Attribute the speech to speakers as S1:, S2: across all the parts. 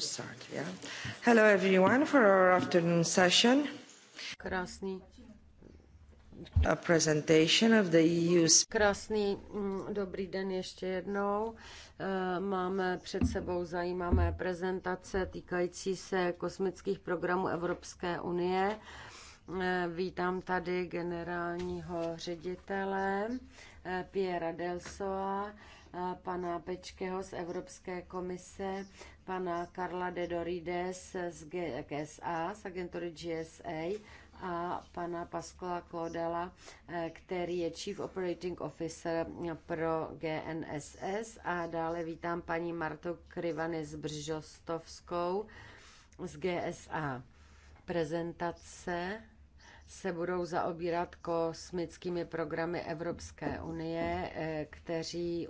S1: start, yeah? Hello everyone for our afternoon session.
S2: Krásný.
S1: A presentation of the EU's.
S2: Krásný mm, dobrý den ještě jednou. Eh, máme před sebou zajímavé prezentace týkající se kosmických programů Evropské unie. Eh, vítám tady generálního ředitele eh, Piera Delsoa, pana Pečkeho z Evropské komise pana Karla de Dorides z GSA, z agentury GSA a pana Pascola Kodela, eh, který je Chief Operating Officer pro GNSS a dále vítám paní Martu Kryvany z Břižostovskou z GSA. Prezentace se budou zaobírat kosmickými programy Evropské unie, eh, kteří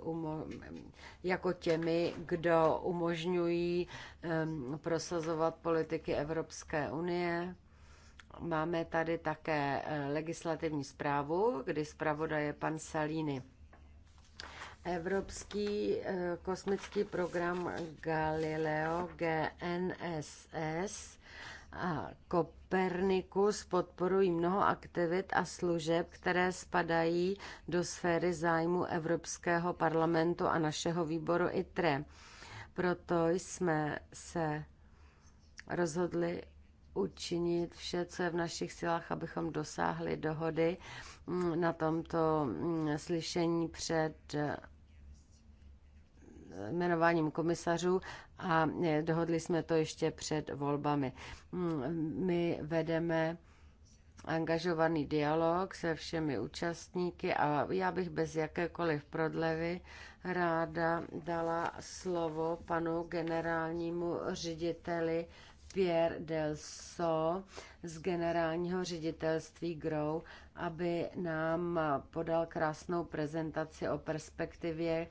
S2: jako těmi, kdo umožňují prosazovat politiky Evropské unie. Máme tady také eh, legislativní zprávu, kdy zpravodaj je pan Salini. Evropský eh, kosmický program Galileo GNSS a Kopernikus podporují mnoho aktivit a služeb, které spadají do sféry zájmu Evropského parlamentu a našeho výboru ITRE. Proto jsme se rozhodli učinit vše, co je v našich silách, abychom dosáhli dohody mm, na tomto mm, slyšení před jmenováním komisařů a eh, dohodli jsme to ještě před volbami. Mm, my vedeme angažovaný dialog se všemi účastníky a já bych bez jakékoliv prodlevy ráda dala slovo panu generálnímu řediteli Pierre Delso z generálního ředitelství GROW, aby nám podal krásnou prezentaci o perspektivě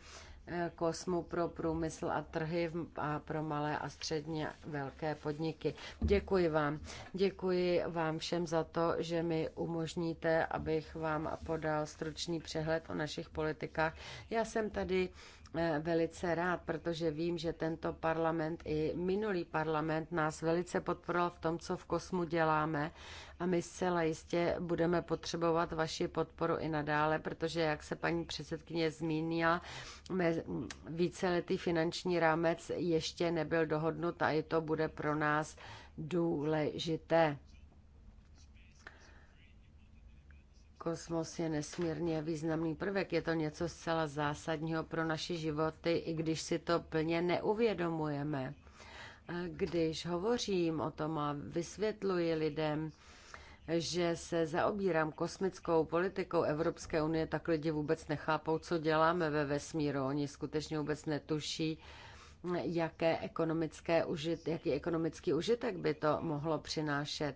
S2: Kosmu pro průmysl a trhy a pro malé a středně velké podniky. Děkuji vám. Děkuji vám všem za to, že mi umožníte, abych vám podal stručný přehled o našich politikách. Já jsem tady Eh, velice rád, protože vím, že tento parlament i minulý parlament nás velice podporoval v tom, co v kosmu děláme a my zcela jistě budeme potřebovat vaši podporu i nadále, protože, jak se paní předsedkyně zmínila, víceletý finanční rámec ještě nebyl dohodnut a i to bude pro nás důležité. Kosmos je nesmírně významný prvek, je to něco zcela zásadního pro naše životy, i když si to plně neuvědomujeme. Když hovořím o tom a vysvětluji lidem, že se zaobírám kosmickou politikou Evropské unie, tak lidi vůbec nechápou, co děláme ve vesmíru. Oni skutečně vůbec netuší, jaké ekonomické, jaký ekonomický užitek by to mohlo přinášet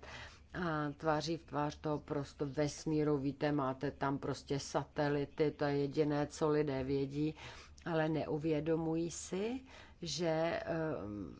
S2: a tváří v tvář toho prostě vesmíru, víte, máte tam prostě satelity, to je jediné, co lidé vědí, ale neuvědomují si, že ehm,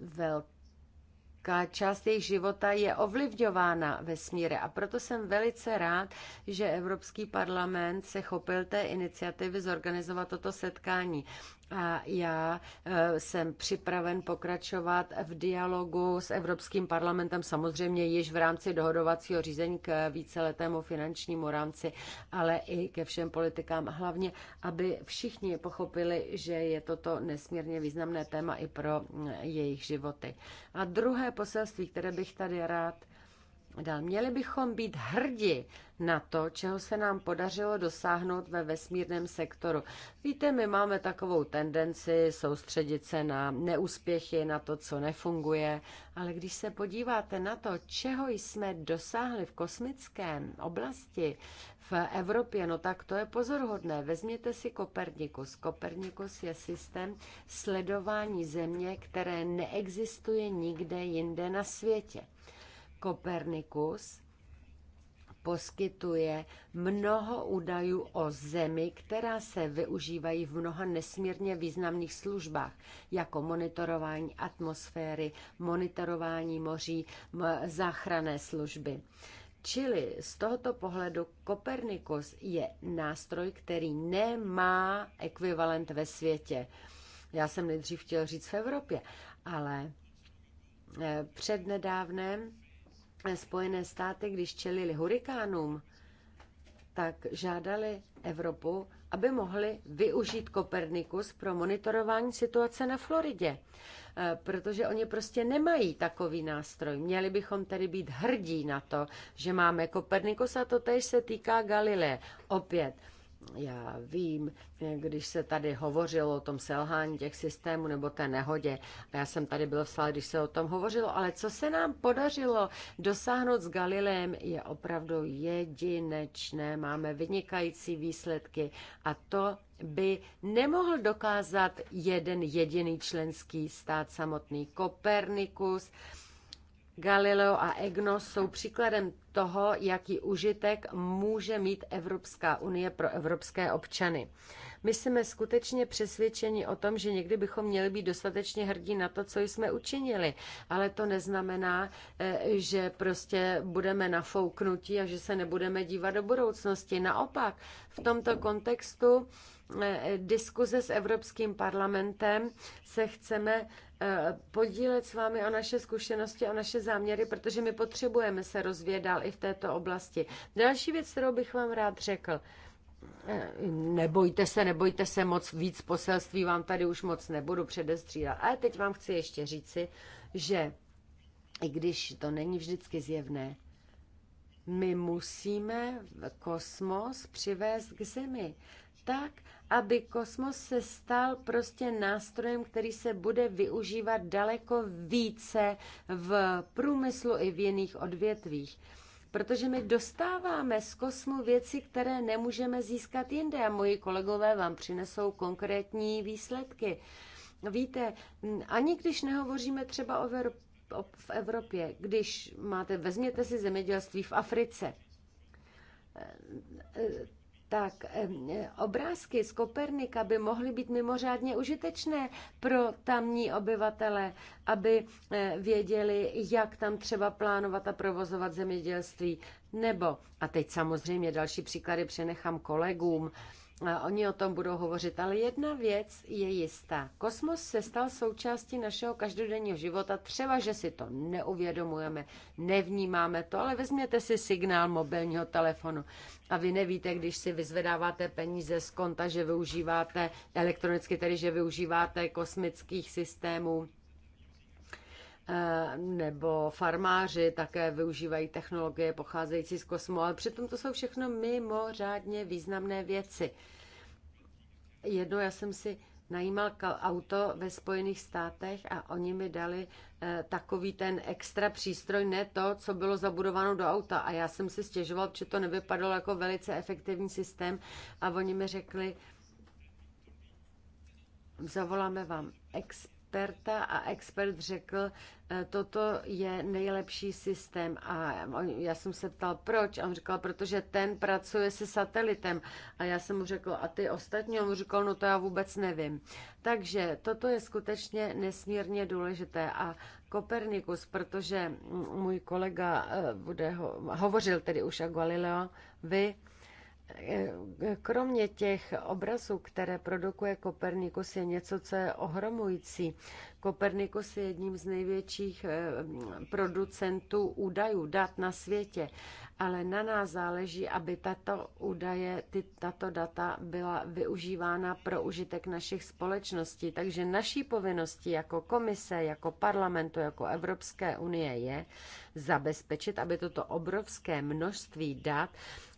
S2: velká část jejich života je ovlivňována vesmíre. A proto jsem velice rád, že Evropský parlament se chopil té iniciativy zorganizovat toto setkání. A já eh, jsem připraven pokračovat v dialogu s Evropským parlamentem, samozřejmě již v rámci dohodovacího řízení k víceletému finančnímu rámci, ale i ke všem politikám. Hlavně, aby všichni pochopili, že je toto nesmírně významné téma i pro mm, jejich životy. A druhé poselství, které bych tady rád Dal Měli bychom být hrdi na to, čeho se nám podařilo dosáhnout ve vesmírném sektoru. Víte, my máme takovou tendenci soustředit se na neúspěchy, na to, co nefunguje, ale když se podíváte na to, čeho jsme dosáhli v kosmickém oblasti v Evropě, no tak to je pozoruhodné. Vezměte si Kopernikus. Kopernikus je systém sledování země, které neexistuje nikde jinde na světě. Kopernikus poskytuje mnoho údajů o zemi, která se využívají v mnoha nesmírně významných službách, jako monitorování atmosféry, monitorování moří, záchranné služby. Čili z tohoto pohledu Kopernikus je nástroj, který nemá ekvivalent ve světě. Já jsem nejdřív chtěl říct v Evropě, ale eh, před nedávnem Spojené státy, když čelili hurikánům, tak žádali Evropu, aby mohli využít Kopernikus pro monitorování situace na Floridě, eh, protože oni prostě nemají takový nástroj. Měli bychom tedy být hrdí na to, že máme Kopernikus a to tež se týká Galileje. Opět, já vím, když se tady hovořilo o tom selhání těch systémů nebo té nehodě, a já jsem tady byl v sále, když se o tom hovořilo, ale co se nám podařilo dosáhnout s Galilem je opravdu jedinečné. Máme vynikající výsledky a to by nemohl dokázat jeden jediný členský stát samotný Kopernikus, Galileo a EGNOS jsou příkladem toho, jaký užitek může mít Evropská unie pro evropské občany. My jsme skutečně přesvědčeni o tom, že někdy bychom měli být dostatečně hrdí na to, co jsme učinili, ale to neznamená, eh, že prostě budeme nafouknutí a že se nebudeme dívat do budoucnosti. Naopak, v tomto kontextu Eh, diskuze s Evropským parlamentem se chceme eh, podílet s vámi o naše zkušenosti, o naše záměry, protože my potřebujeme se rozvíjet i v této oblasti. Další věc, kterou bych vám rád řekl, eh, nebojte se, nebojte se moc, víc poselství vám tady už moc nebudu předestřídat. Ale teď vám chci ještě říci, že i když to není vždycky zjevné, my musíme kosmos přivést k zemi tak, aby kosmos se stal prostě nástrojem, který se bude využívat daleko více v průmyslu i v jiných odvětvích. Protože my dostáváme z kosmu věci, které nemůžeme získat jinde a moji kolegové vám přinesou konkrétní výsledky. Víte, ani když nehovoříme třeba o v Evropě, když máte, vezměte si zemědělství v Africe, tak obrázky z Kopernika by mohly být mimořádně užitečné pro tamní obyvatele, aby e, věděli, jak tam třeba plánovat a provozovat zemědělství. Nebo, a teď samozřejmě další příklady přenechám kolegům, Oni o tom budou hovořit, ale jedna věc je jistá. Kosmos se stal součástí našeho každodenního života, třeba, že si to neuvědomujeme, nevnímáme to, ale vezměte si signál mobilního telefonu a vy nevíte, když si vyzvedáváte peníze z konta, že využíváte elektronicky, tedy že využíváte kosmických systémů Eh, nebo farmáři také využívají technologie pocházející z kosmu, ale přitom to jsou všechno mimořádně významné věci. Jednou já jsem si najímal auto ve Spojených státech a oni mi dali eh, takový ten extra přístroj, ne to, co bylo zabudováno do auta. A já jsem si stěžoval, že to nevypadalo jako velice efektivní systém a oni mi řekli, zavoláme vám expert experta a expert řekl, e, toto je nejlepší systém. A já jsem se ptal, proč? A on říkal, protože ten pracuje se satelitem. A já jsem mu řekl, a ty ostatní? on mu říkal, no to já vůbec nevím. Takže toto je skutečně nesmírně důležité. A Kopernikus, protože můj kolega e, bude ho, hovořil tedy už a Galileo, vy Eh, eh, kromě těch obrazů, které produkuje Kopernikus, je něco, co je ohromující. Kopernikus je jedním z největších eh, producentů údajů, dat na světě, ale na nás záleží, aby tato údaje, ty, tato data byla využívána pro užitek našich společností. Takže naší povinností jako komise, jako parlamentu, jako Evropské unie je zabezpečit, aby toto obrovské množství dat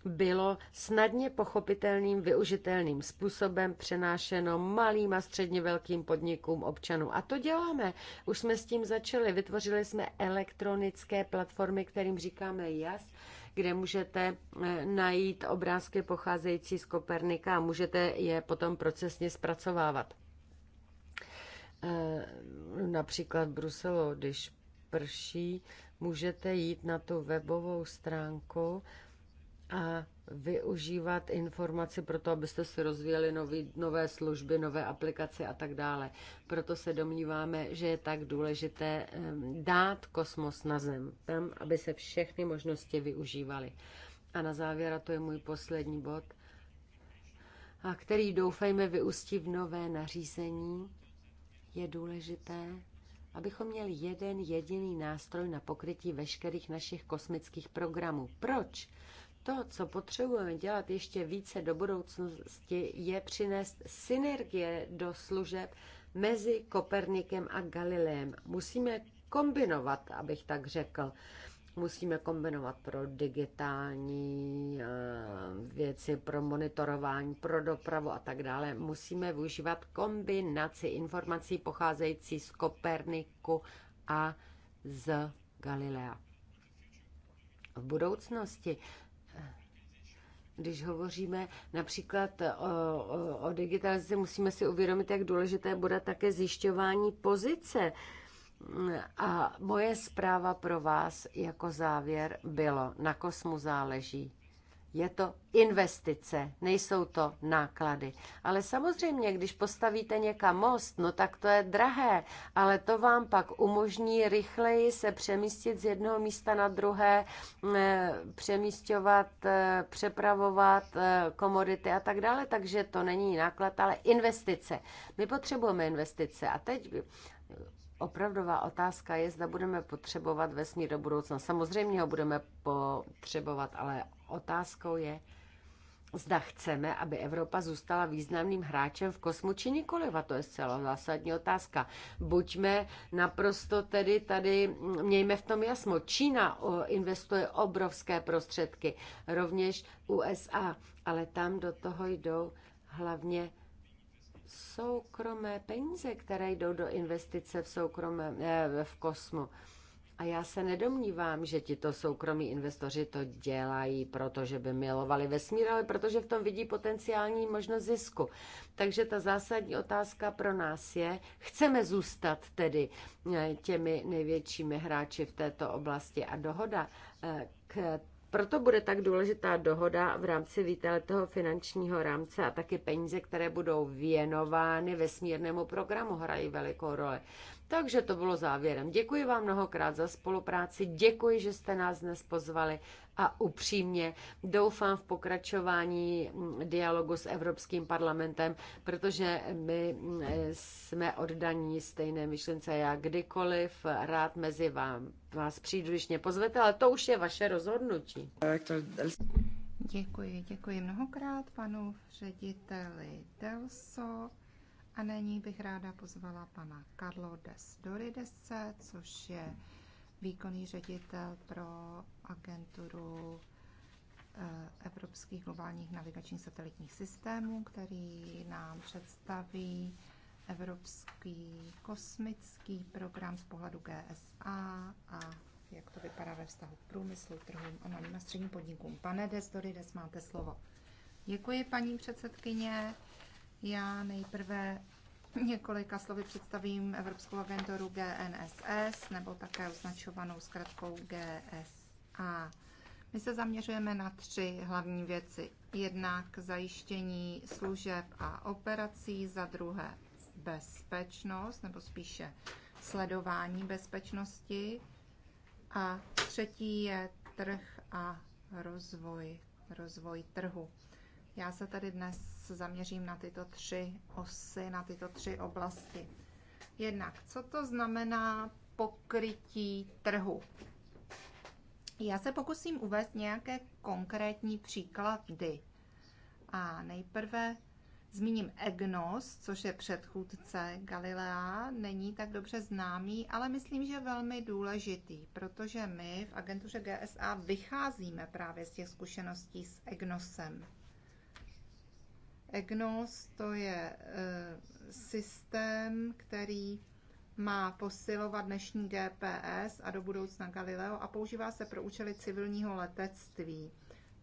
S2: bylo snadně pochopitelným, využitelným způsobem přenášeno malým a středně velkým podnikům občanů. A to děláme. Už jsme s tím začali. Vytvořili jsme elektronické platformy, kterým říkáme JAS, kde můžete eh, najít obrázky pocházející z Kopernika a můžete je potom procesně zpracovávat. Eh, například v Bruselu, když prší, můžete jít na tu webovou stránku a využívat informaci pro to, abyste si rozvíjeli nový, nové služby, nové aplikace a tak dále. Proto se domníváme, že je tak důležité dát kosmos na zem, tam, aby se všechny možnosti využívaly. A na závěr, a to je můj poslední bod, a který doufejme vyústí v nové nařízení, je důležité, abychom měli jeden jediný nástroj na pokrytí veškerých našich kosmických programů. Proč? To, co potřebujeme dělat ještě více do budoucnosti, je přinést synergie do služeb mezi Kopernikem a Galileem. Musíme kombinovat, abych tak řekl. Musíme kombinovat pro digitální eh, věci, pro monitorování, pro dopravu a tak dále. Musíme využívat kombinaci informací pocházející z Koperniku a z Galilea. V budoucnosti když hovoříme například o, o, o digitalizaci, musíme si uvědomit, jak důležité bude také zjišťování pozice. A moje zpráva pro vás jako závěr bylo, na kosmu záleží. Je to investice, nejsou to náklady. Ale samozřejmě, když postavíte někam most, no tak to je drahé, ale to vám pak umožní rychleji se přemístit z jednoho místa na druhé, eh, přemístovat, eh, přepravovat eh, komodity a tak dále. Takže to není náklad, ale investice. My potřebujeme investice. A teď Opravdová otázka je, zda budeme potřebovat vesmír do budoucna. Samozřejmě ho budeme potřebovat, ale otázkou je, zda chceme, aby Evropa zůstala významným hráčem v kosmu či nikoliv. A to je zcela zásadní otázka. Buďme naprosto tedy tady, mějme v tom jasno. Čína investuje obrovské prostředky, rovněž USA, ale tam do toho jdou hlavně soukromé peníze, které jdou do investice v ne, eh, v kosmu. A já se nedomnívám, že tito soukromí investoři to dělají, protože by milovali vesmír, ale protože v tom vidí potenciální možnost zisku. Takže ta zásadní otázka pro nás je, chceme zůstat tedy eh, těmi největšími hráči v této oblasti. A dohoda, eh, k proto bude tak důležitá dohoda v rámci víteletého finančního rámce a taky peníze, které budou věnovány vesmírnému programu, hrají velikou roli. Takže to bylo závěrem. Děkuji vám mnohokrát za spolupráci, děkuji, že jste nás dnes pozvali a upřímně doufám v pokračování mm, dialogu s Evropským parlamentem, protože my mm, jsme oddaní stejné myšlence. Já kdykoliv rád mezi vám, vás přijdu, když mě pozvete, ale to už je vaše rozhodnutí.
S1: Děkuji, děkuji mnohokrát panu řediteli Delso. A nyní bych ráda pozvala pana Carlo Des Doridesce, což je výkonný ředitel pro agenturu eh, evropských globálních navigačních satelitních systémů, který nám představí evropský kosmický program z pohledu GSA a jak to vypadá ve vztahu k průmyslu, trhům a malým a středním podnikům. Pane Desdorides, máte slovo. Děkuji, paní předsedkyně. Já nejprve několika slovy představím Evropskou agenturu GNSS nebo také označovanou zkratkou GSA. My se zaměřujeme na tři hlavní věci. Jednak zajištění služeb a operací, za druhé bezpečnost nebo spíše sledování bezpečnosti a třetí je trh a rozvoj, rozvoj trhu. Já se tady dnes se zaměřím na tyto tři osy, na tyto tři oblasti. Jednak, co to znamená pokrytí trhu? Já se pokusím uvést nějaké konkrétní příklady. A nejprve zmíním EGNOS, což je předchůdce Galilea, není tak dobře známý, ale myslím, že velmi důležitý, protože my v agentuře GSA vycházíme právě z těch zkušeností s EGNOSem. EGNOS to je eh, systém, který má posilovat dnešní GPS a do budoucna Galileo a používá se pro účely civilního letectví.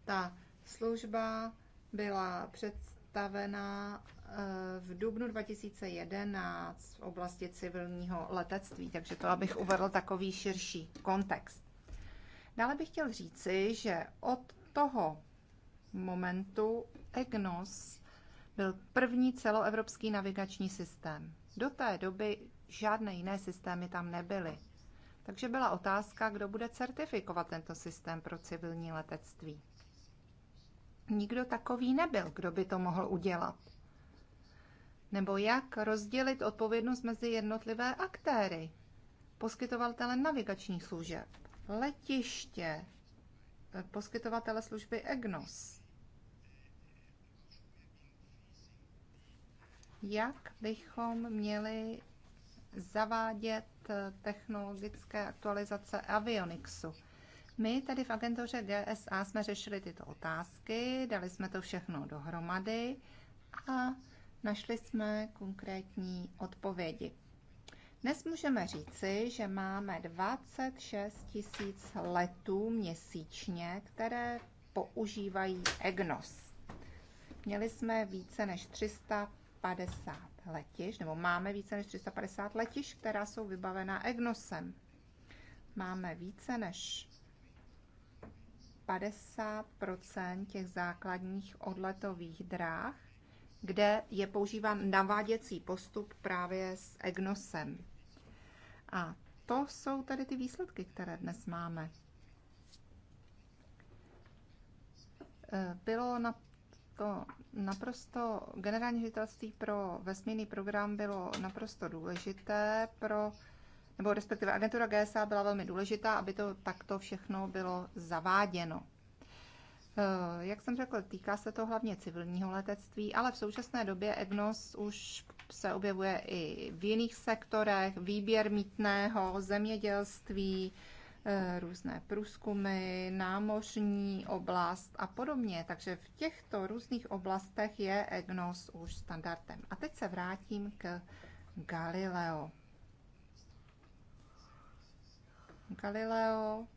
S1: Ta služba byla představená eh, v dubnu 2011 v oblasti civilního letectví, takže to, abych uvedl takový širší kontext. Dále bych chtěl říci, že od toho momentu EGNOS byl první celoevropský navigační systém. Do té doby žádné jiné systémy tam nebyly. Takže byla otázka, kdo bude certifikovat tento systém pro civilní letectví. Nikdo takový nebyl, kdo by to mohl udělat. Nebo jak rozdělit odpovědnost mezi jednotlivé aktéry, poskytovatele navigačních služeb, letiště, poskytovatele služby EGNOS, jak bychom měli zavádět eh, technologické aktualizace avionixu. My tady v agentuře GSA jsme řešili tyto otázky, dali jsme to všechno dohromady a našli jsme konkrétní odpovědi. Dnes můžeme říci, že máme 26 tisíc letů měsíčně, které používají EGNOS. Měli jsme více než 300 350 letiš, nebo máme více než 350 letiš, která jsou vybavená EGNOSem. Máme více než 50 těch základních odletových dráh, kde je používán naváděcí postup právě s EGNOSem. A to jsou tady ty výsledky, které dnes máme. Bylo na to naprosto, generální ředitelství pro vesmírný program bylo naprosto důležité pro, nebo respektive agentura GSA byla velmi důležitá, aby to takto všechno bylo zaváděno. Eh, jak jsem řekl, týká se to hlavně civilního letectví, ale v současné době EGNOS už se objevuje i v jiných sektorech, výběr mítného, zemědělství, Eh, různé průzkumy, námořní oblast a podobně. Takže v těchto různých oblastech je EGNOS už standardem. A teď se vrátím k Galileo. Galileo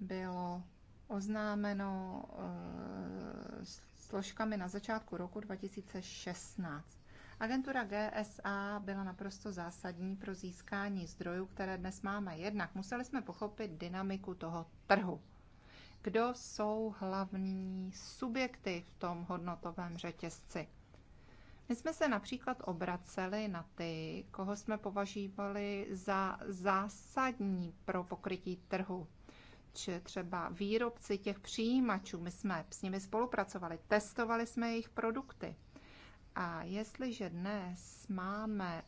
S1: bylo oznámeno eh, složkami na začátku roku 2016. Agentura GSA byla naprosto zásadní pro získání zdrojů, které dnes máme. Jednak museli jsme pochopit dynamiku toho trhu. Kdo jsou hlavní subjekty v tom hodnotovém řetězci? My jsme se například obraceli na ty, koho jsme považovali za zásadní pro pokrytí trhu, či třeba výrobci těch přijímačů. My jsme s nimi spolupracovali, testovali jsme jejich produkty. A jestliže dnes máme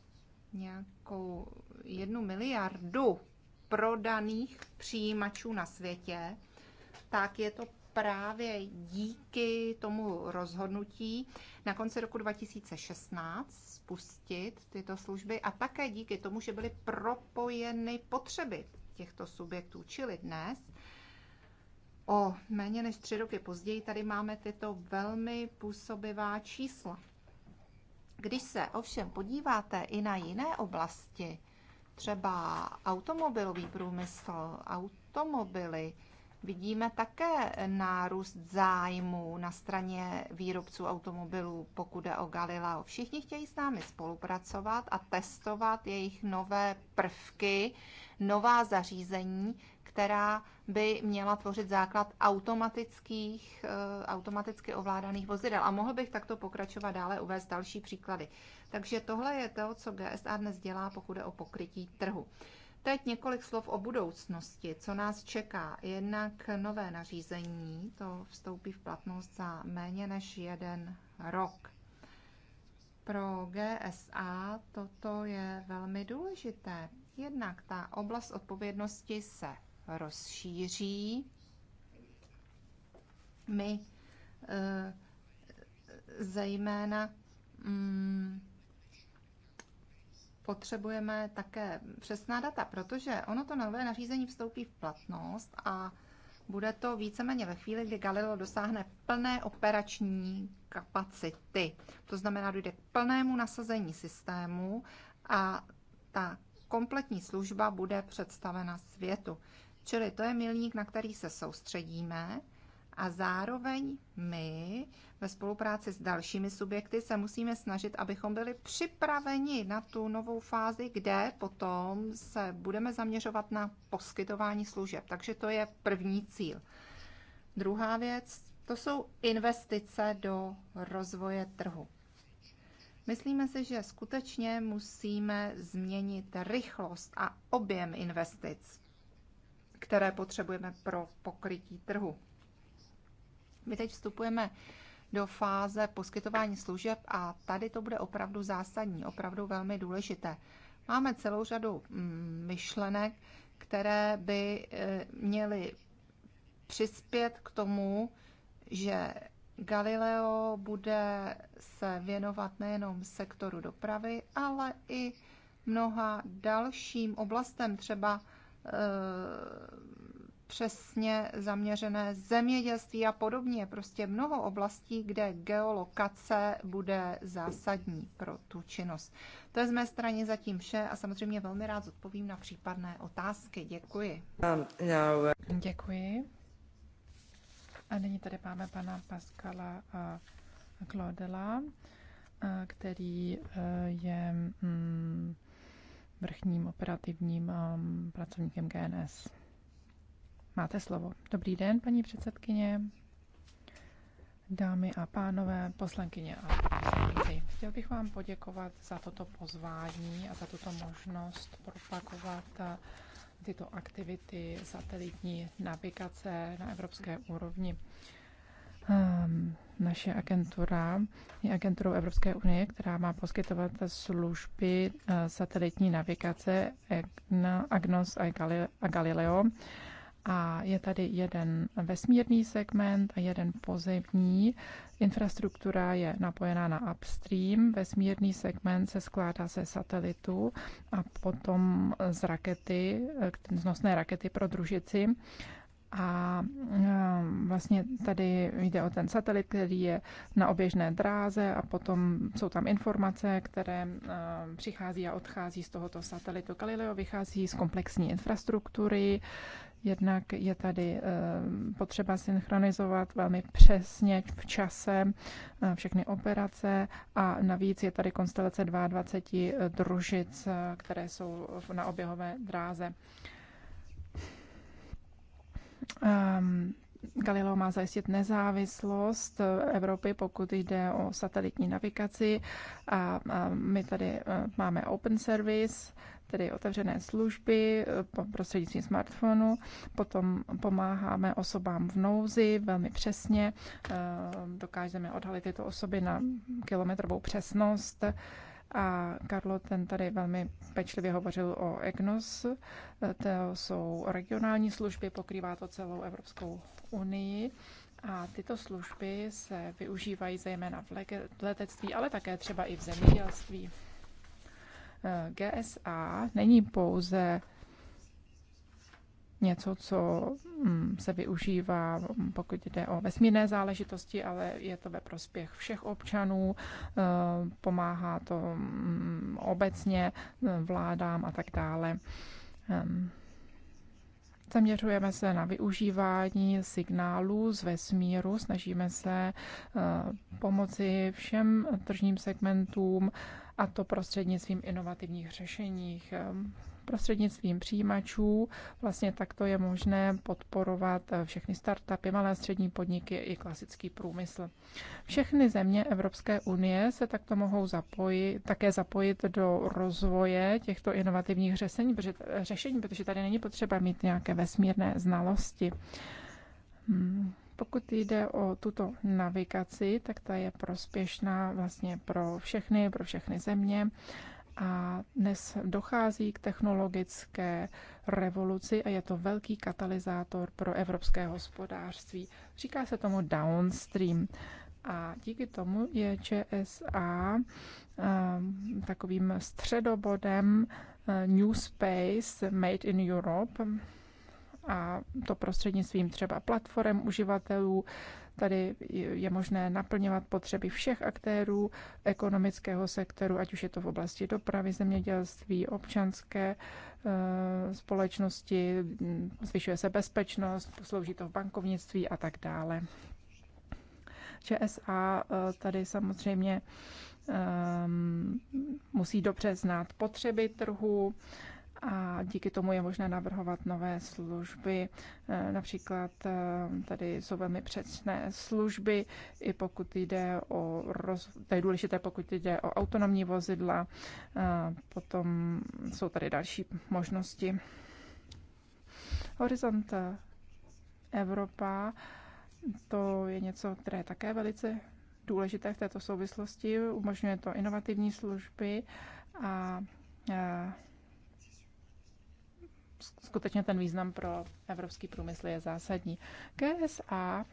S1: nějakou jednu miliardu prodaných přijímačů na světě, tak je to právě díky tomu rozhodnutí na konci roku 2016 spustit tyto služby a také díky tomu, že byly propojeny potřeby těchto subjektů. Čili dnes, o méně než tři roky později, tady máme tyto velmi působivá čísla. Když se ovšem podíváte i na jiné oblasti, třeba automobilový průmysl, automobily, vidíme také nárůst zájmu na straně výrobců automobilů, pokud jde o Galileo. Všichni chtějí s námi spolupracovat a testovat jejich nové prvky, nová zařízení, která by měla tvořit základ automatických, eh, automaticky ovládaných vozidel. A mohl bych takto pokračovat dále, uvést další příklady. Takže tohle je to, co GSA dnes dělá, pokud je o pokrytí trhu. Teď několik slov o budoucnosti, co nás čeká. Jednak nové nařízení, to vstoupí v platnost za méně než jeden rok. Pro GSA toto je velmi důležité. Jednak ta oblast odpovědnosti se rozšíří. My e, zejména mm, potřebujeme také přesná data, protože ono to nové nařízení vstoupí v platnost a bude to víceméně ve chvíli, kdy Galileo dosáhne plné operační kapacity. To znamená, dojde k plnému nasazení systému a ta kompletní služba bude představena světu. Čili to je milník, na který se soustředíme a zároveň my ve spolupráci s dalšími subjekty se musíme snažit, abychom byli připraveni na tu novou fázi, kde potom se budeme zaměřovat na poskytování služeb. Takže to je první cíl. Druhá věc, to jsou investice do rozvoje trhu. Myslíme si, že skutečně musíme změnit rychlost a objem investic které potřebujeme pro pokrytí trhu. My teď vstupujeme do fáze poskytování služeb a tady to bude opravdu zásadní, opravdu velmi důležité. Máme celou řadu mm, myšlenek, které by e, měly přispět k tomu, že Galileo bude se věnovat nejenom sektoru dopravy, ale i mnoha dalším oblastem, třeba Eh, přesně zaměřené zemědělství a podobně. Prostě mnoho oblastí, kde geolokace bude zásadní pro tu činnost. To je z mé strany zatím vše a samozřejmě velmi rád odpovím na případné otázky. Děkuji. Děkuji.
S3: A nyní tady máme pana Pascala eh, a eh, který je mm, vrchním operativním um, pracovníkem GNS. Máte slovo. Dobrý den, paní předsedkyně, dámy a pánové, poslankyně a poslanci. Chtěl bych vám poděkovat za toto pozvání a za tuto možnost propagovat uh, tyto aktivity satelitní navigace na evropské úrovni. Um, naše agentura je agenturou Evropské unie, která má poskytovat služby eh, satelitní navigace Agnos a Galileo. A je tady jeden vesmírný segment a jeden pozemní. Infrastruktura je napojená na upstream. Vesmírný segment se skládá ze satelitu a potom z rakety, eh, z nosné rakety pro družici. Mm, a vlastně tady jde o ten satelit, který je na oběžné dráze a potom jsou tam informace, které mm, přichází a odchází z tohoto satelitu. Galileo vychází z komplexní infrastruktury, jednak je tady e, potřeba synchronizovat velmi přesně v čase e, všechny operace a navíc je tady konstelace 22 družic, e, které jsou na oběhové dráze. Ehm, Galileo má zajistit nezávislost Evropy, pokud jde o satelitní navigaci. A my tady e, máme Open Service, tedy otevřené služby e, prostřednictvím smartfonu. Potom pomáháme osobám v nouzi velmi přesně. Ehm, dokážeme odhalit tyto osoby na kilometrovou přesnost a Karlo ten tady velmi pečlivě hovořil o EGNOS. To jsou regionální služby, pokrývá to celou Evropskou unii. A tyto služby se využívají zejména v letectví, ale také třeba i v zemědělství. Eh, GSA není pouze něco, co mm, se využívá, mm, pokud jde o vesmírné záležitosti, ale je to ve prospěch všech občanů, eh, pomáhá to mm, obecně eh, vládám a tak dále. Ehm, zaměřujeme se na využívání signálů z vesmíru, snažíme se eh, pomoci všem tržním segmentům a to prostřednictvím inovativních řešeních. Ehm, Prostřednictvím přijímačů vlastně takto je možné podporovat všechny startupy, malé a střední podniky i klasický průmysl. Všechny země Evropské unie se takto mohou zapojit, také zapojit do rozvoje těchto inovativních řešení, protože, řešení, protože tady není potřeba mít nějaké vesmírné znalosti. Hmm. Pokud jde o tuto navigaci, tak ta je prospěšná vlastně pro všechny, pro všechny země. A dnes dochází k technologické revoluci a je to velký katalyzátor pro evropské hospodářství. Říká se tomu downstream. A díky tomu je ČSA ehm, takovým středobodem eh, New Space Made in Europe a to prostřednictvím třeba platform uživatelů, Tady je možné naplňovat potřeby všech aktérů ekonomického sektoru, ať už je to v oblasti dopravy, zemědělství, občanské eh, společnosti, mm, zvyšuje se bezpečnost, slouží to v bankovnictví a tak dále. ČSA eh, tady samozřejmě ehm, musí dobře znát potřeby trhu, a díky tomu je možné navrhovat nové služby. E, například e, tady jsou velmi přesné služby, i pokud jde o, roz... to je důležité, pokud jde o autonomní vozidla, e, potom jsou tady další možnosti. Horizont Evropa, to je něco, které je také velice důležité v této souvislosti. Umožňuje to inovativní služby a skutečně ten význam pro evropský průmysl je zásadní. GSA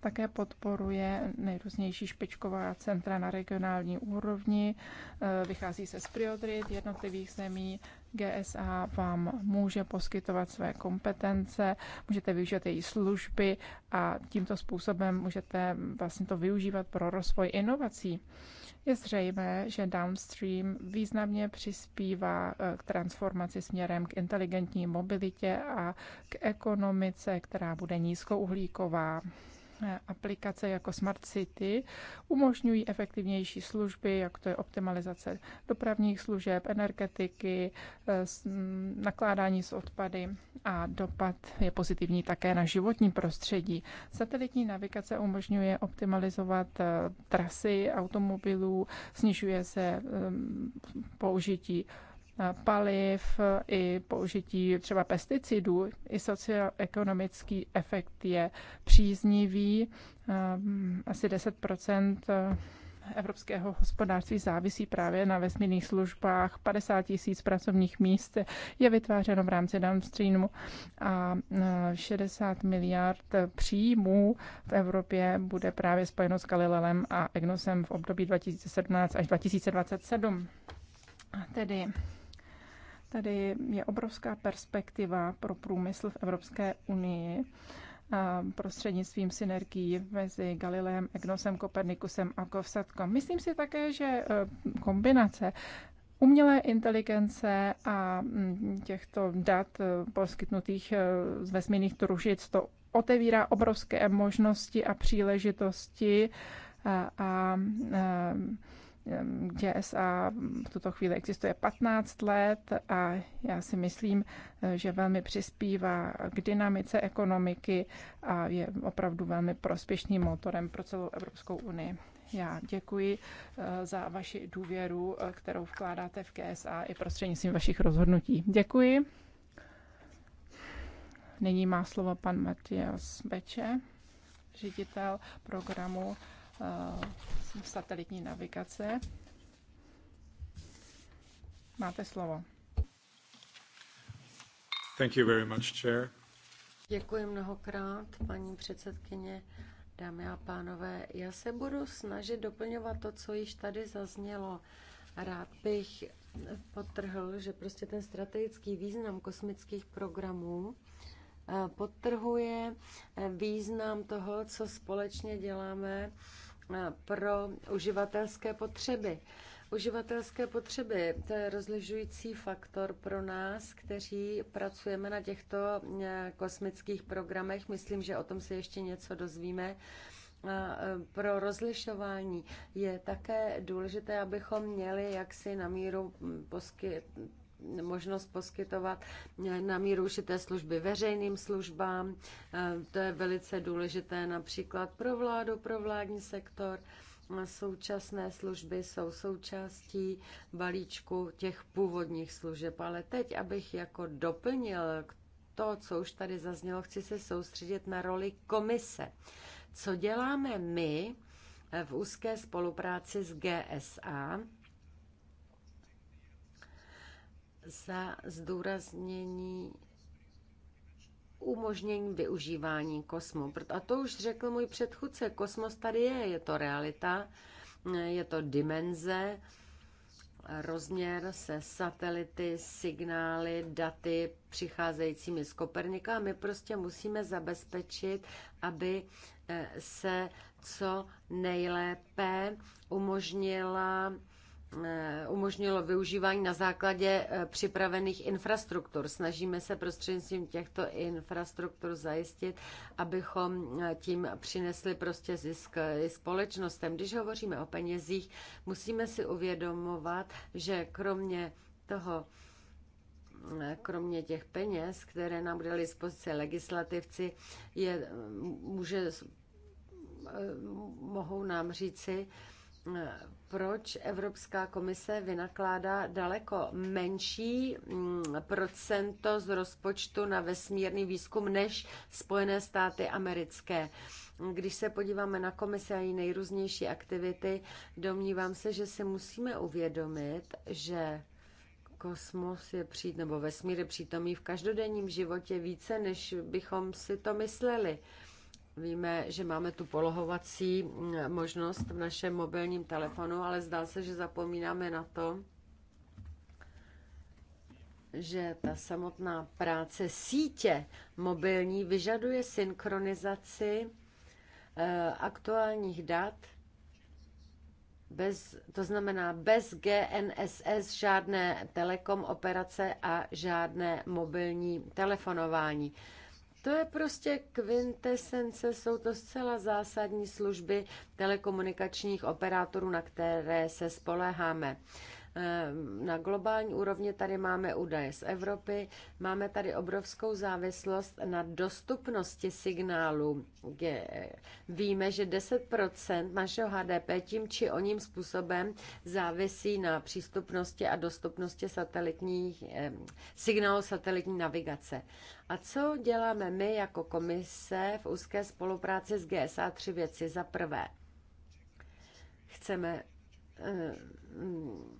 S3: také podporuje nejrůznější špičková centra na regionální úrovni, eh, vychází se z priorit jednotlivých zemí, GSA vám může poskytovat své kompetence, můžete využít její služby a tímto způsobem můžete vlastně to využívat pro rozvoj inovací. Je zřejmé, že downstream významně přispívá eh, k transformaci směrem k inteligentní mobilitě a k ekonomice, která bude nízkouhlíková aplikace jako Smart City umožňují efektivnější služby, jak to je optimalizace dopravních služeb, energetiky, eh, mm, nakládání s odpady a dopad je pozitivní také na životní prostředí. Satelitní navigace umožňuje optimalizovat eh, trasy automobilů, snižuje se eh, použití paliv i použití třeba pesticidů. I socioekonomický efekt je příznivý. Eh, asi 10 eh, evropského hospodářství závisí právě na vesmírných službách. 50 tisíc pracovních míst je vytvářeno v rámci downstreamu a 60 eh, miliard příjmů v Evropě bude právě spojeno s Kalilelem a EGNOSem v období 2017 až 2027. Tedy Tady je obrovská perspektiva pro průmysl v Evropské unii prostřednictvím synergií mezi Galileem, Egnosem, Kopernikusem a Govsatkom. Myslím si také, že e, kombinace umělé inteligence a mm, těchto dat e, poskytnutých e, z vesmírných družic to otevírá obrovské možnosti a příležitosti a, a, a GSA v tuto chvíli existuje 15 let a já si myslím, eh, že velmi přispívá k dynamice ekonomiky a je opravdu velmi prospěšným motorem pro celou Evropskou unii. Já děkuji eh, za vaši důvěru, eh, kterou vkládáte v GSA i prostřednictvím vašich rozhodnutí. Děkuji. Nyní má slovo pan Matias Beče, ředitel programu Eh, satelitní navigace.
S2: Máte slovo.
S4: Thank you very much, Chair.
S2: Děkuji mnohokrát, paní předsedkyně, dámy a pánové. Já se budu snažit doplňovat to, co již tady zaznělo. Rád bych potrhl, že prostě ten strategický význam kosmických programů eh, podtrhuje eh, význam toho, co společně děláme pro uživatelské potřeby. Uživatelské potřeby, to je rozlišující faktor pro nás, kteří pracujeme na těchto eh, kosmických programech. Myslím, že o tom se ještě něco dozvíme. A eh, pro rozlišování je také důležité, abychom měli jaksi na míru posky, možnost poskytovat eh, na míru ušité služby veřejným službám. Eh, to je velice důležité například pro vládu, pro vládní sektor. Eh, současné služby jsou součástí balíčku těch původních služeb, ale teď, abych jako doplnil to, co už tady zaznělo, chci se soustředit na roli komise. Co děláme my v úzké spolupráci s GSA, za zdůraznění umožnění využívání kosmu. A to už řekl můj předchůdce, kosmos tady je, je to realita, je to dimenze, rozměr se satelity, signály, daty přicházejícími z Kopernika a my prostě musíme zabezpečit, aby eh, se co nejlépe umožnila Eh, umožnilo využívání na základě eh, připravených infrastruktur. Snažíme se prostřednictvím těchto infrastruktur zajistit, abychom eh, tím přinesli prostě zisk společnostem. Když hovoříme o penězích, musíme si uvědomovat, že kromě toho, kromě těch peněz, které nám dali dispozice legislativci, je, může, mohou nám říci, proč Evropská komise vynakládá daleko menší mm, procento z rozpočtu na vesmírný výzkum než Spojené státy americké. Když se podíváme na komise a její nejrůznější aktivity, domnívám se, že si musíme uvědomit, že kosmos je přít, nebo vesmír je přítomný v každodenním životě více, než bychom si to mysleli. Víme, že máme tu polohovací mm, možnost v našem mobilním telefonu, ale zdá se, že zapomínáme na to, že ta samotná práce sítě mobilní vyžaduje synchronizaci eh, aktuálních dat bez, to znamená bez GNSS žádné telekom operace a žádné mobilní telefonování. To je prostě kvintesence, jsou to zcela zásadní služby telekomunikačních operátorů, na které se spoléháme. Ehm, na globální úrovni tady máme údaje z Evropy, máme tady obrovskou závislost na dostupnosti signálu. Víme, že 10% našeho HDP tím či oním způsobem závisí na přístupnosti a dostupnosti satelitních, ehm, signálu satelitní navigace. A co děláme my jako komise v úzké spolupráci s GSA? Tři věci. Za prvé, chceme ehm,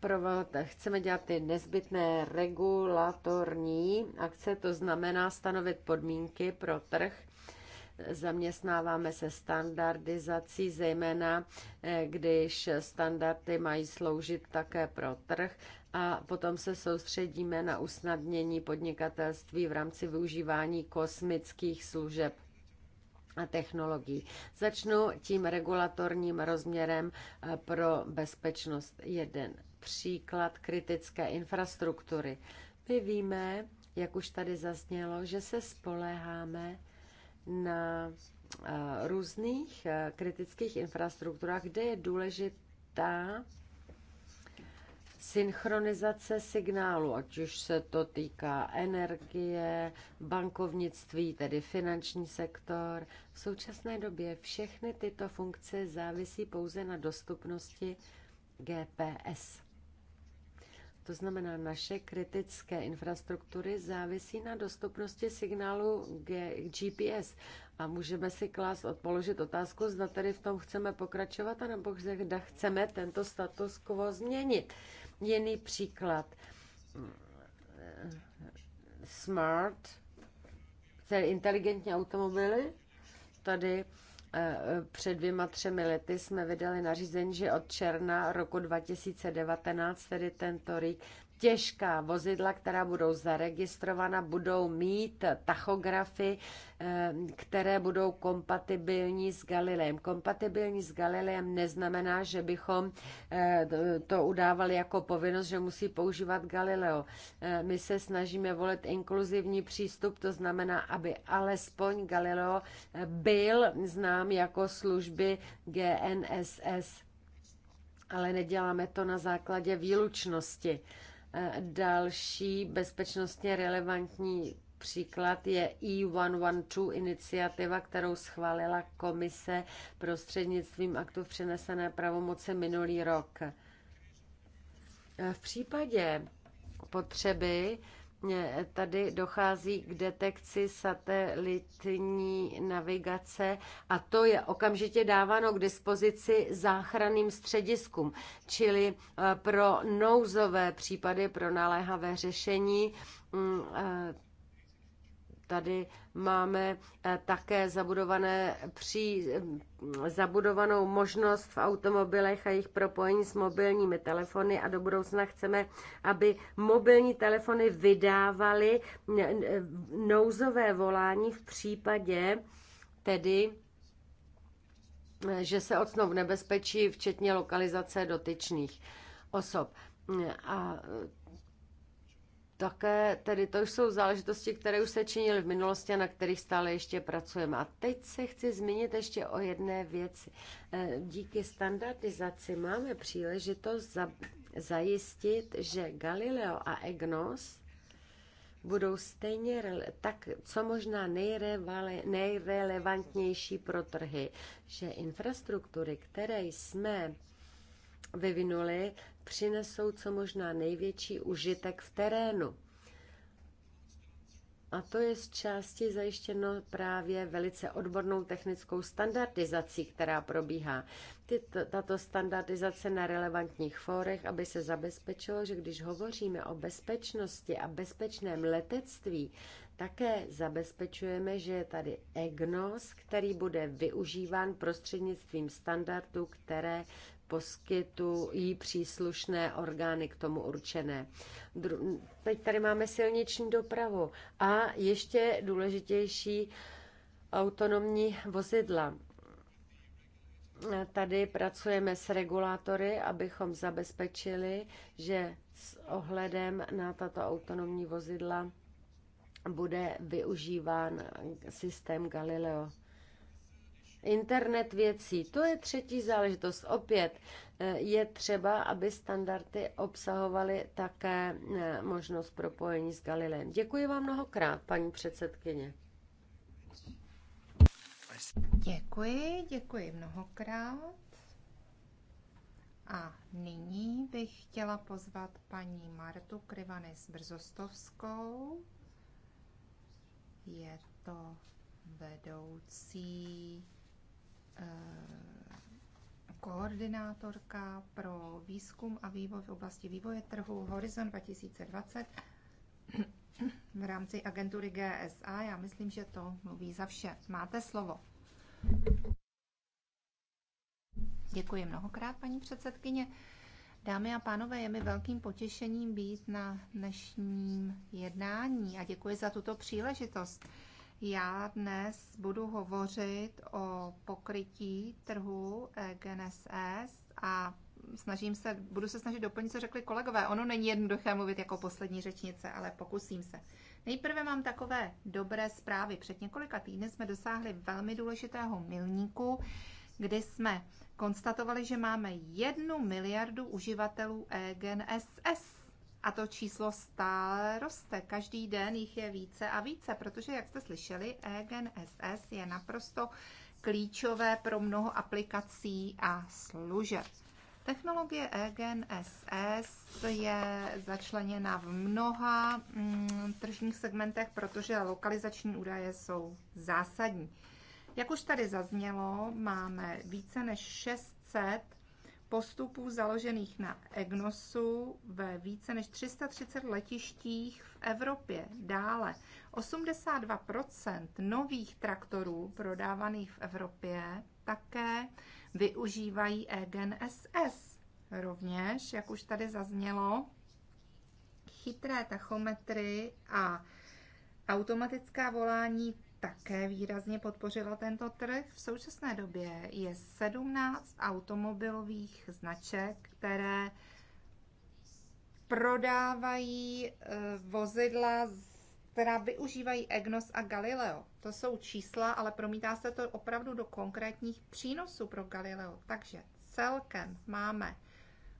S2: provod, chceme dělat ty nezbytné regulatorní akce, to znamená stanovit podmínky pro trh. Zaměstnáváme se standardizací, zejména eh, když standardy mají sloužit také pro trh a potom se soustředíme na usnadnění podnikatelství v rámci využívání kosmických služeb a technologií. Začnu tím regulatorním rozměrem eh, pro bezpečnost. 1 příklad kritické infrastruktury. My víme, jak už tady zaznělo, že se spoléháme na eh, různých eh, kritických infrastrukturách, kde je důležitá synchronizace signálu, ať už se to týká energie, bankovnictví, tedy finanční sektor. V současné době všechny tyto funkce závisí pouze na dostupnosti GPS. To znamená, naše kritické infrastruktury závisí na dostupnosti signálu GPS a můžeme si klást odpoložit otázku, zda tady v tom chceme pokračovat, anebo zda chceme tento status quo změnit. Jiný příklad. Smart, tedy inteligentní automobily, tady Eh, před dvěma, třemi lety jsme vydali nařízení, že od června roku 2019, tedy tento rok, těžká vozidla, která budou zaregistrována, budou mít tachografy, eh, které budou kompatibilní s Galileem. Kompatibilní s Galileem neznamená, že bychom eh, to udávali jako povinnost, že musí používat Galileo. Eh, my se snažíme volit inkluzivní přístup, to znamená, aby alespoň Galileo byl znám jako služby GNSS. Ale neděláme to na základě výlučnosti. E, další bezpečnostně relevantní Příklad je E112 iniciativa, kterou schválila komise prostřednictvím aktu v přenesené pravomoci minulý rok. E, v případě potřeby tady dochází k detekci satelitní navigace a to je okamžitě dáváno k dispozici záchranným střediskům, čili eh, pro nouzové případy, pro naléhavé řešení mm, eh, Tady máme eh, také zabudované při, eh, zabudovanou možnost v automobilech a jejich propojení s mobilními telefony a do budoucna chceme, aby mobilní telefony vydávaly eh, nouzové volání v případě tedy že se odsnou v nebezpečí, včetně lokalizace dotyčných osob. A také tedy to jsou záležitosti, které už se činily v minulosti a na kterých stále ještě pracujeme. A teď se chci zmínit ještě o jedné věci. Eh, díky standardizaci máme příležitost za, zajistit, že Galileo a EGNOS budou stejně tak co možná nejrevale, nejrelevantnější pro trhy, že infrastruktury, které jsme vyvinuli, přinesou co možná největší užitek v terénu. A to je z části zajištěno právě velice odbornou technickou standardizací, která probíhá. Tyto, tato standardizace na relevantních fórech, aby se zabezpečilo, že když hovoříme o bezpečnosti a bezpečném letectví, také zabezpečujeme, že je tady EGNOS, který bude využíván prostřednictvím standardů, které poskytují příslušné orgány k tomu určené. Teď tady máme silniční dopravu a ještě důležitější autonomní vozidla. Tady pracujeme s regulátory, abychom zabezpečili, že s ohledem na tato autonomní vozidla bude využíván systém Galileo Internet věcí, to je třetí záležitost. Opět eh, je třeba, aby standardy obsahovaly také eh, možnost propojení s Galilem. Děkuji vám mnohokrát, paní předsedkyně.
S1: Děkuji, děkuji mnohokrát. A nyní bych chtěla pozvat paní Martu s Brzostovskou. Je to vedoucí Eh, koordinátorka pro výzkum a vývoj v oblasti vývoje trhu Horizon 2020 v rámci agentury GSA. Já myslím, že to mluví za vše. Máte slovo. Děkuji mnohokrát, paní předsedkyně. Dámy a pánové, je mi velkým potěšením být na dnešním jednání a děkuji za tuto příležitost. Já dnes budu hovořit o pokrytí trhu eh, GNSS a snažím se, budu se snažit doplnit, co řekli kolegové. Ono není jednoduché mluvit jako poslední řečnice, ale pokusím se. Nejprve mám takové dobré zprávy. Před několika týdny jsme dosáhli velmi důležitého milníku, kdy jsme konstatovali, že máme jednu miliardu uživatelů EGNSS. Eh, a to číslo stále roste. Každý den jich je více a více, protože, jak jste slyšeli, EGEN SS je naprosto klíčové pro mnoho aplikací a služeb. Technologie EGEN SS je začleněna v mnoha mm, tržních segmentech, protože lokalizační údaje jsou zásadní. Jak už tady zaznělo, máme více než 600 postupů založených na EGNOSu ve více než 330 letištích v Evropě. Dále 82 nových traktorů prodávaných v Evropě také využívají EGN Rovněž, jak už tady zaznělo, chytré tachometry a automatická volání také výrazně podpořila tento trh. V současné době je 17 automobilových značek, které prodávají eh, vozidla, která využívají EGNOS a Galileo. To jsou čísla, ale promítá se to opravdu do konkrétních přínosů pro Galileo. Takže celkem máme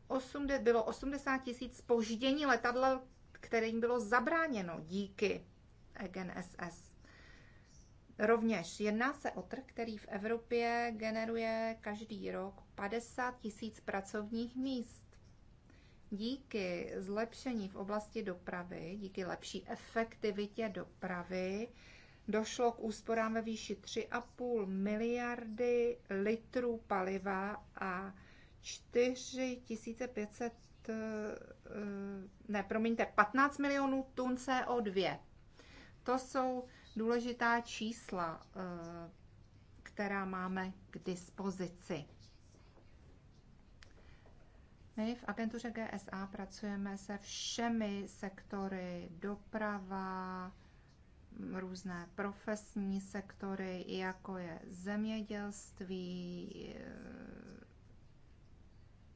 S1: 8, bylo 80 tisíc spoždění letadla, kterým bylo zabráněno díky EGNSS. Rovněž jedná se o trh, který v Evropě generuje každý rok 50 tisíc pracovních míst. Díky zlepšení v oblasti dopravy, díky lepší efektivitě dopravy, došlo k úsporám ve výši 3,5 miliardy litrů paliva a 4500, eh, ne, promiňte, 15 milionů tun CO2. To jsou důležitá čísla, eh, která máme k dispozici. My v agentuře GSA pracujeme se všemi sektory, doprava, různé profesní sektory, jako je zemědělství, eh,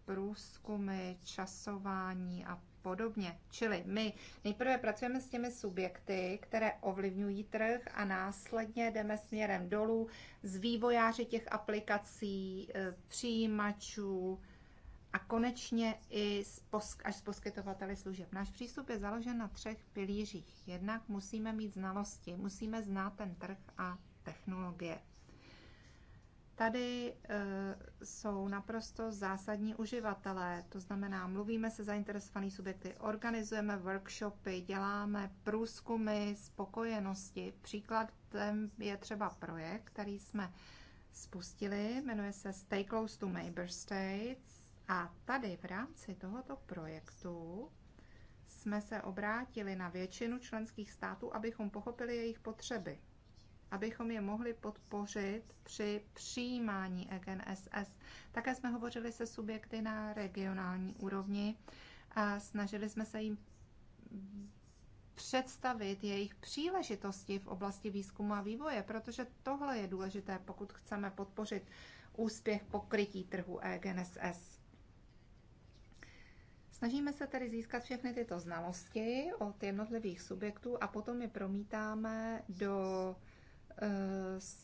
S1: průzkumy, časování a podobně. Čili my nejprve pracujeme s těmi subjekty, které ovlivňují trh a následně jdeme směrem dolů z vývojáři těch aplikací, eh, přijímačů a konečně i až z poskytovateli služeb. Náš přístup je založen na třech pilířích. Jednak musíme mít znalosti, musíme znát ten trh a technologie. Tady eh, jsou naprosto zásadní uživatelé, to znamená, mluvíme se zainteresovaný subjekty, organizujeme workshopy, děláme průzkumy spokojenosti. Příkladem je třeba projekt, který jsme spustili, jmenuje se Stay Close to Neighbor States a tady v rámci tohoto projektu jsme se obrátili na většinu členských států, abychom pochopili jejich potřeby abychom je mohli podpořit při přijímání EGNSS. Také jsme hovořili se subjekty na regionální úrovni a snažili jsme se jim představit jejich příležitosti v oblasti výzkumu a vývoje, protože tohle je důležité, pokud chceme podpořit úspěch pokrytí trhu EGNSS. Snažíme se tedy získat všechny tyto znalosti od jednotlivých subjektů a potom je promítáme do Eh, z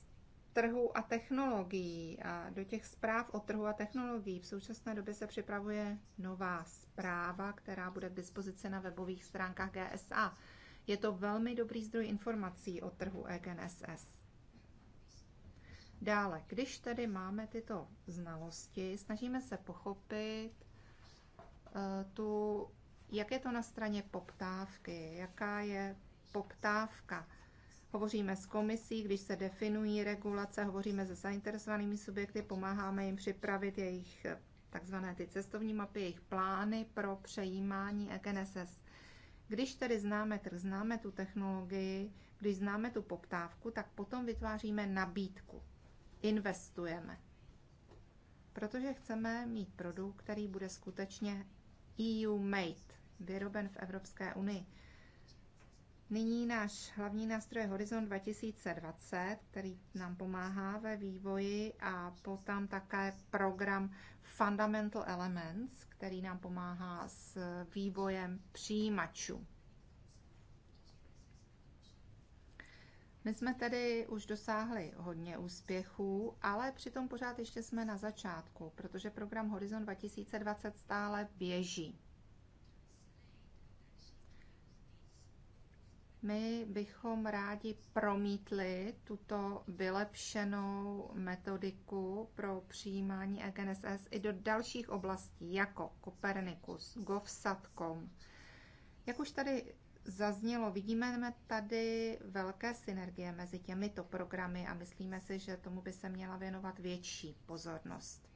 S1: trhu a technologií a do těch zpráv o trhu a technologií. V současné době se připravuje nová zpráva, která bude k dispozici na webových stránkách GSA. Je to velmi dobrý zdroj informací o trhu EGNSS. Dále, když tedy máme tyto znalosti, snažíme se pochopit eh, tu, jak je to na straně poptávky, jaká je poptávka Hovoříme s komisí, když se definují regulace, hovoříme se zainteresovanými subjekty, pomáháme jim připravit jejich eh, takzvané ty cestovní mapy, jejich plány pro přejímání EGNSS. Když tedy známe trh, známe tu technologii, když známe tu poptávku, tak potom vytváříme nabídku. Investujeme. Protože chceme mít produkt, který bude skutečně EU-made, vyroben v Evropské unii. Nyní náš hlavní nástroj Horizon 2020, který nám pomáhá ve vývoji a potom také program Fundamental Elements, který nám pomáhá s vývojem přijímačů. My jsme tedy už dosáhli hodně úspěchů, ale přitom pořád ještě jsme na začátku, protože program Horizon 2020 stále běží. My bychom rádi promítli tuto vylepšenou metodiku pro přijímání EGNSS i do dalších oblastí, jako Kopernikus, GovSatcom. Jak už tady zaznělo, vidíme tady velké synergie mezi těmito programy a myslíme si, že tomu by se měla věnovat větší pozornost.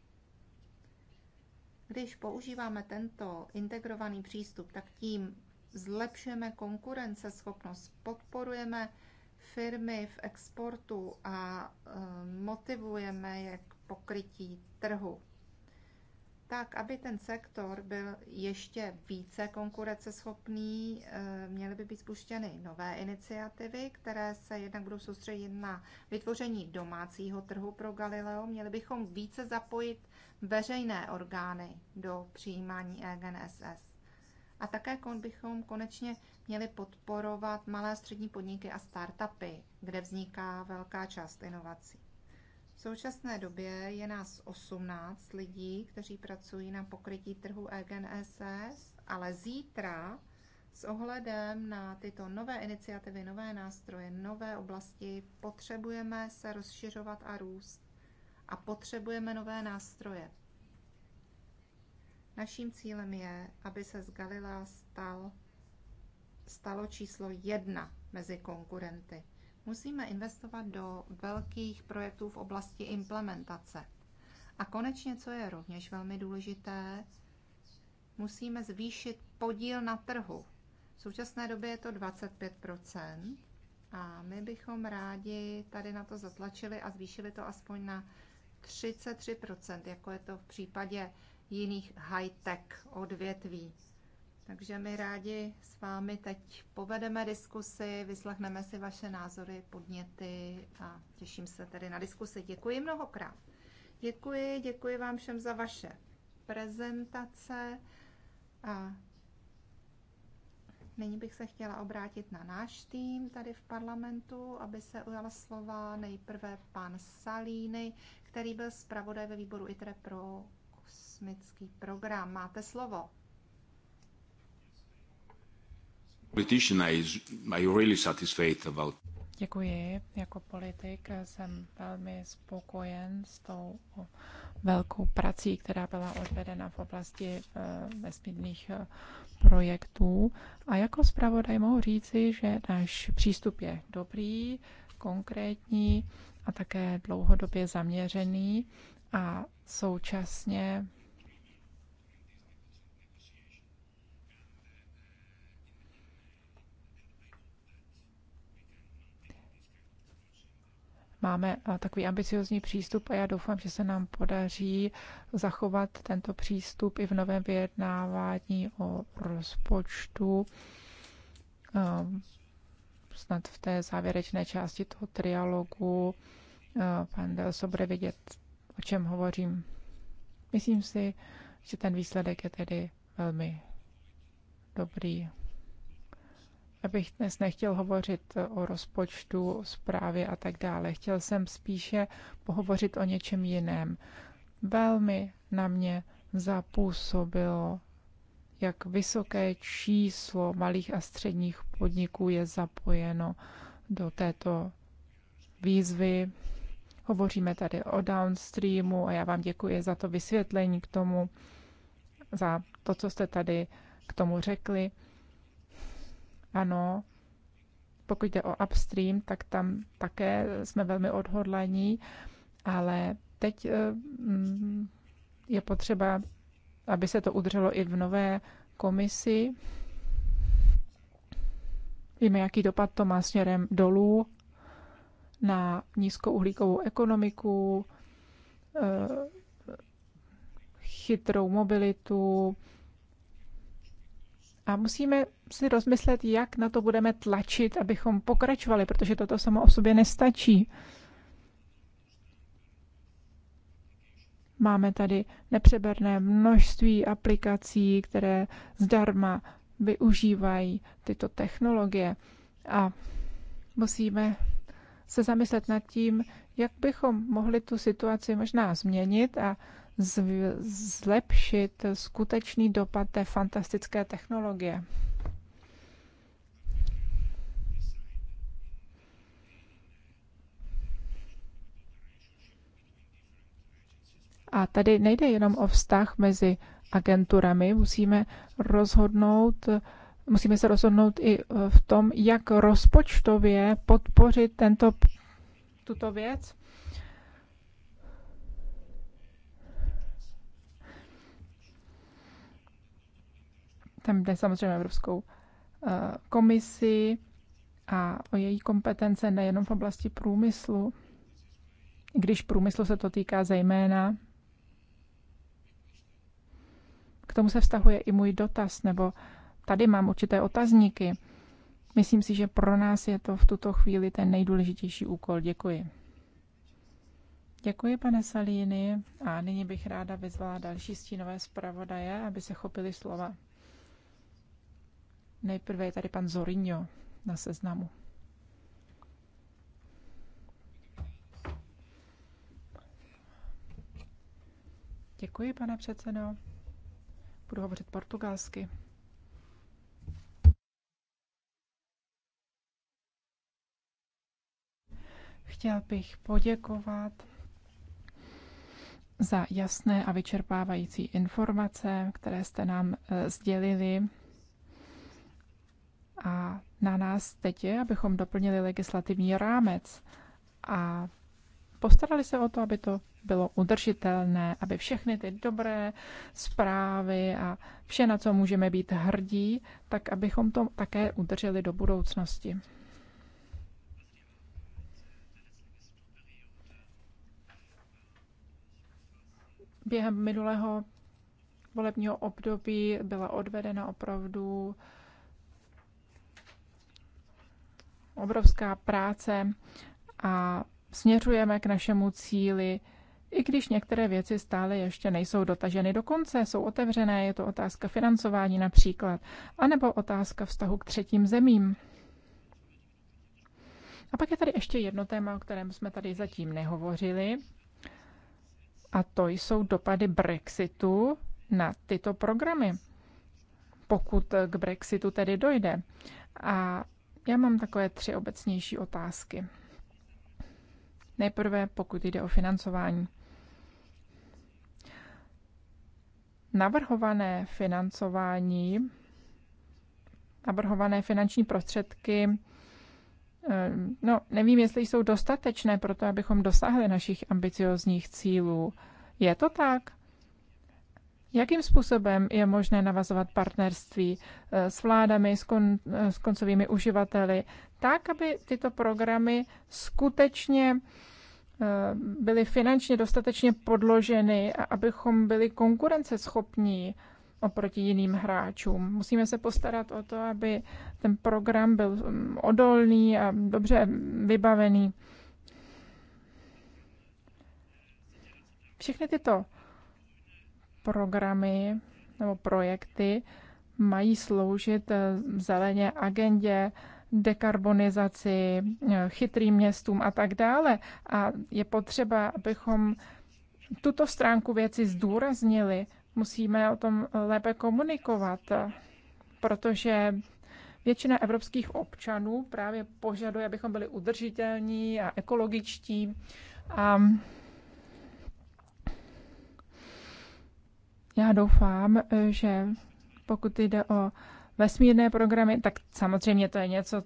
S1: Když používáme tento integrovaný přístup, tak tím zlepšujeme konkurenceschopnost, podporujeme firmy v exportu a eh, motivujeme je k pokrytí trhu. Tak, aby ten sektor byl ještě více konkurenceschopný, eh, měly by být spuštěny nové iniciativy, které se jednak budou soustředit na vytvoření domácího trhu pro Galileo. Měli bychom více zapojit veřejné orgány do přijímání EGNSS. A také bychom konečně měli podporovat malé a střední podniky a startupy, kde vzniká velká část inovací. V současné době je nás 18 lidí, kteří pracují na pokrytí trhu EGNSS, ale zítra s ohledem na tyto nové iniciativy, nové nástroje, nové oblasti potřebujeme se rozšiřovat a růst a potřebujeme nové nástroje. Naším cílem je, aby se z Galilea stal, stalo číslo jedna mezi konkurenty. Musíme investovat do velkých projektů v oblasti implementace. A konečně, co je rovněž velmi důležité, musíme zvýšit podíl na trhu. V současné době je to 25 a my bychom rádi tady na to zatlačili a zvýšili to aspoň na 33 jako je to v případě jiných high-tech odvětví. Takže my rádi s vámi teď povedeme diskusi, vyslechneme si vaše názory, podněty a těším se tedy na diskusi. Děkuji mnohokrát. Děkuji, děkuji vám všem za vaše prezentace a nyní bych se chtěla obrátit na náš tým tady v parlamentu, aby se ujala slova nejprve pan Salíny, který byl zpravodaj ve výboru ITRE pro kosmický program. Máte slovo.
S3: Děkuji. Jako politik jsem velmi spokojen s tou velkou prací, která byla odvedena v oblasti eh, vesmírných eh, projektů. A jako zpravodaj mohu říci, že náš přístup je dobrý, konkrétní a také dlouhodobě zaměřený a současně máme eh, takový ambiciozní přístup a já doufám, že se nám podaří zachovat tento přístup i v novém vyjednávání o rozpočtu eh, snad v té závěrečné části toho trialogu eh, pan Delso bude vědět, o čem hovořím. Myslím si, že ten výsledek je tedy velmi dobrý. Abych dnes nechtěl hovořit o rozpočtu, o zprávě a tak dále. Chtěl jsem spíše pohovořit o něčem jiném. Velmi na mě zapůsobilo, jak vysoké číslo malých a středních podniků je zapojeno do této výzvy. Hovoříme tady o downstreamu a já vám děkuji za to vysvětlení k tomu, za to, co jste tady k tomu řekli. Ano, pokud jde o upstream, tak tam také jsme velmi odhodlaní, ale teď eh, mm, je potřeba, aby se to udrželo i v nové komisi. Víme, jaký dopad to má směrem dolů na nízkouhlíkovou ekonomiku, eh, chytrou mobilitu, a musíme si rozmyslet, jak na to budeme tlačit, abychom pokračovali, protože toto samo o sobě nestačí. Máme tady nepřeberné množství aplikací, které zdarma využívají tyto technologie. A musíme se zamyslet nad tím, jak bychom mohli tu situaci možná změnit a zlepšit skutečný dopad té fantastické technologie. A tady nejde jenom o vztah mezi agenturami, musíme rozhodnout, musíme se rozhodnout i eh, v tom, jak rozpočtově podpořit tento, tuto věc. tam jde samozřejmě Evropskou eh, komisi a o její kompetence nejenom v oblasti průmyslu, když průmyslu se to týká zejména. K tomu se vztahuje i můj dotaz, nebo tady mám určité otazníky. Myslím si, že pro nás je to v tuto chvíli ten nejdůležitější úkol. Děkuji. Děkuji, pane Salíny. A nyní bych ráda vyzvala další stínové zpravodaje, aby se chopili slova. Nejprve je tady pan Zorinho na seznamu. Děkuji, pane předsedo. Budu hovořit portugalsky. Chtěl bych poděkovat za jasné a vyčerpávající informace, které jste nám eh, sdělili a na nás teď je, abychom doplnili legislativní rámec a postarali se o to, aby to bylo udržitelné, aby všechny ty dobré zprávy a vše, na co můžeme být hrdí, tak abychom to také udrželi do budoucnosti. Během minulého volebního období byla odvedena opravdu obrovská práce a směřujeme k našemu cíli, i když některé věci stále ještě nejsou dotaženy do konce, jsou otevřené, je to otázka financování například, anebo otázka vztahu k třetím zemím. A pak je tady ještě jedno téma, o kterém jsme tady zatím nehovořili, a to jsou dopady Brexitu na tyto programy, pokud k Brexitu tedy dojde. A já mám takové tři obecnější otázky. Nejprve, pokud jde o financování. Navrhované financování, navrhované finanční prostředky, eh, no, nevím, jestli jsou dostatečné pro to, abychom dosáhli našich ambiciozních cílů. Je to tak? Jakým způsobem je možné navazovat partnerství eh, s vládami, s, kon, eh, s koncovými uživateli, tak, aby tyto programy skutečně eh, byly finančně dostatečně podloženy a abychom byli konkurenceschopní oproti jiným hráčům. Musíme se postarat o to, aby ten program byl mm, odolný a dobře vybavený. Všechny tyto programy nebo projekty mají sloužit eh, zeleně agendě, dekarbonizaci, eh, chytrým městům a tak dále. A je potřeba, abychom tuto stránku věci zdůraznili. Musíme o tom lépe komunikovat, protože většina evropských občanů právě požaduje, abychom byli udržitelní a ekologičtí. A Já doufám, eh, že pokud jde o vesmírné programy, tak samozřejmě to je něco,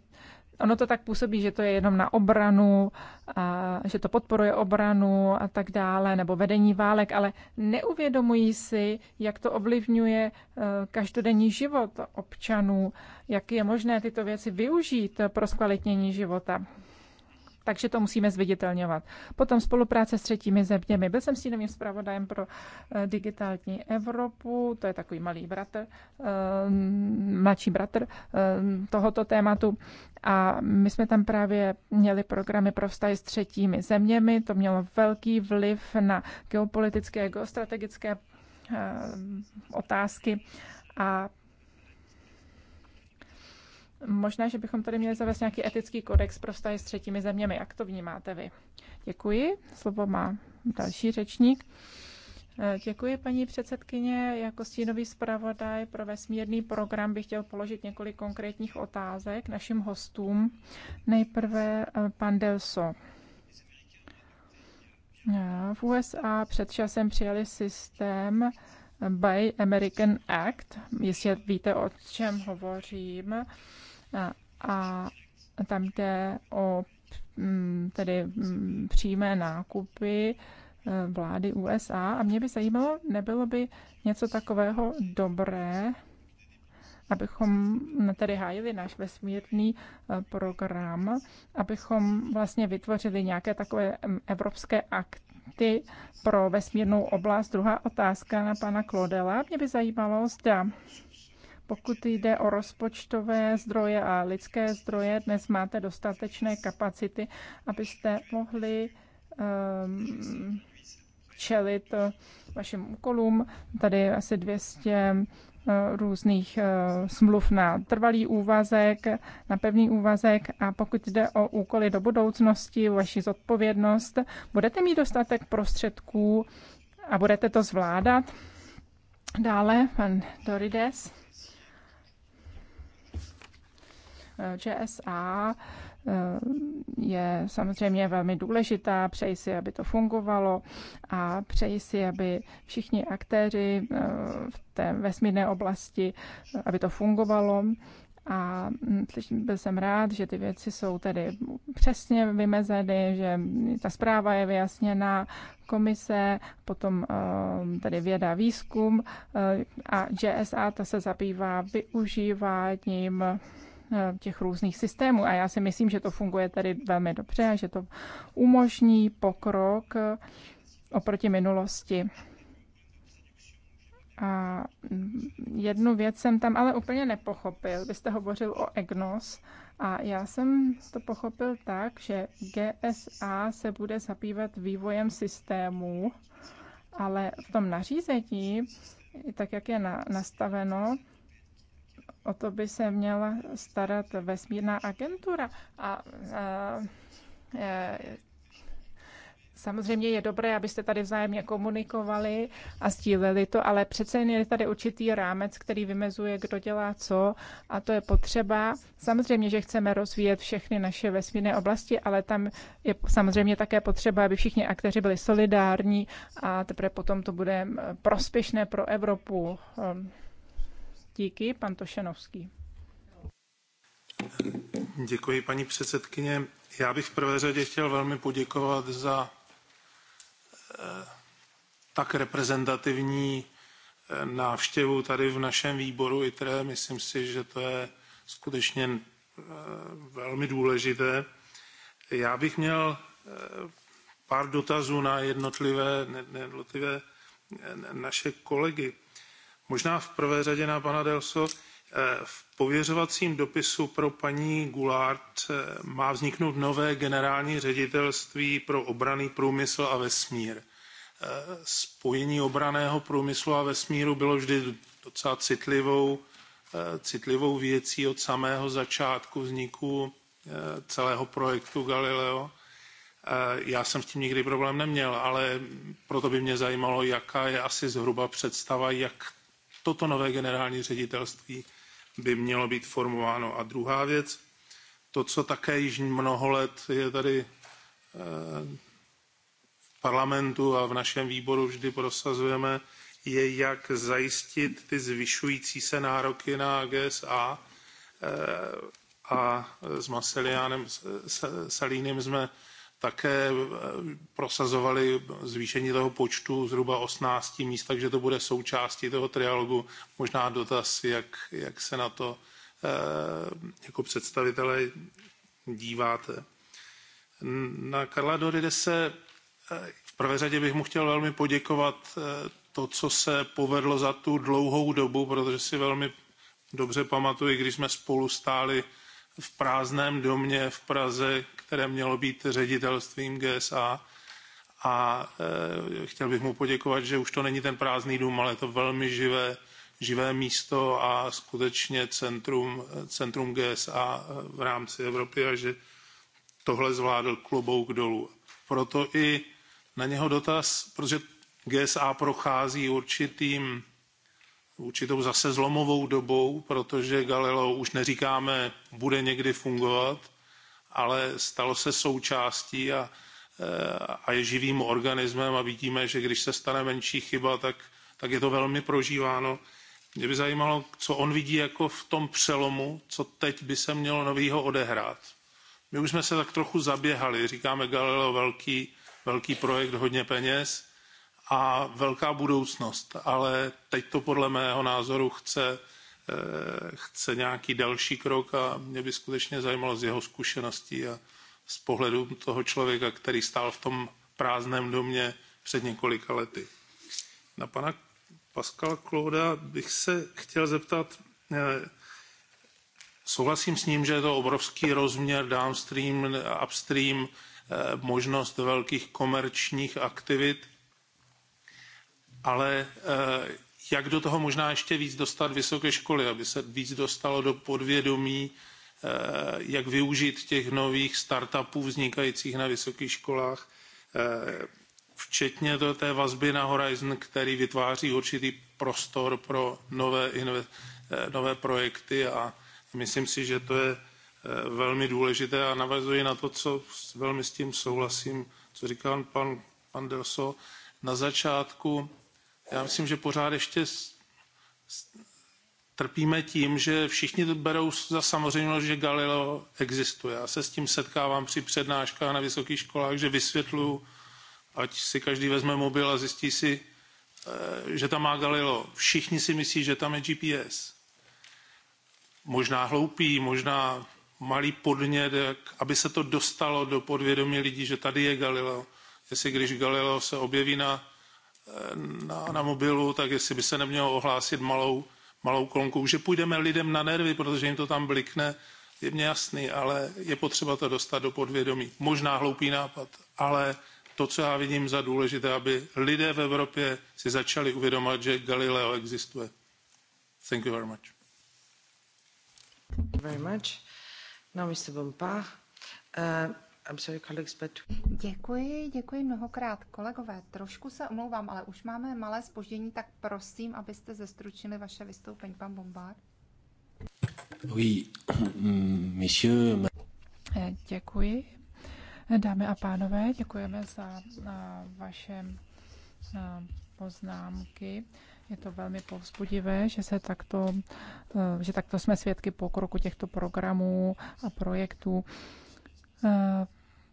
S3: ono to tak působí, že to je jenom na obranu, a že to podporuje obranu a tak dále, nebo vedení válek, ale neuvědomují si, jak to ovlivňuje eh, každodenní život občanů, jak je možné tyto věci využít pro zkvalitnění života takže to musíme zviditelňovat. Potom spolupráce s třetími zeměmi. Byl jsem s tím zpravodajem pro eh, digitální Evropu, to je takový malý bratr, eh, mladší bratr eh, tohoto tématu. A my jsme tam právě měli programy pro vztahy s třetími zeměmi. To mělo velký vliv na geopolitické, geostrategické otázky a Možná, že bychom tady měli zavést nějaký etický kodex pro vztahy s třetími zeměmi. Jak to vnímáte vy? Děkuji. Slovo má další řečník. Eh, děkuji, paní předsedkyně. Jako stínový zpravodaj pro vesmírný program bych chtěl položit několik konkrétních otázek našim hostům. Nejprve eh, pan Delso. Eh, v USA před časem přijali systém Buy American Act. Jistě víte, o čem hovořím a tam jde o mm, tedy mm, přímé nákupy e, vlády USA. A mě by zajímalo, nebylo by něco takového dobré, abychom tedy hájili náš vesmírný e, program, abychom vlastně vytvořili nějaké takové mm, evropské akty pro vesmírnou oblast. Druhá otázka na pana Klodela. Mě by zajímalo, zda pokud jde o rozpočtové zdroje a lidské zdroje, dnes máte dostatečné kapacity, abyste mohli um, čelit eh, vašim úkolům. Tady je asi 200 eh, různých eh, smluv na trvalý úvazek, na pevný úvazek a pokud jde o úkoly do budoucnosti, vaši zodpovědnost, budete mít dostatek prostředků a budete to zvládat. Dále pan Dorides. GSA eh, je samozřejmě velmi důležitá. Přeji si, aby to fungovalo a přeji si, aby všichni aktéři eh, v té vesmírné oblasti, eh, aby to fungovalo. A hm, byl jsem rád, že ty věci jsou tedy přesně vymezeny, že ta zpráva je vyjasněná, komise, potom tedy věda, výzkum a GSA ta se zabývá využíváním Eh, těch různých systémů. A já si myslím, že to funguje tady velmi dobře a že to umožní pokrok eh, oproti minulosti. A mm, jednu věc jsem tam ale úplně nepochopil. Vy jste hovořil o EGNOS a já jsem to pochopil tak, že GSA se bude zabývat vývojem systémů, ale v tom nařízení, tak jak je na, nastaveno, o to by se měla starat vesmírná agentura. A, a e, Samozřejmě je dobré, abyste tady vzájemně komunikovali a sdíleli to, ale přece jen je tady určitý rámec, který vymezuje, kdo dělá co a to je potřeba. Samozřejmě, že chceme rozvíjet všechny naše vesmírné oblasti, ale tam je samozřejmě také potřeba, aby všichni aktéři byli solidární a teprve potom to bude prospěšné pro Evropu. Ehm, Díky, pan Tošenovský.
S5: Děkuji, paní předsedkyně. Já bych v prvé řadě chtěl velmi poděkovat za eh, tak reprezentativní eh, návštěvu tady v našem výboru ITRE. Myslím si, že to je skutečně eh, velmi důležité. Já bych měl pár dotazů na jednotlivé, jednotlivé naše kolegy. Možná v prvé řadě na pana Delso. Eh, v pověřovacím dopisu pro paní Goulard eh, má vzniknout nové generální ředitelství pro obraný průmysl a vesmír. Eh, spojení obraného průmyslu a vesmíru bylo vždy docela citlivou, citlivou věcí od samého začátku vzniku celého projektu Galileo. Já jsem s tím nikdy problém neměl, ale proto by mě zajímalo, jaká je asi zhruba představa, jak toto nové generální ředitelství by mělo být formováno. A druhá věc, to, co také již mnoho let je tady eh, v parlamentu a v našem výboru vždy prosazujeme, je, jak zajistit ty zvyšující se nároky na GSA. Eh, a s Maseliánem Salínem jsme také eh, prosazovali zvýšení toho počtu zhruba 18 míst, takže to bude součástí toho trialogu. Možná dotaz, jak, jak se na to eh, jako představitelé díváte. Na Karla Doride se eh, v prvé řadě bych mu chtěl velmi poděkovat to, co se povedlo za tu dlouhou dobu, protože si velmi dobře pamatuji, když jsme spolu stáli v prázdném domě v Praze, které mělo být ředitelstvím GSA. A e, chtěl bych mu poděkovat, že už to není ten prázdný dům, ale je to velmi živé, živé místo a skutečně centrum, centrum GSA e, v rámci Evropy a že tohle zvládl klobouk dolů. Proto i na něho dotaz, protože GSA prochází určitým, určitou zase zlomovou dobou, protože Galileo už neříkáme, bude někdy fungovat, ale stalo se součástí a, eh, a je živým organismem a vidíme, že když se stane menší chyba, tak, tak je to velmi prožíváno. Mě by zajímalo, co on vidí jako v tom přelomu, co teď by se mělo novýho odehrát. My už jsme se tak trochu zaběhali, říkáme Galileo velký, velký projekt, hodně peněz a velká budoucnost, ale teď to podle mého názoru chce Eh, chce nějaký další krok a mě by skutečně zajímalo z jeho zkušeností a z pohledu toho člověka, který stál v tom prázdném domě před několika lety. Na pana Pascal Klouda bych se chtěl zeptat, eh, souhlasím s ním, že je to obrovský rozměr downstream, upstream, eh, možnost velkých komerčních aktivit, ale jak do toho možná ještě víc dostat vysoké školy, aby se víc dostalo do podvědomí, eh, jak využít těch nových startupů vznikajících na vysokých školách, eh, včetně do té vazby na Horizon, který vytváří určitý prostor pro nové, eh, nové projekty a myslím si, že to je velmi důležité a navazuji na to, co velmi s tím souhlasím, co říkal pan, pan Delso. Na začátku já myslím, že pořád ještě trpíme tím, že všichni to berou za samozřejmost, že Galileo existuje. Já se s tím setkávám při přednáškách na vysokých školách, že vysvětluju, ať si každý vezme mobil a zjistí si, eh, že tam má Galileo. Všichni si myslí, že tam je GPS. Možná hloupý, možná malý podnět, aby se to dostalo do podvědomí lidí, že tady je Galileo. Jestli když Galileo se objeví na na, na mobilu, tak jestli by se nemělo ohlásit malou, malou kolonkou, že půjdeme lidem na nervy, protože jim to tam blikne, je mně jasný, ale je potřeba to dostat do podvědomí. Možná hloupý nápad, ale to, co já vidím za důležité, aby lidé v Evropě si začali uvědomovat, že Galileo existuje. Thank you very much.
S1: Very much. Now, Mr. Bompard, uh... Sorry, colleagues, but... Děkuji, děkuji mnohokrát. Kolegové, trošku se omlouvám, ale už máme malé spoždění, tak prosím, abyste zestručili vaše vystoupení, pan Bombard.
S2: Oui, monsieur... Mm,
S3: eh, děkuji. Dámy a pánové, děkujeme za eh, vaše eh, poznámky. Je to velmi povzbudivé, že, se takto, že takto jsme svědky pokroku těchto programů a projektů.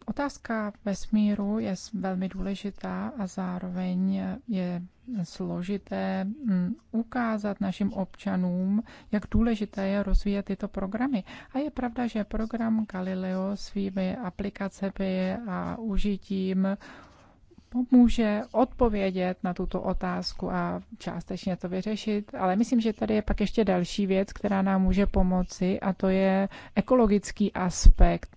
S3: Otázka vesmíru je velmi důležitá a zároveň je složité mm, ukázat našim občanům, jak důležité je rozvíjet tyto programy. A je pravda, že program Galileo svými aplikacemi a užitím pomůže odpovědět na tuto otázku a částečně to vyřešit. Ale myslím, že tady je pak ještě další věc, která nám může pomoci, a to je ekologický aspekt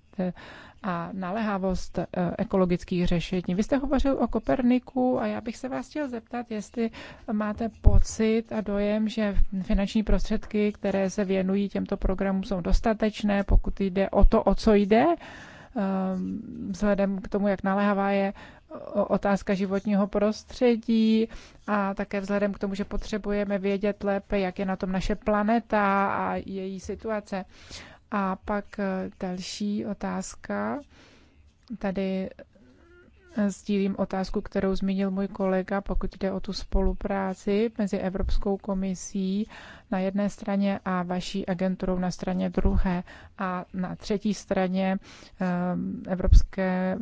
S3: a naléhavost eh, ekologických řešení. Vy jste hovořil o Koperniku a já bych se vás chtěl zeptat, jestli máte pocit a dojem, že finanční prostředky, které se věnují těmto programům, jsou dostatečné, pokud jde o to, o co jde, ehm, vzhledem k tomu, jak naléhavá je otázka životního prostředí a také vzhledem k tomu, že potřebujeme vědět lépe, jak je na tom naše planeta a její situace. A pak eh, další otázka. Tady eh, sdílím otázku, kterou zmínil můj kolega, pokud jde o tu spolupráci mezi Evropskou komisí na jedné straně a vaší agenturou na straně druhé a na třetí straně eh, Evropské,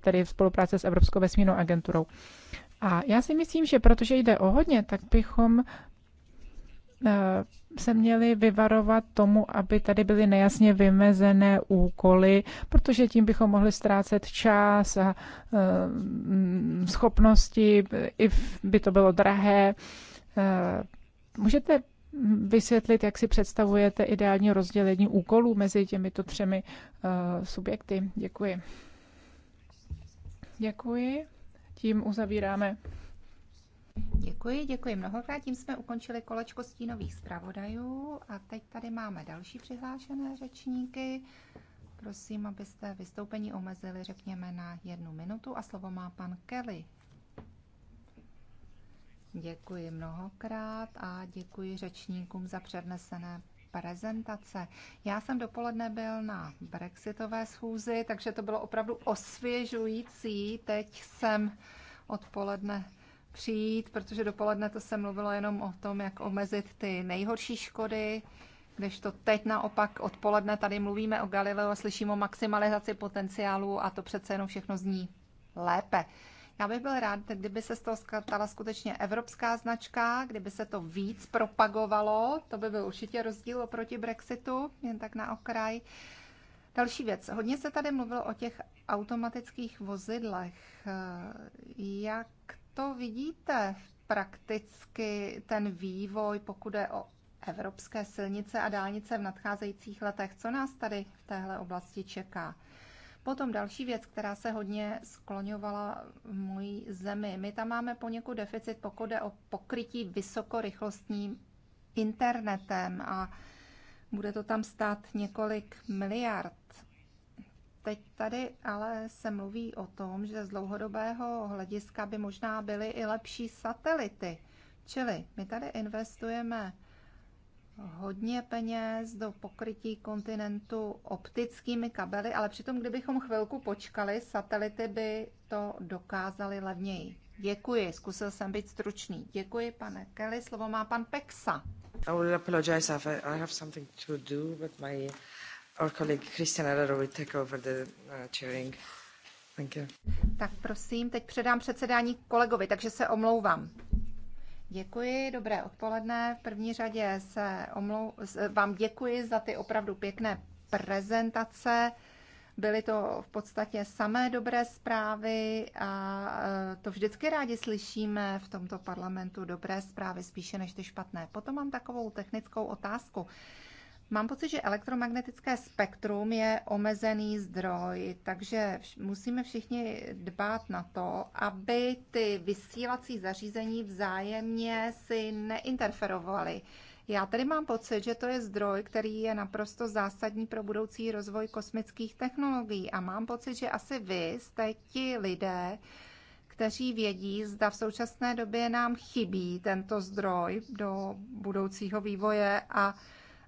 S3: tedy spolupráce s Evropskou vesmírnou agenturou. A já si myslím, že protože jde o hodně, tak bychom se měli vyvarovat tomu, aby tady byly nejasně vymezené úkoly, protože tím bychom mohli ztrácet čas a e, schopnosti, i by to bylo drahé. E, můžete vysvětlit, jak si představujete ideální rozdělení úkolů mezi těmito třemi e, subjekty? Děkuji. Děkuji.
S1: Tím uzavíráme Děkuji, děkuji mnohokrát. Tím jsme ukončili kolečko stínových zpravodajů a teď tady máme další přihlášené řečníky. Prosím, abyste vystoupení omezili, řekněme, na jednu minutu a slovo má pan Kelly. Děkuji mnohokrát a děkuji řečníkům za přednesené prezentace. Já jsem dopoledne byl na Brexitové schůzi, takže to bylo opravdu osvěžující. Teď jsem odpoledne přijít, protože dopoledne to se mluvilo jenom o tom, jak omezit ty nejhorší škody, když to teď naopak odpoledne tady mluvíme o Galileo a slyším o maximalizaci potenciálu a to přece jenom všechno zní lépe. Já bych byl rád, kdyby se z toho stala skutečně evropská značka, kdyby se to víc propagovalo, to by byl určitě rozdíl oproti Brexitu, jen tak na okraj. Další věc. Hodně se tady mluvilo o těch automatických vozidlech. Jak to vidíte prakticky ten vývoj, pokud je o evropské silnice a dálnice v nadcházejících letech? Co nás tady v téhle oblasti čeká? Potom další věc, která se hodně skloňovala v mojí zemi. My tam máme poněkud deficit, pokud jde o pokrytí vysokorychlostním internetem a bude to tam stát několik miliard. Teď tady ale se mluví o tom, že z dlouhodobého hlediska by možná byly i lepší satelity. Čili my tady investujeme hodně peněz do pokrytí kontinentu optickými kabely, ale přitom, kdybychom chvilku počkali, satelity by to dokázaly levněji. Děkuji, zkusil jsem být stručný. Děkuji, pane Kelly. Slovo má pan Pexa.
S2: I will apologize, I have something to do, my Our colleague Christian
S4: will take over the uh, chairing. Thank you.
S1: Tak prosím, teď předám předsedání kolegovi, takže se omlouvám. Děkuji, dobré odpoledne. V první řadě se omlou... vám děkuji za ty opravdu pěkné prezentace. Byly to v podstatě samé dobré zprávy a e, to vždycky rádi slyšíme v tomto parlamentu dobré zprávy spíše než ty špatné. Potom mám takovou technickou otázku. Mám pocit, že elektromagnetické spektrum je omezený zdroj, takže musíme všichni dbát na to, aby ty vysílací zařízení vzájemně si neinterferovaly. Já tedy mám pocit, že to je zdroj, který je naprosto zásadní pro budoucí rozvoj kosmických technologií a mám pocit, že asi vy jste ti lidé, kteří vědí, zda v současné době nám chybí tento zdroj do budoucího vývoje a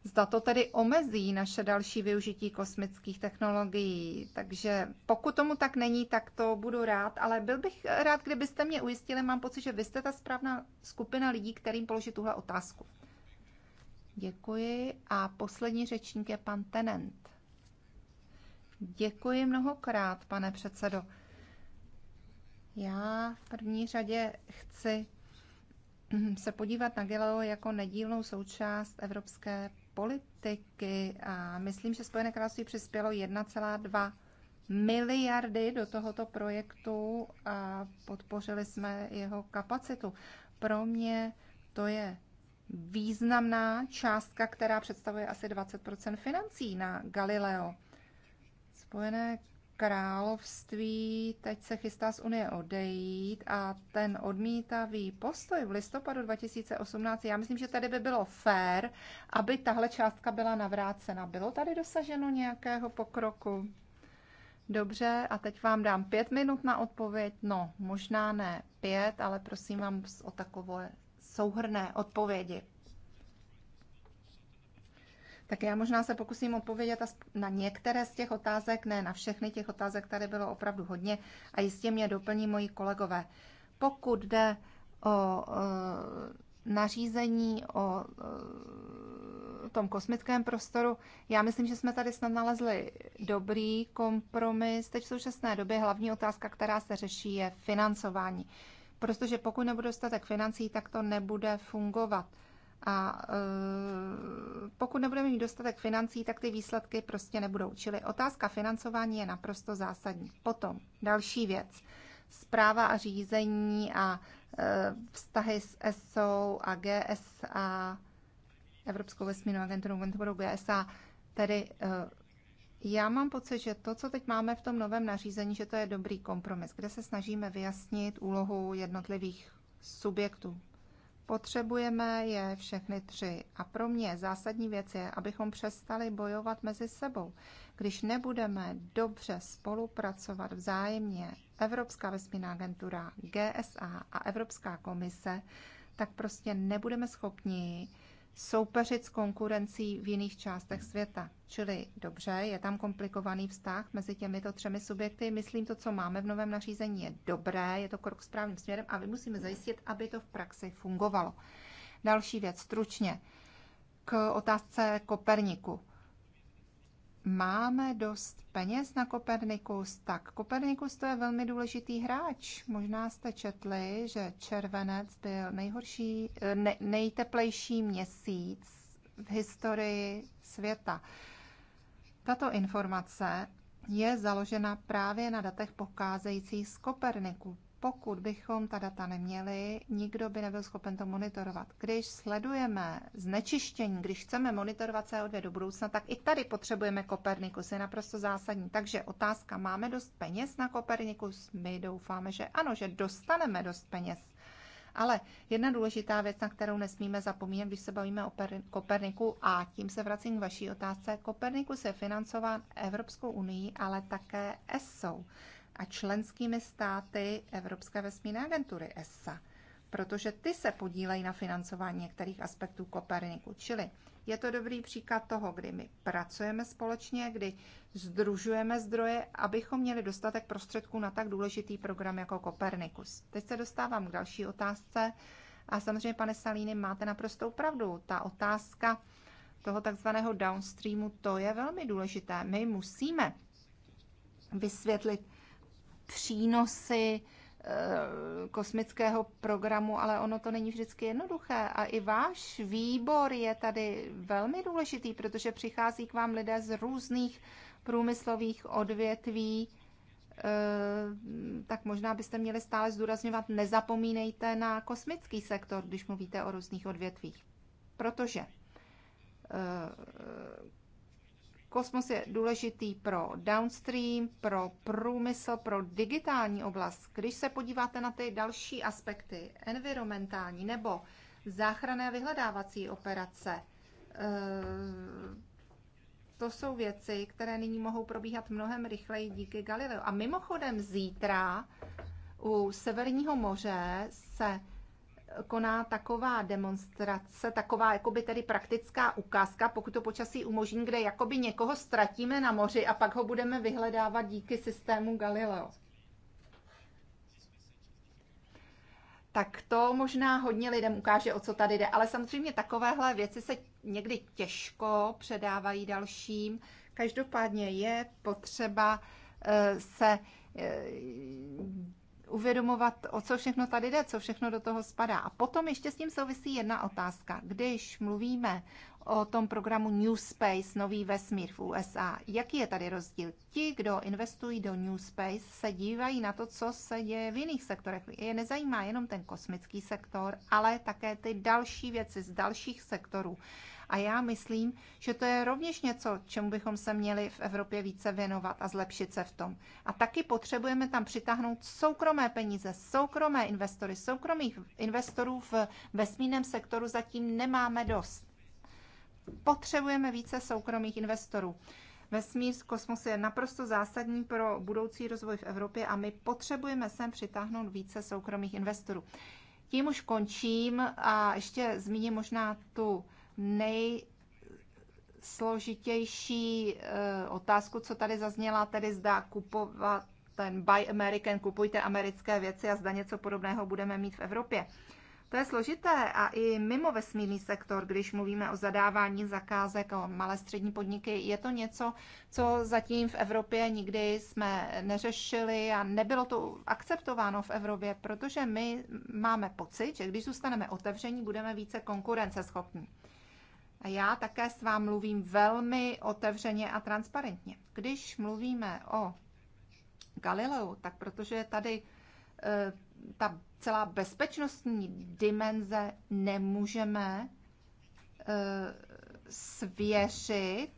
S1: Zda to tedy omezí naše další využití kosmických technologií. Takže pokud tomu tak není, tak to budu rád, ale byl bych rád, kdybyste mě ujistili. Mám pocit, že vy jste ta správná skupina lidí, kterým položit tuhle otázku. Děkuji a poslední řečník je pan Tenent. Děkuji mnohokrát, pane předsedo. Já v první řadě chci se podívat na Gelo jako nedílnou součást evropské politiky a myslím, že Spojené království přispělo 1,2 miliardy do tohoto projektu a podpořili jsme jeho kapacitu. Pro mě to je významná částka, která představuje asi 20 financí na Galileo. Spojené království teď se chystá z Unie odejít a ten odmítavý postoj v listopadu 2018, já myslím, že tady by bylo fér, aby tahle částka byla navrácena. Bylo tady dosaženo nějakého pokroku? Dobře, a teď vám dám pět minut na odpověď. No, možná ne pět, ale prosím vám o takové souhrné odpovědi. Tak já možná se pokusím odpovědět na některé z těch otázek, ne na všechny těch otázek, tady bylo opravdu hodně a jistě mě doplní moji kolegové. Pokud jde o eh, nařízení o eh, tom kosmickém prostoru. Já myslím, že jsme tady snad nalezli dobrý kompromis. Teď v současné době hlavní otázka, která se řeší, je financování. Protože pokud nebude dostatek financí, tak to nebude fungovat. A e, pokud nebudeme mít dostatek financí, tak ty výsledky prostě nebudou. Čili otázka financování je naprosto zásadní. Potom další věc. Zpráva a řízení a e, vztahy s ESO a GSA, Evropskou vesmírnou agenturou, agenturou GSA, tedy e, já mám pocit, že to, co teď máme v tom novém nařízení, že to je dobrý kompromis, kde se snažíme vyjasnit úlohu jednotlivých subjektů, Potřebujeme je všechny tři. A pro mě zásadní věc je, abychom přestali bojovat mezi sebou. Když nebudeme dobře spolupracovat vzájemně, Evropská vesmírná agentura, GSA a Evropská komise, tak prostě nebudeme schopni soupeřit s konkurencí v jiných částech světa. Čili dobře, je tam komplikovaný vztah mezi těmito třemi subjekty. Myslím, to, co máme v novém nařízení, je dobré, je to krok správným směrem a my musíme zajistit, aby to v praxi fungovalo. Další věc, stručně, k otázce Koperniku máme dost peněz na Kopernikus? Tak Kopernikus to je velmi důležitý hráč. Možná jste četli, že červenec byl nejhorší, eh, ne, nejteplejší měsíc v historii světa. Tato informace je založena právě na datech pocházejících z Koperniku pokud bychom ta data neměli, nikdo by nebyl schopen to monitorovat. Když sledujeme znečištění, když chceme monitorovat CO2 do budoucna, tak i tady potřebujeme Kopernikus, je naprosto zásadní. Takže otázka, máme dost peněz na Kopernikus? My doufáme, že ano, že dostaneme dost peněz. Ale jedna důležitá věc, na kterou nesmíme zapomínat, když se bavíme o Koperniku, a tím se vracím k vaší otázce, Kopernikus je financován Evropskou unii, ale také ESO a členskými státy Evropské vesmírné agentury ESA, protože ty se podílejí na financování některých aspektů Koperniku. Čili je to dobrý příklad toho, kdy my pracujeme společně, kdy združujeme zdroje, abychom měli dostatek prostředků na tak důležitý program jako Kopernikus. Teď se dostávám k další otázce. A samozřejmě, pane Salíny, máte naprostou pravdu. Ta otázka toho takzvaného downstreamu, to je velmi důležité. My musíme vysvětlit přínosy eh, kosmického programu, ale ono to není vždycky jednoduché. A i váš výbor je tady velmi důležitý, protože přichází k vám lidé z různých průmyslových odvětví, eh, tak možná byste měli stále zdůrazňovat, nezapomínejte na kosmický sektor, když mluvíte o různých odvětvích. Protože eh, Kosmos je důležitý pro downstream, pro průmysl, pro digitální oblast. Když se podíváte na ty další aspekty, environmentální nebo záchranné vyhledávací operace, eh, to jsou věci, které nyní mohou probíhat mnohem rychleji díky Galileu. A mimochodem zítra u Severního moře se koná taková demonstrace, taková jakoby tedy praktická ukázka, pokud to počasí umožní, kde jakoby někoho ztratíme na moři a pak ho budeme vyhledávat díky systému Galileo. Tak to možná hodně lidem ukáže, o co tady jde, ale samozřejmě takovéhle věci se někdy těžko předávají dalším. Každopádně je potřeba eh, se eh, uvědomovat, o co všechno tady jde, co všechno do toho spadá. A potom ještě s tím souvisí jedna otázka. Když mluvíme o tom programu New Space, nový vesmír v USA, jaký je tady rozdíl? Ti, kdo investují do New Space, se dívají na to, co se děje v jiných sektorech. Je nezajímá jenom ten kosmický sektor, ale také ty další věci z dalších sektorů. A já myslím, že to je rovněž něco, čemu bychom se měli v Evropě více věnovat a zlepšit se v tom. A taky potřebujeme tam přitáhnout soukromé peníze, soukromé investory, soukromých investorů v vesmírném sektoru zatím nemáme dost. Potřebujeme více soukromých investorů. Vesmír z kosmosu je naprosto zásadní pro budoucí rozvoj v Evropě a my potřebujeme sem přitáhnout více soukromých investorů. Tím už končím a ještě zmíním možná tu nejsložitější eh, otázku, co tady zazněla, tedy zda kupovat ten Buy American, kupujte americké věci a zda něco podobného budeme mít v Evropě. To je složité a i mimo vesmírný sektor, když mluvíme o zadávání zakázek, o malé střední podniky, je to něco, co zatím v Evropě nikdy jsme neřešili a nebylo to akceptováno v Evropě, protože my máme pocit, že když zůstaneme otevření, budeme více konkurenceschopní. A já také s vám mluvím velmi otevřeně a transparentně. Když mluvíme o Galileu, tak protože je tady e, ta celá bezpečnostní dimenze, nemůžeme e, svěřit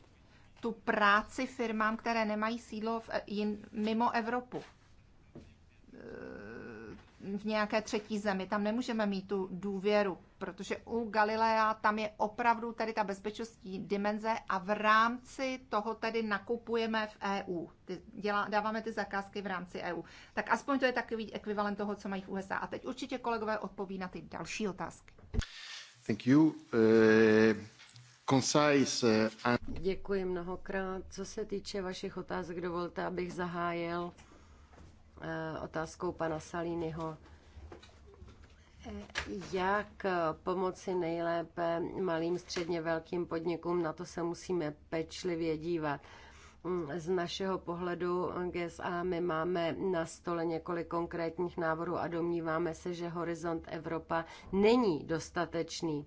S1: tu práci firmám, které nemají sídlo v, e, jin, mimo Evropu. E, v nějaké třetí zemi. Tam nemůžeme mít tu důvěru protože u Galilea tam je opravdu tady ta bezpečnostní dimenze a v rámci toho tedy nakupujeme v EU. Ty, dělá, dáváme ty zakázky v rámci EU. Tak aspoň to je takový ekvivalent toho, co mají v USA. A teď určitě kolegové odpoví na ty další otázky.
S5: Thank you. Uh... Concise, eh, and...
S1: Děkuji mnohokrát. Co se týče vašich
S2: otázek, dovolte, abych zahájil eh, otázkou pana Salínyho jak pomoci nejlépe malým, středně velkým podnikům, na to se musíme pečlivě dívat. Z našeho pohledu GSA my máme na stole několik konkrétních návrhů a domníváme se, že Horizont Evropa není dostatečný.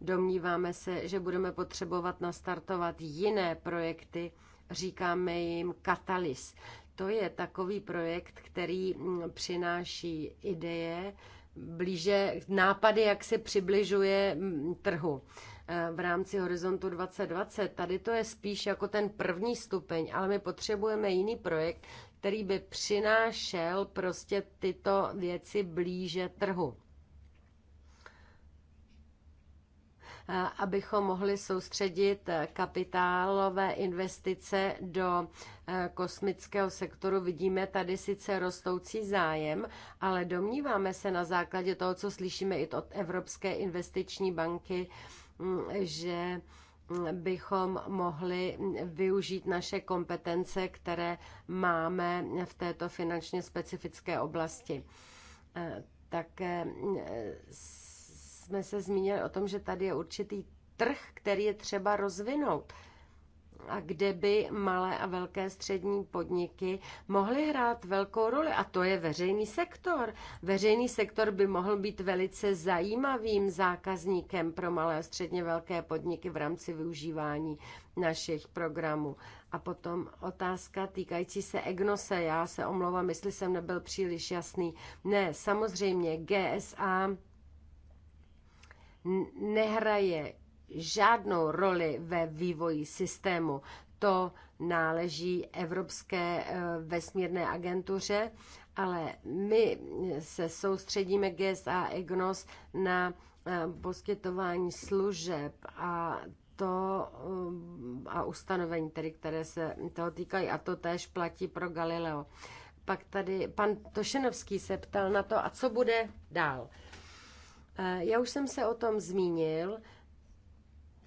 S2: Domníváme se, že budeme potřebovat nastartovat jiné projekty, říkáme jim Katalys. To je takový projekt, který přináší ideje, blíže nápady, jak se přibližuje mm, trhu eh, v rámci Horizontu 2020. Tady to je spíš jako ten první stupeň, ale my potřebujeme jiný projekt, který by přinášel prostě tyto věci blíže trhu. abychom mohli soustředit eh, kapitálové investice do eh, kosmického sektoru. Vidíme tady sice rostoucí zájem, ale domníváme se na základě toho, co slyšíme i od Evropské investiční banky, mm, že mm, bychom mohli využít naše kompetence, které máme v této finančně specifické oblasti. Eh, také mm, jsme se zmínili o tom, že tady je určitý trh, který je třeba rozvinout a kde by malé a velké střední podniky mohly hrát velkou roli. A to je veřejný sektor. Veřejný sektor by mohl být velice zajímavým zákazníkem pro malé a středně velké podniky v rámci využívání našich programů. A potom otázka týkající se EGNOSE. Já se omlouvám, jestli jsem nebyl příliš jasný. Ne, samozřejmě GSA nehraje žádnou roli ve vývoji systému. To náleží Evropské eh, vesmírné agentuře, ale my se soustředíme GSA EGNOS na eh, poskytování služeb a to eh, a ustanovení, tedy, které se toho týkají, a to též platí pro Galileo. Pak tady pan Tošenovský se ptal na to, a co bude dál. Eh, já už jsem se o tom zmínil,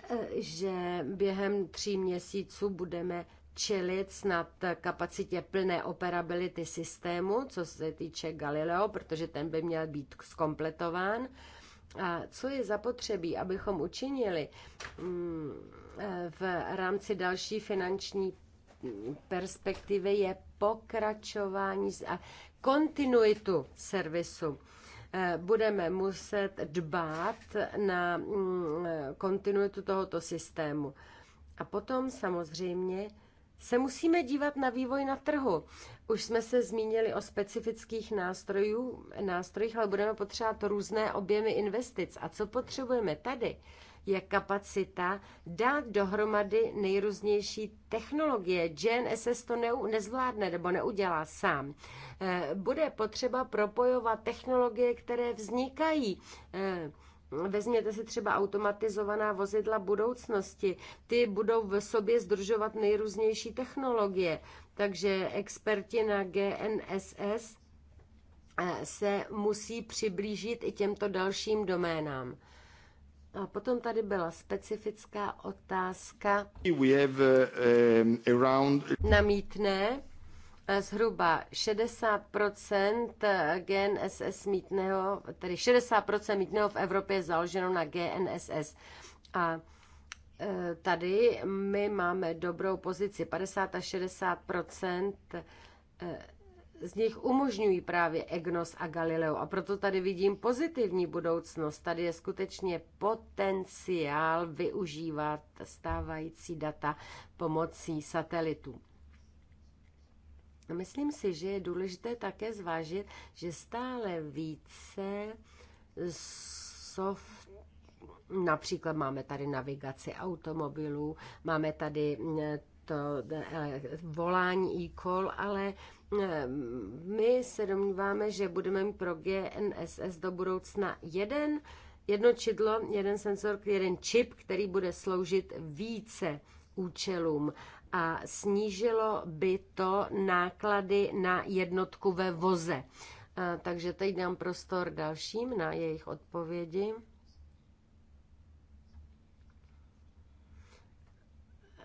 S2: eh, že během tří měsíců budeme čelit snad kapacitě plné operability systému, co se týče Galileo, protože ten by měl být skompletován. A co je zapotřebí, abychom učinili mm, eh, v rámci další finanční perspektivy, je pokračování a kontinuitu servisu Eh, budeme muset dbát na mm, eh, kontinuitu tohoto systému. A potom samozřejmě se musíme dívat na vývoj na trhu. Už jsme se zmínili o specifických nástrojů, nástrojích, ale budeme potřebovat různé objemy investic. A co potřebujeme tady? je kapacita dát dohromady nejrůznější technologie. GNSS to ne, nezvládne nebo neudělá sám. Eh, bude potřeba propojovat technologie, které vznikají. Eh, vezměte si třeba automatizovaná vozidla budoucnosti. Ty budou v sobě združovat nejrůznější technologie. Takže experti na GNSS eh, se musí přiblížit i těmto dalším doménám. A potom tady byla specifická otázka
S5: We have, uh, around... na
S2: mítné. Eh, zhruba 60% GNSS mítného, tedy 60% mítného v Evropě je založeno na GNSS. A eh, tady my máme dobrou pozici 50 a 60 z nich umožňují právě EGNOS a Galileo. A proto tady vidím pozitivní budoucnost. Tady je skutečně potenciál využívat stávající data pomocí satelitů. Myslím si, že je důležité také zvážit, že stále více soft Například máme tady navigaci automobilů, máme tady eh, to volání e-call, ale my se domníváme, že budeme mít pro GNSS do budoucna jeden, jedno čidlo, jeden senzor, jeden čip, který bude sloužit více účelům a snížilo by to náklady na jednotku ve voze. E, takže teď dám prostor dalším na jejich odpovědi.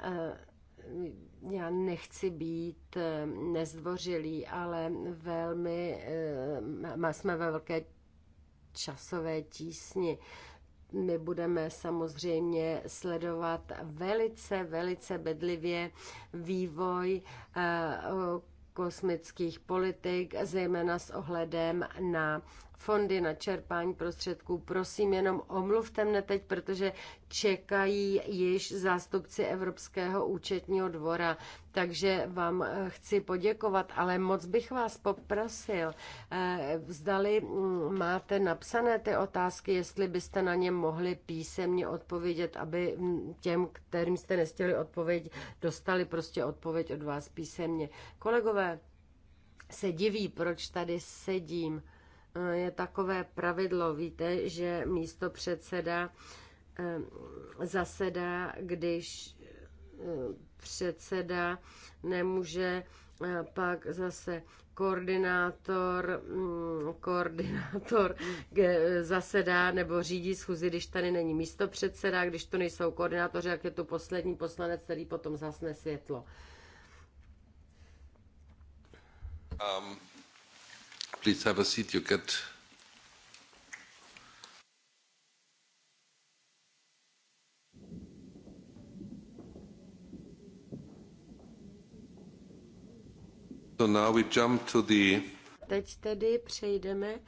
S2: Uh, já nechci být eh, nezdvořilý, ale velmi eh, jsme ve velké časové tísni. My budeme samozřejmě sledovat velice, velice bedlivě vývoj eh, kosmických politik, zejména s ohledem na fondy na čerpání prostředků. Prosím, jenom omluvte mne teď, protože čekají již zástupci Evropského účetního dvora. Takže vám eh, chci poděkovat, ale moc bych vás poprosil, eh, zdali mm, máte napsané ty otázky, jestli byste na ně mohli písemně odpovědět, aby mm, těm, kterým jste nestěli odpověď, dostali prostě odpověď od vás písemně. Kolegové, se diví, proč tady sedím. Eh, je takové pravidlo. Víte, že místo předseda eh, zasedá, když eh, předseda nemůže, pak zase koordinátor, mm, koordinátor zasedá nebo řídí schůzi, když tady není místo předseda, když to nejsou koordinátoři, jak je tu poslední poslanec, který potom zasne světlo.
S4: Um. Please have a seat. You get So now we jump to the...
S2: Teď tedy přejdeme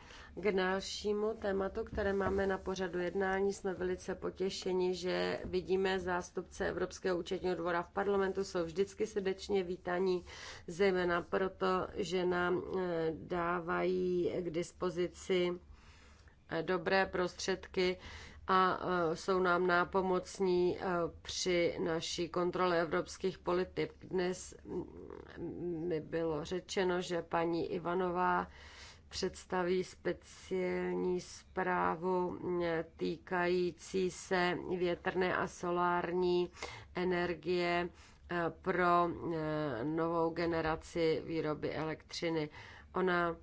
S2: k dalšímu tématu, které máme na pořadu jednání, jsme velice potěšeni, že vidíme zástupce Evropského účetního dvora v parlamentu, jsou vždycky srdečně vítaní, zejména proto, že nám eh, dávají k dispozici eh, dobré prostředky a eh, jsou nám nápomocní při naší kontrole evropských politik. Dnes mm, mi bylo řečeno, že paní Ivanová představí speciální zprávu eh, týkající se větrné a solární energie eh, pro eh, novou generaci výroby elektřiny. Ona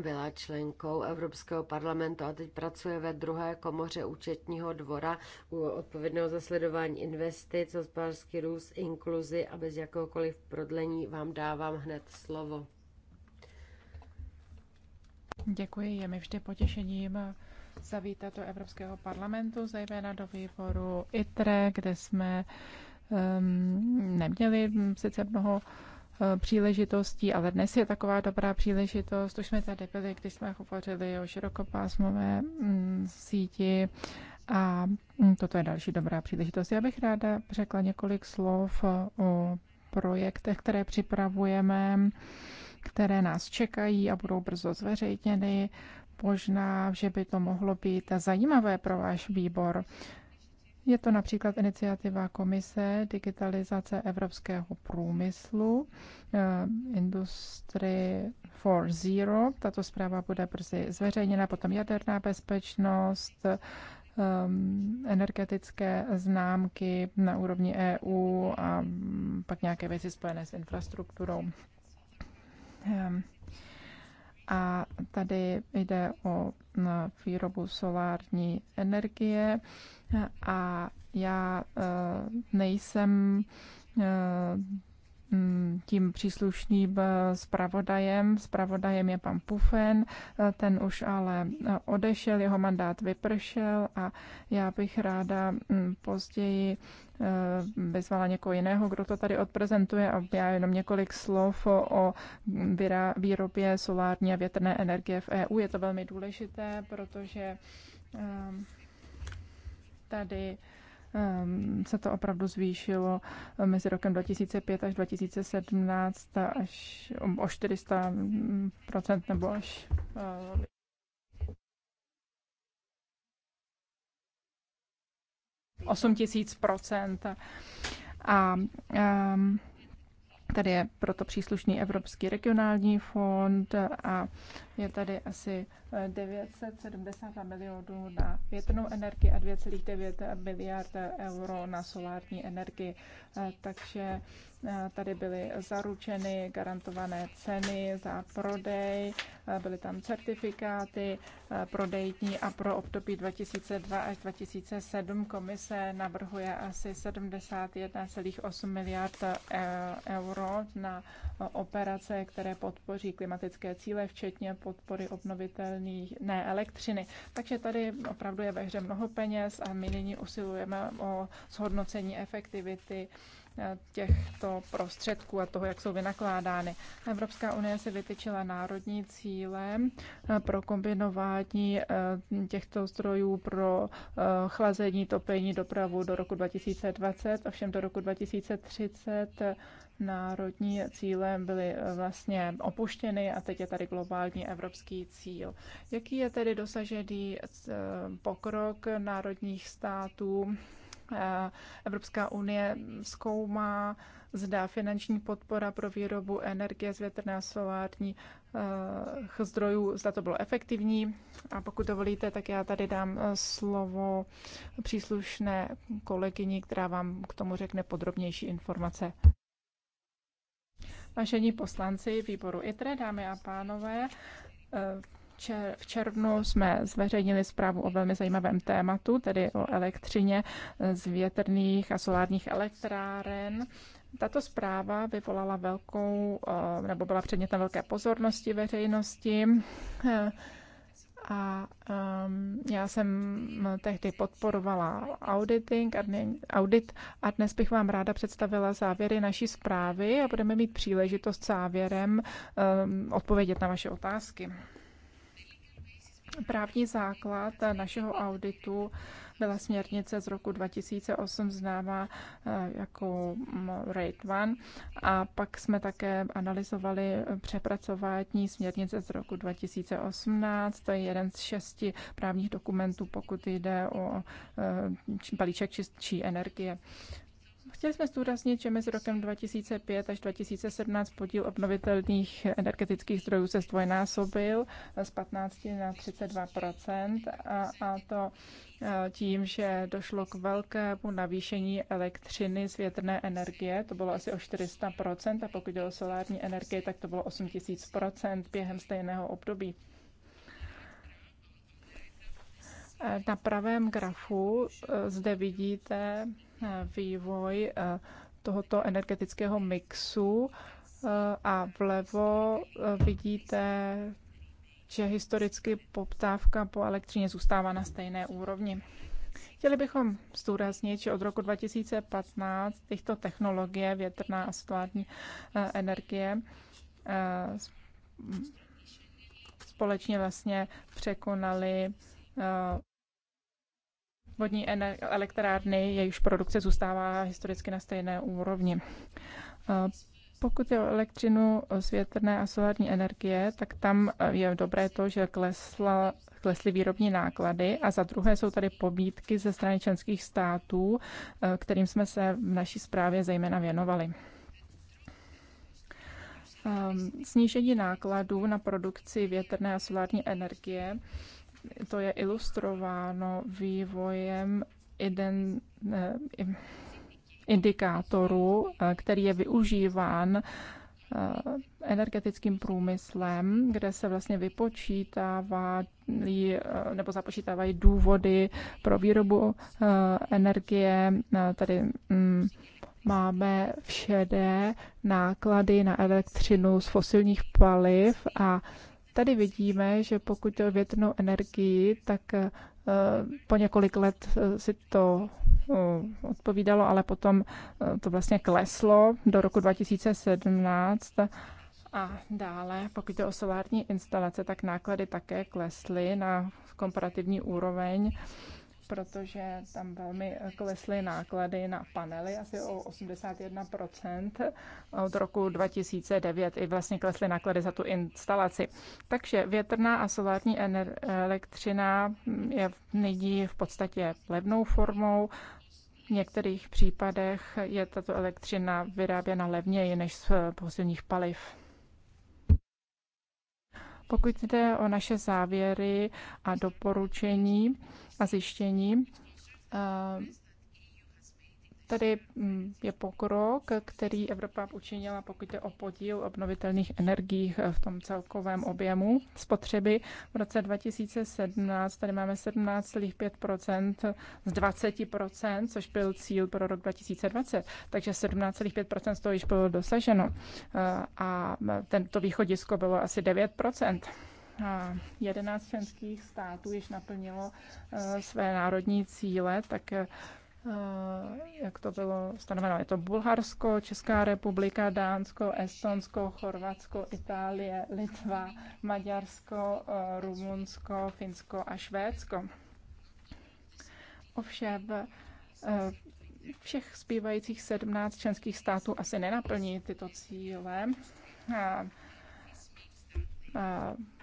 S2: byla členkou Evropského parlamentu a teď pracuje ve druhé komoře účetního dvora u odpovědného zasledování investic, hospodářský růst, inkluzi a bez jakéhokoliv prodlení vám dávám hned slovo.
S3: Děkuji, je mi vždy potěšením zavítat do Evropského parlamentu, zejména do výboru ITRE, kde jsme um, neměli sice mnoho eh, příležitostí, ale dnes je taková dobrá příležitost. Už jsme tady byli, když jsme hovořili o širokopásmové mm, síti a mm, toto je další dobrá příležitost. Já bych ráda řekla několik slov eh, o projektech, které připravujeme které nás čekají a budou brzo zveřejněny. Možná, že by to mohlo být zajímavé pro váš výbor. Je to například iniciativa Komise digitalizace evropského průmyslu eh, Industry 4.0. Tato zpráva bude brzy zveřejněna, potom jaderná bezpečnost, ehm, energetické známky na úrovni EU a mm, pak nějaké věci spojené s infrastrukturou. Ehm, a tady jde o výrobu solární energie a já eh, nejsem eh, Mm, tím příslušným eh, zpravodajem. Zpravodajem je pan Pufen, eh, ten už ale eh, odešel, jeho mandát vypršel a já bych ráda mm, později vyzvala někoho jiného, kdo to tady odprezentuje a já jenom několik slov o výrobě solární a větrné energie v EU. Je to velmi důležité, protože ehm, tady Ehm, se to opravdu zvýšilo eh, mezi rokem 2005 až 2017 až o 400 mm, nebo až eh, osm tisíc procent. A um, tady je proto příslušný Evropský regionální fond a je tady asi 970 eh, milionů na větrnou energii a 2,9 miliard euro na solární energii. Eh, takže eh, tady byly zaručeny garantované ceny za prodej, byly tam certifikáty prodejní a pro období 2002 až 2007 komise navrhuje asi 71,8 miliard euro na operace, které podpoří klimatické cíle, včetně podpory obnovitelných, ne elektřiny. Takže tady opravdu je ve hře mnoho peněz a my nyní usilujeme o zhodnocení efektivity eh, těchto prostředků a toho, jak jsou vynakládány. Evropská unie se vytyčila národní cíle eh, pro kombinování eh, těchto zdrojů pro chlazení, topení, dopravu do roku 2020, ovšem do roku 2030 národní cíle byly eh, vlastně opuštěny a teď je tady globální evropský cíl. Jaký je tedy dosažený eh, pokrok národních států? Eh, Evropská unie zkoumá, zda finanční podpora pro výrobu energie z větrné a solárních zdrojů, zda to bylo efektivní. A pokud dovolíte, tak já tady dám slovo příslušné kolegyni, která vám k tomu řekne podrobnější informace. Vážení poslanci výboru ITRE, dámy a pánové, eh, v červnu jsme zveřejnili zprávu o velmi zajímavém tématu, tedy o elektřině eh, z větrných a solárních elektráren. Tato zpráva vyvolala velkou, eh, nebo byla předmětem velké pozornosti veřejnosti a um, já jsem tehdy podporovala auditing a dne, audit a dnes bych vám ráda představila závěry naší zprávy a budeme mít příležitost závěrem um, odpovědět na vaše otázky. Právní základ našeho auditu byla směrnice z roku 2008 známá eh, jako mm, RAID 1 a pak jsme také analyzovali přepracování směrnice z roku 2018. To je jeden z šesti právních dokumentů, pokud jde o eh, balíček čistší energie. Chtěli jsme zdůraznit, že mezi rokem 2005 až 2017 podíl obnovitelných energetických zdrojů se zdvojnásobil z 15 na 32 a, to e, tím, že došlo k velkému navýšení elektřiny z větrné energie, to bylo asi o 400 a pokud jde o solární energie, tak to bylo 8000 během stejného období. E, na pravém grafu e, zde vidíte vývoj eh, tohoto energetického mixu eh, a vlevo eh, vidíte, že historicky poptávka po elektřině zůstává na stejné úrovni. Chtěli bychom zdůraznit, že od roku 2015 těchto technologie větrná a solární energie společně vlastně překonaly vodní elektrárny, jejichž produkce zůstává historicky na stejné úrovni. Eh, pokud je o elektřinu z větrné a solární energie, tak tam eh, je dobré to, že klesla, klesly výrobní náklady a za druhé jsou tady pobídky ze strany členských států, eh, kterým jsme se v naší zprávě zejména věnovali. Ehm, snížení nákladů na produkci větrné a solární energie to je ilustrováno vývojem jeden, eh, indikátoru, eh, který je využíván eh, energetickým průmyslem, kde se vlastně vypočítává nebo započítávají důvody pro výrobu energie. Tady mm, máme všedé náklady na elektřinu z fosilních paliv a Tady vidíme, že pokud o větrnou energii, tak eh, po několik let eh, si to eh, odpovídalo, ale potom to vlastně kleslo do roku 2017 a dále, pokud jde o solární instalace, tak náklady také klesly na komparativní úroveň protože tam velmi klesly náklady na panely asi o 81% od roku 2009 i vlastně klesly náklady za tu instalaci. Takže větrná a solární elektřina je nyní v podstatě levnou formou. V některých případech je tato elektřina vyráběna levněji než z posilních paliv. Pokud jde o naše závěry a doporučení, a zjištění. Tady mm, je pokrok, který Evropa učinila, pokud je o podíl obnovitelných energií eh, v tom celkovém objemu spotřeby. V roce 2017 tady máme 17,5 z 20 což byl cíl pro rok 2020, takže 17,5 z toho již bylo dosaženo. Eh, a tento východisko bylo asi 9 11 členských států již naplnilo e, své národní cíle, tak e, jak to bylo stanoveno, je to Bulharsko, Česká republika, Dánsko, Estonsko, Chorvatsko, Itálie, Litva, Maďarsko, e, Rumunsko, Finsko a Švédsko. Ovšem, všech zbývajících 17 členských států asi nenaplní tyto cíle.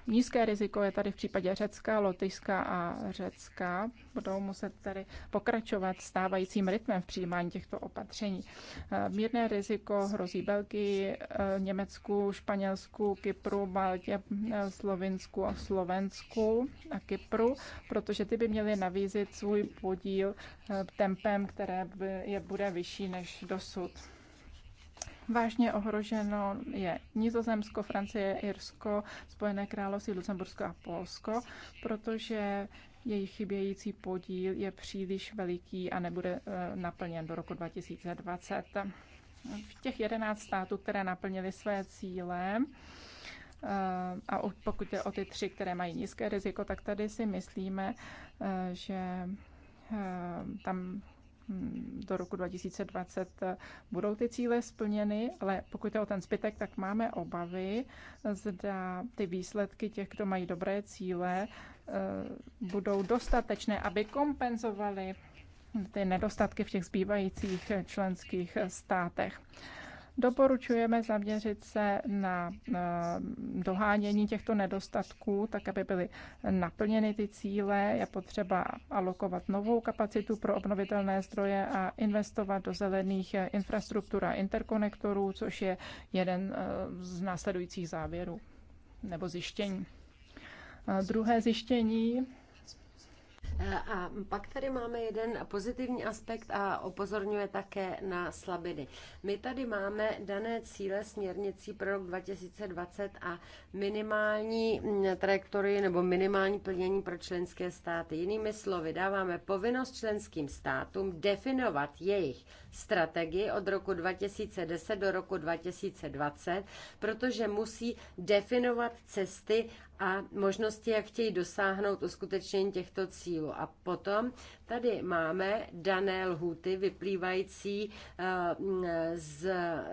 S3: Nízké riziko je tady v případě Řecka, Lotyšska a Řecka. Budou muset tady pokračovat stávajícím rytmem v přijímání těchto opatření. Eh, mírné riziko hrozí Belgii, eh, Německu, Španělsku, Kypru, Maltě, eh, Slovinsku a Slovensku a Kypru, protože ty by měly navízit svůj podíl tempem, které je bude vyšší než dosud. Vážně ohroženo je Nizozemsko, Francie, Irsko, Spojené království, Lucembursko a Polsko, protože jejich chybějící podíl je příliš veliký a nebude eh, naplněn do roku 2020. V těch 11 států, které naplnily své cíle, eh, a pokud je o ty tři, které mají nízké riziko, tak tady si myslíme, eh, že tam Mm, do roku 2020 eh, budou ty cíle splněny, ale pokud je o ten zbytek, tak máme obavy, zda ty výsledky těch, kdo mají dobré cíle, eh, budou dostatečné, aby kompenzovaly ty nedostatky v těch zbývajících členských státech. Doporučujeme zaměřit se na dohánění těchto nedostatků, tak aby byly naplněny ty cíle. Je potřeba alokovat novou kapacitu pro obnovitelné zdroje a investovat do zelených infrastruktur a interkonektorů, což je jeden eh, z následujících závěrů nebo zjištění. Eh, druhé zjištění
S2: a pak tady máme jeden pozitivní aspekt a opozorňuje také na slabiny. My tady máme dané cíle směrnicí pro rok 2020 a minimální trajektorii nebo minimální plnění pro členské státy. Jinými slovy, dáváme povinnost členským státům definovat jejich strategii od roku 2010 do roku 2020, protože musí definovat cesty a možnosti, jak chtějí dosáhnout uskutečnění těchto cílů. A potom tady máme dané lhuty vyplývající eh, z eh,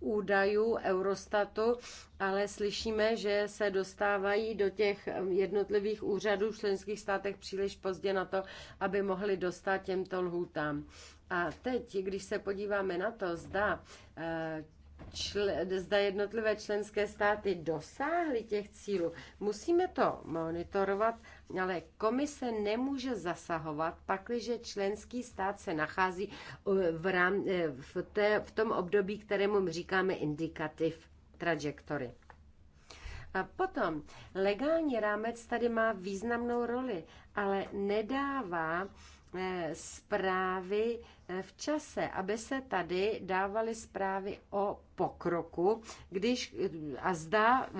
S2: údajů Eurostatu, ale slyšíme, že se dostávají do těch jednotlivých úřadů v členských státech příliš pozdě na to, aby mohli dostat těmto lhůtám. A teď, když se podíváme na to, zda eh, čl- zda jednotlivé členské státy dosáhly těch cílů. Musíme to monitorovat, ale komise nemůže zasahovat, pakliže členský stát se nachází uh, v, rám- uh, v, té, v tom období, kterému my říkáme indikativ trajectory. A potom legální rámec tady má významnou roli, ale nedává eh, zprávy v čase, aby se tady dávaly zprávy o pokroku, když a zda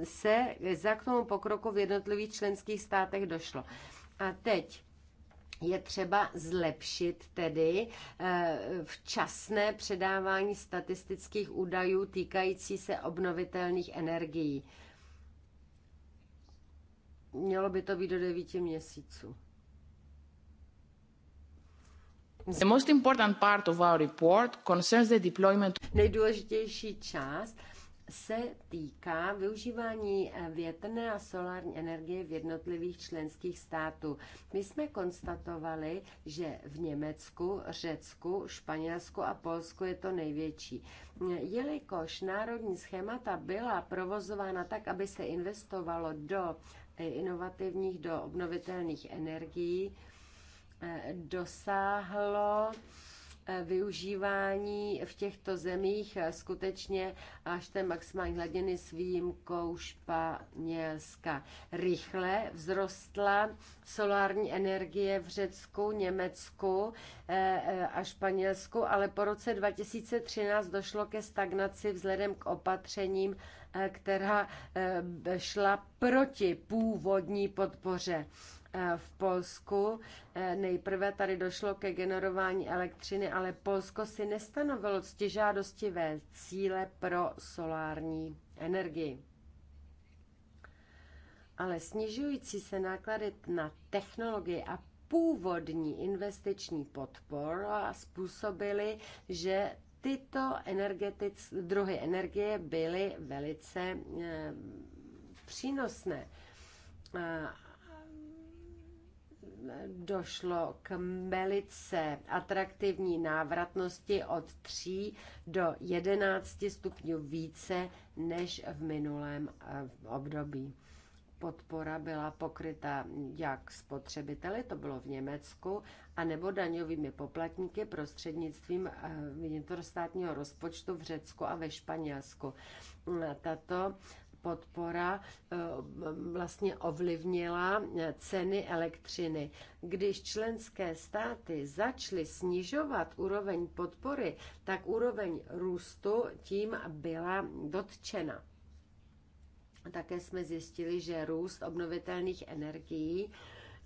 S2: e, se za k tomu pokroku v jednotlivých členských státech došlo. A teď je třeba zlepšit tedy e, včasné předávání statistických údajů týkající se obnovitelných energií. Mělo by to být do devíti měsíců. The
S3: most important part of our report concerns the deployment.
S2: Nejdůležitější část se týká využívání eh, větrné a solární energie v jednotlivých členských států. My jsme konstatovali, že v Německu, Řecku, Španělsku a Polsku je to největší. Jelikož národní schémata byla provozována tak, aby se investovalo do eh, inovativních, do obnovitelných energií, Eh, dosáhlo eh, využívání v těchto zemích eh, skutečně až té maximální hladiny s výjimkou Španělska. Rychle vzrostla solární energie v Řecku, Německu a Španělsku, ale po roce 2013 došlo ke stagnaci vzhledem k opatřením, která šla proti původní podpoře. Eh, v Polsku. Eh, nejprve tady došlo ke generování elektřiny, ale Polsko si nestanovilo ctižádostivé cíle pro solární energii. Ale snižující se náklady na technologie a původní investiční podpor způsobily, že tyto energetic, druhy energie byly velice eh, přínosné došlo k velice atraktivní návratnosti od 3 do 11 stupňů více než v minulém eh, období. Podpora byla pokryta jak spotřebiteli, to bylo v Německu, a nebo daňovými poplatníky prostřednictvím eh, vnitrostátního rozpočtu v Řecku a ve Španělsku. Tato podpora eh, vlastně ovlivnila ceny elektřiny. Když členské státy začaly snižovat úroveň podpory, tak úroveň růstu tím byla dotčena. Také jsme zjistili, že růst obnovitelných energií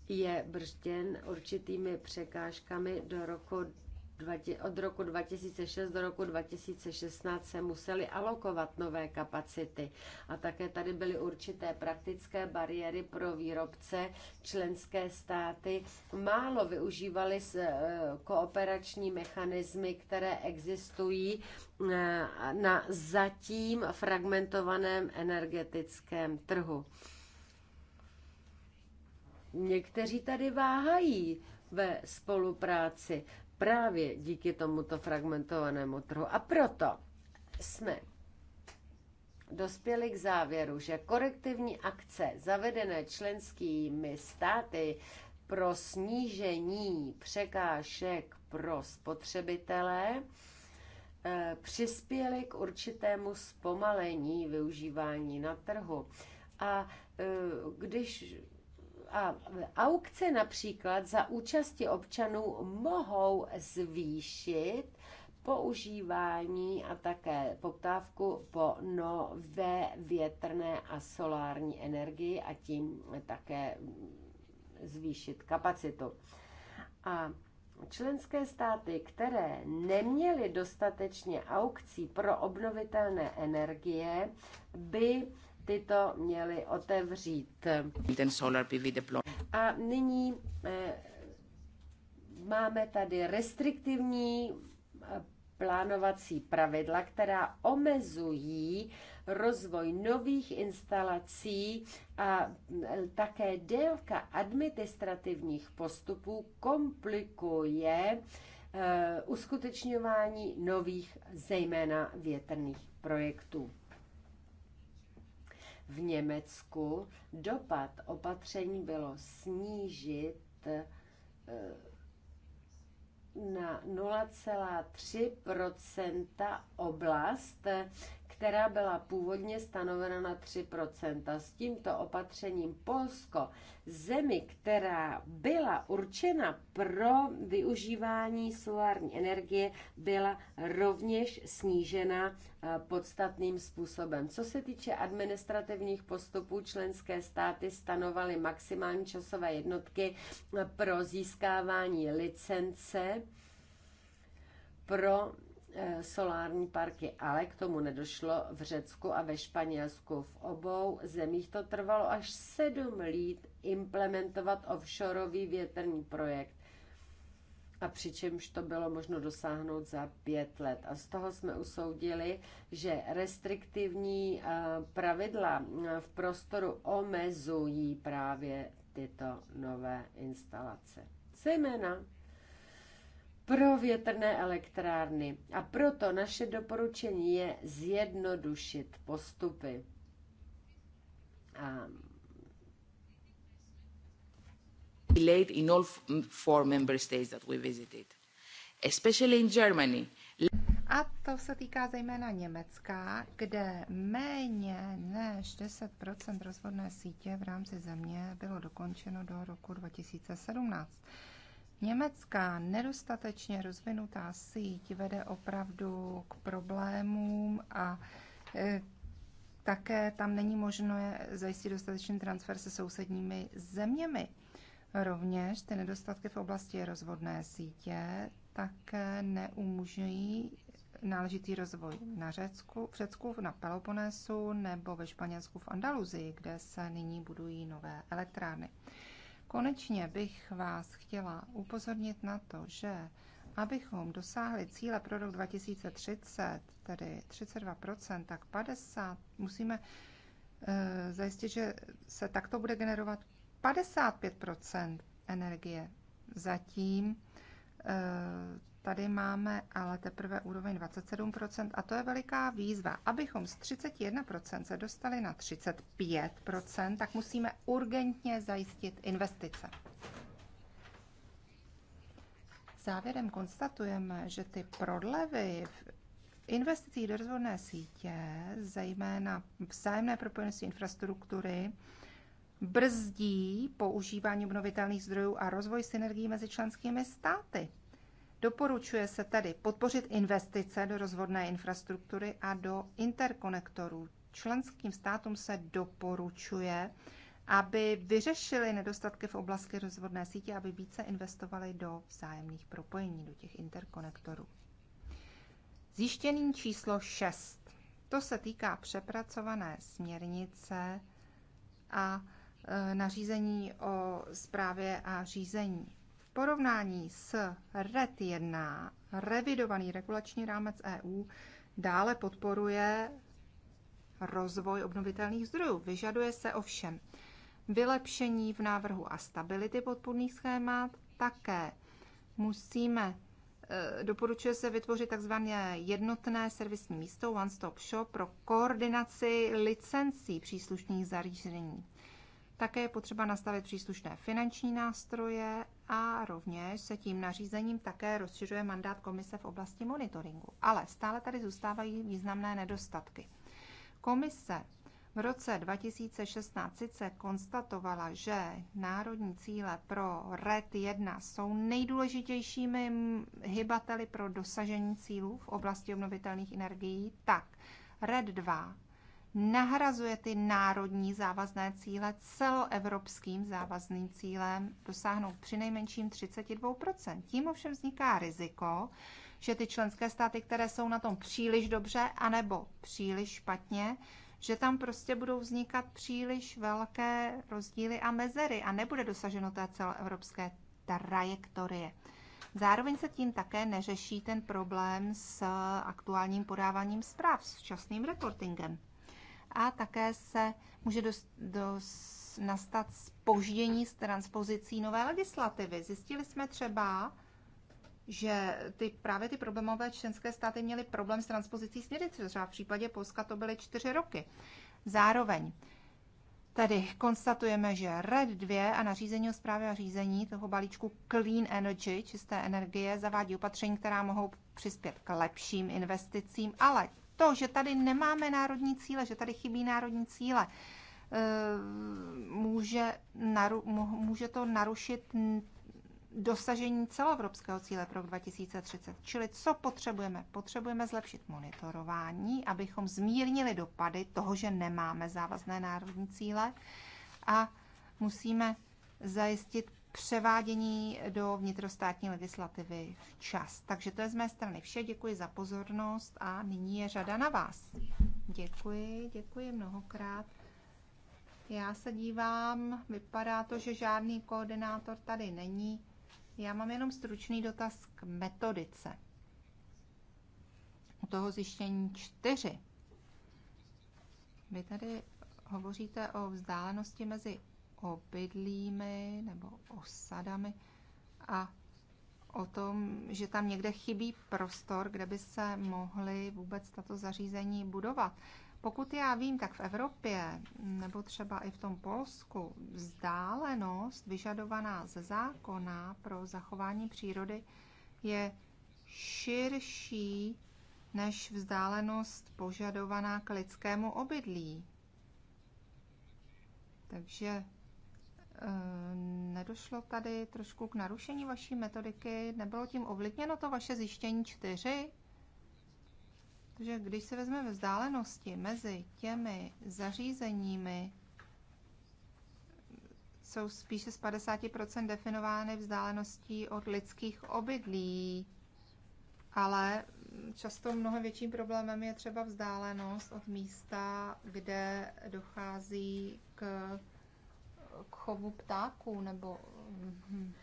S2: je brzděn určitými překážkami do roku od roku 2006 do roku 2016 se museli alokovat nové kapacity. A také tady byly určité praktické bariéry pro výrobce. Členské státy málo využívaly e, kooperační mechanismy, které existují e, na zatím fragmentovaném energetickém trhu. Někteří tady váhají ve spolupráci právě díky tomuto fragmentovanému trhu. A proto jsme dospěli k závěru, že korektivní akce zavedené členskými státy pro snížení překážek pro spotřebitele eh, přispěly k určitému zpomalení využívání na trhu. A eh, když a aukce například za účasti občanů mohou zvýšit používání a také poptávku po nové větrné a solární energii a tím také zvýšit kapacitu. A členské státy, které neměly dostatečně aukcí pro obnovitelné energie, by tyto měly otevřít. Ten solar PV deploy. A nyní eh, máme tady restriktivní eh, plánovací pravidla, která omezují rozvoj nových instalací a eh, také délka administrativních postupů komplikuje uskutečňování nových, zejména větrných projektů v Německu dopad opatření bylo snížit eh, na 0,3 oblast, která byla původně stanovena na 3%. S tímto opatřením Polsko, zemi, která byla určena pro využívání solární energie, byla rovněž snížena eh, podstatným způsobem. Co se týče administrativních postupů, členské státy stanovaly maximální časové jednotky eh, pro získávání licence pro E, solární parky, ale k tomu nedošlo v Řecku a ve Španělsku. V obou zemích to trvalo až sedm let implementovat offshoreový větrný projekt. A přičemž to bylo možno dosáhnout za pět let. A z toho jsme usoudili, že restriktivní e, pravidla e, v prostoru omezují právě tyto nové instalace. Zejména pro větrné elektrárny. A proto naše doporučení je zjednodušit postupy. A delayed in all four member states that we visited,
S4: especially in Germany.
S1: A to se týká zejména Německa, kde méně než 10 rozvodné sítě v rámci země bylo dokončeno do roku 2017. Německá nedostatečně rozvinutá síť vede opravdu k problémům a e, také tam není možné zajistit dostatečný transfer se sousedními zeměmi. Rovněž ty nedostatky v oblasti rozvodné sítě také neumožňují náležitý rozvoj na Řecku, v Řecku, na Peloponésu nebo ve Španělsku v Andaluzii, kde se nyní budují nové elektrárny. Konečně bych vás chtěla upozornit na to, že abychom dosáhli cíle pro rok 2030, tedy 32%, tak 50, musíme e, zajistit, že se takto bude generovat 55% energie. Zatím e, tady máme ale teprve úroveň 27% a to je veliká výzva. Abychom z 31% se dostali na 35%, tak musíme urgentně zajistit investice. Závěrem konstatujeme, že ty prodlevy v investicí do rozvodné sítě, zejména vzájemné propojenosti infrastruktury, brzdí používání obnovitelných zdrojů a rozvoj synergií mezi členskými státy. Doporučuje se tedy podpořit investice do rozvodné infrastruktury a do interkonektorů. Členským státům se doporučuje, aby vyřešili nedostatky v oblasti rozvodné sítě, aby více investovali do vzájemných propojení, do těch interkonektorů. Zjištění číslo 6. To se týká přepracované směrnice a e, nařízení o zprávě a řízení porovnání s RED e 1, revidovaný regulační rámec EU, dále podporuje rozvoj obnovitelných zdrojů. Vyžaduje se ovšem vylepšení v návrhu a stability podpůrných schémat, také musíme eh, Doporučuje se vytvořit tzv. jednotné servisní místo One Stop Shop pro koordinaci licencí příslušných zařízení. Také je potřeba nastavit příslušné finanční nástroje a rovněž se tím nařízením také rozšiřuje mandát komise v oblasti monitoringu. Ale stále tady zůstávají významné nedostatky. Komise v roce 2016 sice konstatovala, že národní cíle pro RED e 1 jsou nejdůležitějšími hybateli pro dosažení cílů v oblasti obnovitelných energií, tak RED 2 nahrazuje ty národní závazné cíle celoevropským závazným cílem dosáhnout při nejmenším 32%. Tím ovšem vzniká riziko, že ty členské státy, které jsou na tom příliš dobře anebo příliš špatně, že tam prostě budou vznikat příliš velké rozdíly a mezery a nebude dosaženo té celoevropské trajektorie. Zároveň se tím také neřeší ten problém s aktuálním podáváním zpráv, s časným reportingem a také se může dos, dos, nastat spoždění s transpozicí nové legislativy. Zjistili jsme třeba, že ty, právě ty problémové členské státy měly problém s transpozicí směrnice. Třeba v případě Polska to byly čtyři roky. Zároveň tedy konstatujeme, že RED 2 a nařízení o zprávě a řízení toho balíčku Clean Energy, čisté energie, zavádí opatření, která mohou přispět k lepším investicím, ale to, že tady nemáme národní cíle, že tady chybí národní cíle, eh, může, naru, může to narušit dosažení celoevropského cíle pro 2030. Čili co potřebujeme? Potřebujeme zlepšit monitorování, abychom zmírnili dopady toho, že nemáme závazné národní cíle a musíme zajistit převádění do vnitrostátní legislativy včas. Takže to je z mé strany vše. Děkuji za pozornost a nyní je řada na vás. Děkuji, děkuji mnohokrát. Já se dívám, vypadá to, že žádný koordinátor tady není. Já mám jenom stručný dotaz k metodice. U toho zjištění čtyři. Vy tady hovoříte o vzdálenosti mezi obydlími nebo osadami a o tom, že tam někde chybí prostor, kde by se mohly vůbec tato zařízení budovat. Pokud já vím, tak v Evropě nebo třeba i v tom Polsku vzdálenost vyžadovaná ze zákona pro zachování přírody je širší než vzdálenost požadovaná k lidskému obydlí. Takže nedošlo tady trošku k narušení vaší metodiky? Nebylo tím ovlivněno to vaše zjištění čtyři? Protože když se vezmeme vzdálenosti mezi těmi zařízeními, jsou spíše z 50% definovány vzdáleností od lidských obydlí, ale často mnohem větším problémem je třeba vzdálenost od místa, kde dochází k k chovu ptáků nebo... Mhm.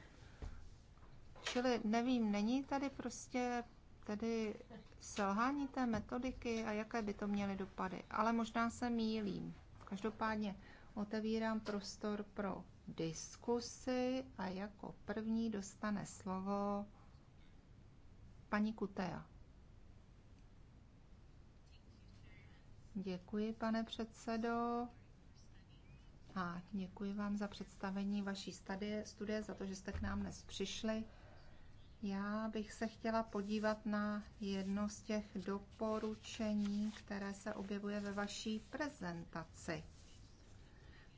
S1: Čili nevím, není tady prostě tedy selhání té metodiky a jaké by to měly dopady. Ale možná se mýlím. Každopádně otevírám prostor pro diskusy a jako první dostane slovo paní Kutea. Děkuji, pane předsedo a děkuji vám za představení vaší studie, studie za to, že jste k nám dnes přišli. Já bych se chtěla podívat na jedno z těch doporučení, které se objevuje ve vaší prezentaci.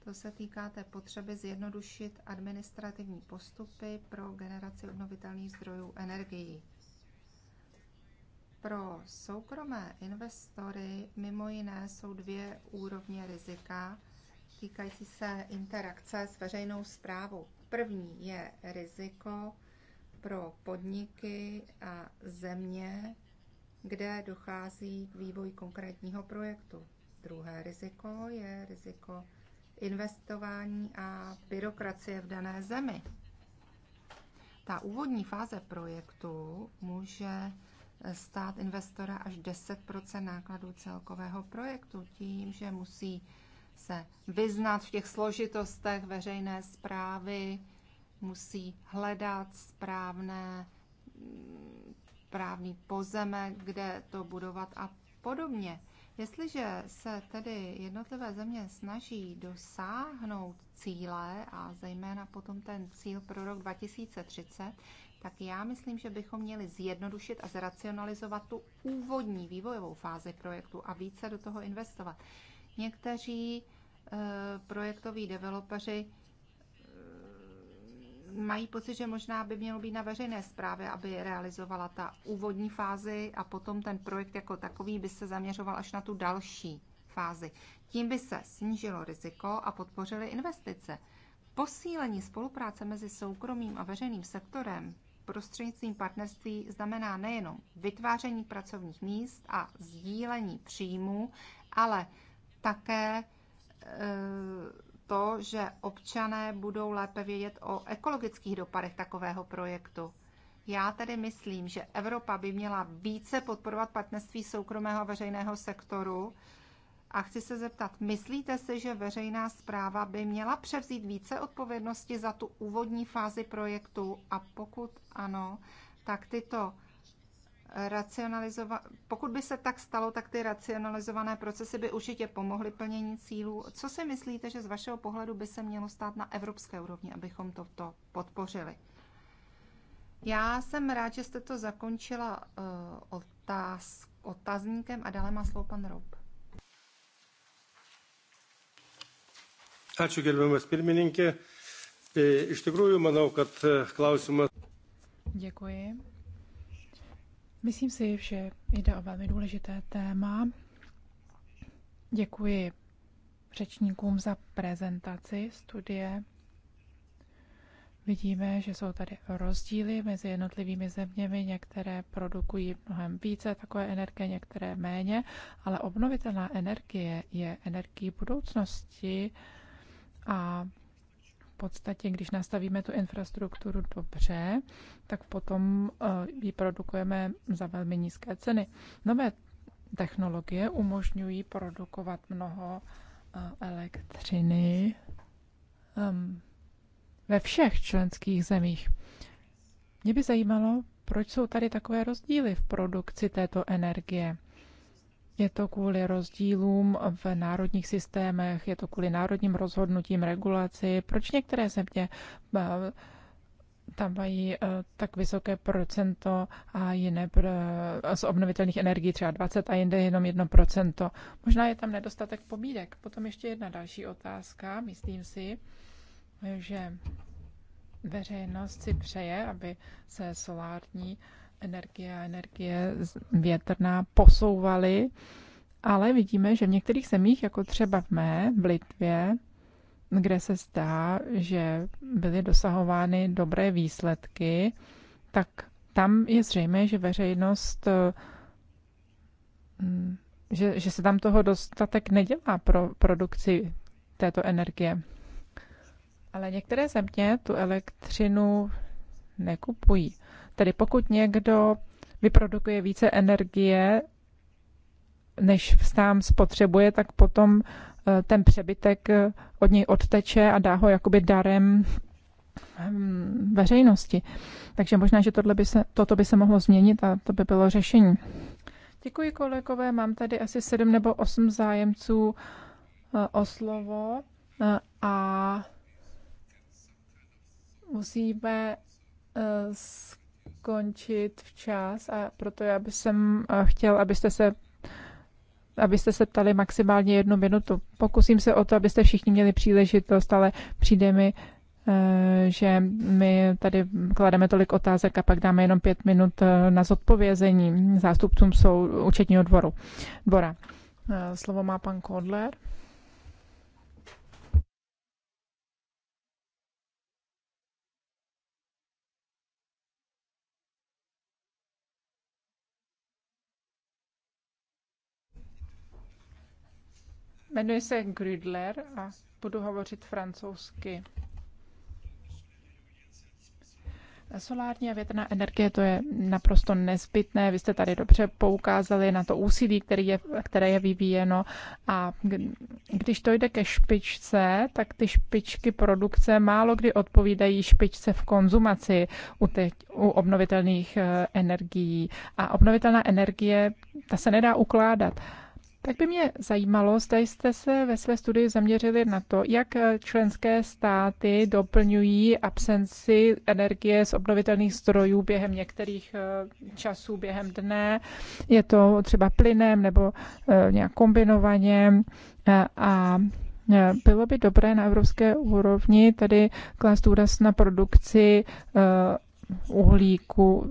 S1: To se týká té potřeby zjednodušit administrativní postupy pro generaci obnovitelných zdrojů energií. Pro soukromé investory mimo jiné jsou dvě úrovně rizika, týkající se interakce s veřejnou zprávou. První je riziko pro podniky a země, kde dochází k vývoji konkrétního projektu. Druhé riziko je riziko investování a byrokracie v dané zemi. Ta úvodní fáze projektu může stát investora až 10 nákladů celkového projektu tím, že musí se vyznat v těch složitostech veřejné zprávy, musí hledat správné právní pozemek, kde to budovat a podobně. Jestliže se tedy jednotlivé země snaží dosáhnout cíle a zejména potom ten cíl pro rok 2030, tak já myslím, že bychom měli zjednodušit a zracionalizovat tu úvodní vývojovou fázi projektu a více do toho investovat. Někteří eh, projektoví developeři eh, mají pocit, že možná by mělo být na veřejné správě, aby realizovala ta úvodní fázi a potom ten projekt jako takový by se zaměřoval až na tu další fázi. Tím by se snížilo riziko a podpořily investice. Posílení spolupráce mezi soukromým a veřejným sektorem prostřednictvím partnerství znamená nejenom vytváření pracovních míst a sdílení příjmů, ale také e, to, že občané budou lépe vědět o ekologických dopadech takového projektu. Já tedy myslím, že Evropa by měla více podporovat partnerství soukromého a veřejného sektoru. A chci se zeptat, myslíte si, že veřejná zpráva by měla převzít více odpovědnosti za tu úvodní fázi projektu? A pokud ano, tak tyto racionalizova- pokud by se tak stalo, tak ty racionalizované procesy by určitě pomohly plnění cílů. Co si myslíte, že z vašeho pohledu by se mělo stát na evropské úrovni, abychom toto podpořili? Já jsem rád, že jste to zakončila uh, otáz, otazníkem a dále má slovo pan Rob.
S5: Ačiū gerbiamas pirmininkė. E, iš tikrųjų, manau, kad e, klausimas.
S3: Děkuji. Myslím si, že jde o velmi důležité téma. Děkuji řečníkům za prezentaci studie. Vidíme, že jsou tady rozdíly mezi jednotlivými zeměmi. Některé produkují mnohem více takové energie, některé méně, ale obnovitelná energie je energií budoucnosti a podstatě, když nastavíme tu infrastrukturu dobře, tak potom eh, ji produkujeme za velmi nízké ceny. Nové technologie umožňují produkovat mnoho eh, elektřiny ehm, ve všech členských zemích. Mě by zajímalo, proč jsou tady takové rozdíly v produkci této energie. Je to kvůli rozdílům v národních systémech, je to kvůli národním rozhodnutím, regulaci. Proč některé země eh, tam mají eh, tak vysoké procento a jiné eh, z obnovitelných energií třeba 20 a jinde jenom 1%. Možná je tam nedostatek pobídek. Potom ještě jedna další otázka. Myslím si, že veřejnost si přeje, aby se solární energie a energie větrná posouvaly, ale vidíme, že v některých zemích, jako třeba v mé, v Litvě, kde se zdá, že byly dosahovány dobré výsledky, tak tam je zřejmé, že veřejnost, eh, mm, že, že se tam toho dostatek nedělá pro produkci této energie. Ale některé země tu elektřinu nekupují. Tedy pokud někdo vyprodukuje více energie, než sám spotřebuje, tak potom eh, ten přebytek eh, od něj odteče a dá ho jakoby darem ehm, veřejnosti. Takže možná, že tohle by se, toto by se mohlo změnit a to by bylo řešení. Děkuji kolegové, mám tady asi sedm nebo osm zájemců eh, o slovo a musíme skončit včas a proto já bych sem eh, chtěl, abyste se abyste se ptali maximálně jednu minutu. Pokusím se o to, abyste všichni měli příležitost, ale přijde mi, eh, že my tady klademe tolik otázek a pak dáme jenom pět minut eh, na zodpovězení zástupcům sou, účetního dvoru. Dvora. Slovo má pan Kodler. Jmenuji se grudler, a budu hovořit francouzsky. Solární a větrná energie, to je naprosto nezbytné. Vy jste tady dobře poukázali na to úsilí, které je, které je vyvíjeno. A když to jde ke špičce, tak ty špičky produkce málo kdy odpovídají špičce v konzumaci u, teď, u obnovitelných eh, energií. A obnovitelná energie, ta se nedá ukládat. Tak by mě zajímalo, zda jste se ve své studii zaměřili na to, jak členské státy doplňují absenci energie z obnovitelných zdrojů během některých eh, časů, během dne. Je to třeba plynem nebo eh, nějak kombinovaně eh, a bylo by dobré na evropské úrovni tedy klást důraz na produkci uhlíku,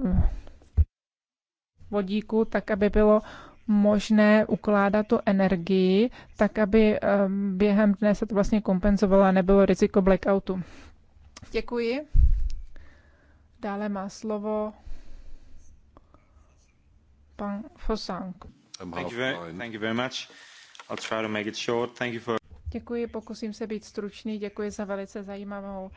S3: vodíku, tak aby bylo možné ukládat tu energii, tak aby ehm, během dne se to vlastně kompenzovalo a nebylo riziko blackoutu. Děkuji. Dále má slovo pan Fosang. Děkuji, pokusím se být stručný. Děkuji za velice zajímavou,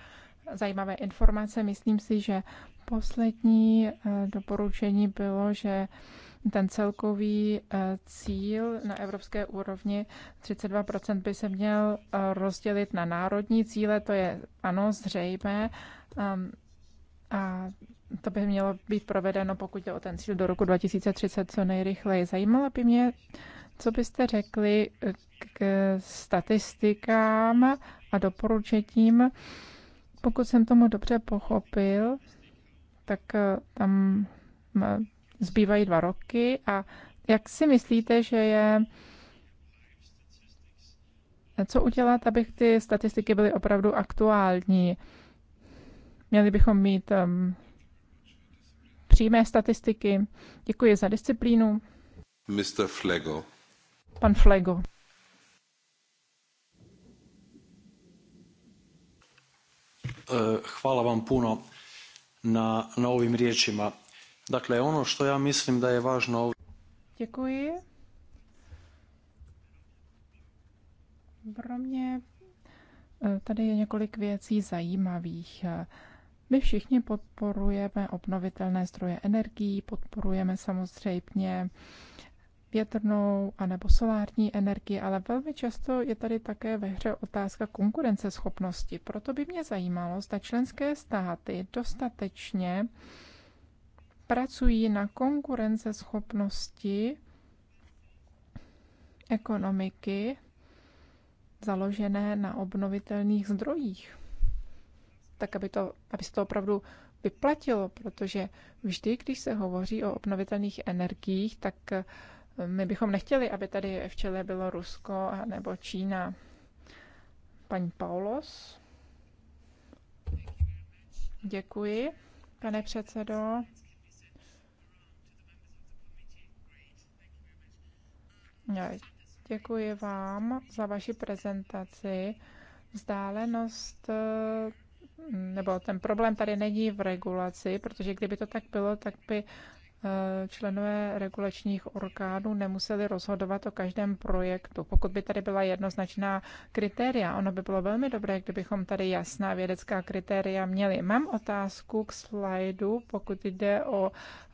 S3: zajímavé informace. Myslím si, že poslední eh, doporučení bylo, že ten celkový eh, cíl na evropské úrovni 32% by se měl eh, rozdělit na národní cíle, to je ano, zřejmé. Ehm, a to by mělo být provedeno, pokud jde o ten cíl do roku 2030, co nejrychleji. Zajímalo by mě, co byste řekli eh, k statistikám a doporučením. Pokud jsem tomu dobře pochopil, tak tam zbývají dva roky a jak si myslíte, že je co udělat, aby ty statistiky byly opravdu aktuální? Měli bychom mít um, přímé statistiky. Děkuji za disciplínu.
S4: Mr. Flego.
S3: Pan Flego.
S5: Eh, chvála vám puno na, novým řečima. Dakle, ono što ja myslím, da je važno...
S3: Děkuji. Pro mě eh, tady je několik věcí zajímavých. My všichni podporujeme obnovitelné zdroje energií, podporujeme samozřejmě větrnou anebo solární energii, ale velmi často je tady také ve hře otázka konkurenceschopnosti. Proto by mě zajímalo, zda členské státy dostatečně uh, pracují na konkurenceschopnosti ekonomiky založené na obnovitelných zdrojích. Tak, aby, to, aby se to opravdu vyplatilo, protože vždy, když se hovoří o obnovitelných energiích, tak eh, my bychom nechtěli, aby tady v čele bylo Rusko nebo Čína. Paní Paulos. Děkuji, pane předsedo. Děkuji vám za vaši prezentaci. Vzdálenost eh, nebo ten problém tady není v regulaci, protože kdyby to tak bylo, tak by Eh, členové regulačních orgánů nemuseli rozhodovat o každém projektu. Pokud by tady byla jednoznačná kritéria, ono by bylo velmi dobré, kdybychom tady jasná vědecká kritéria měli. Mám otázku k slajdu, pokud jde o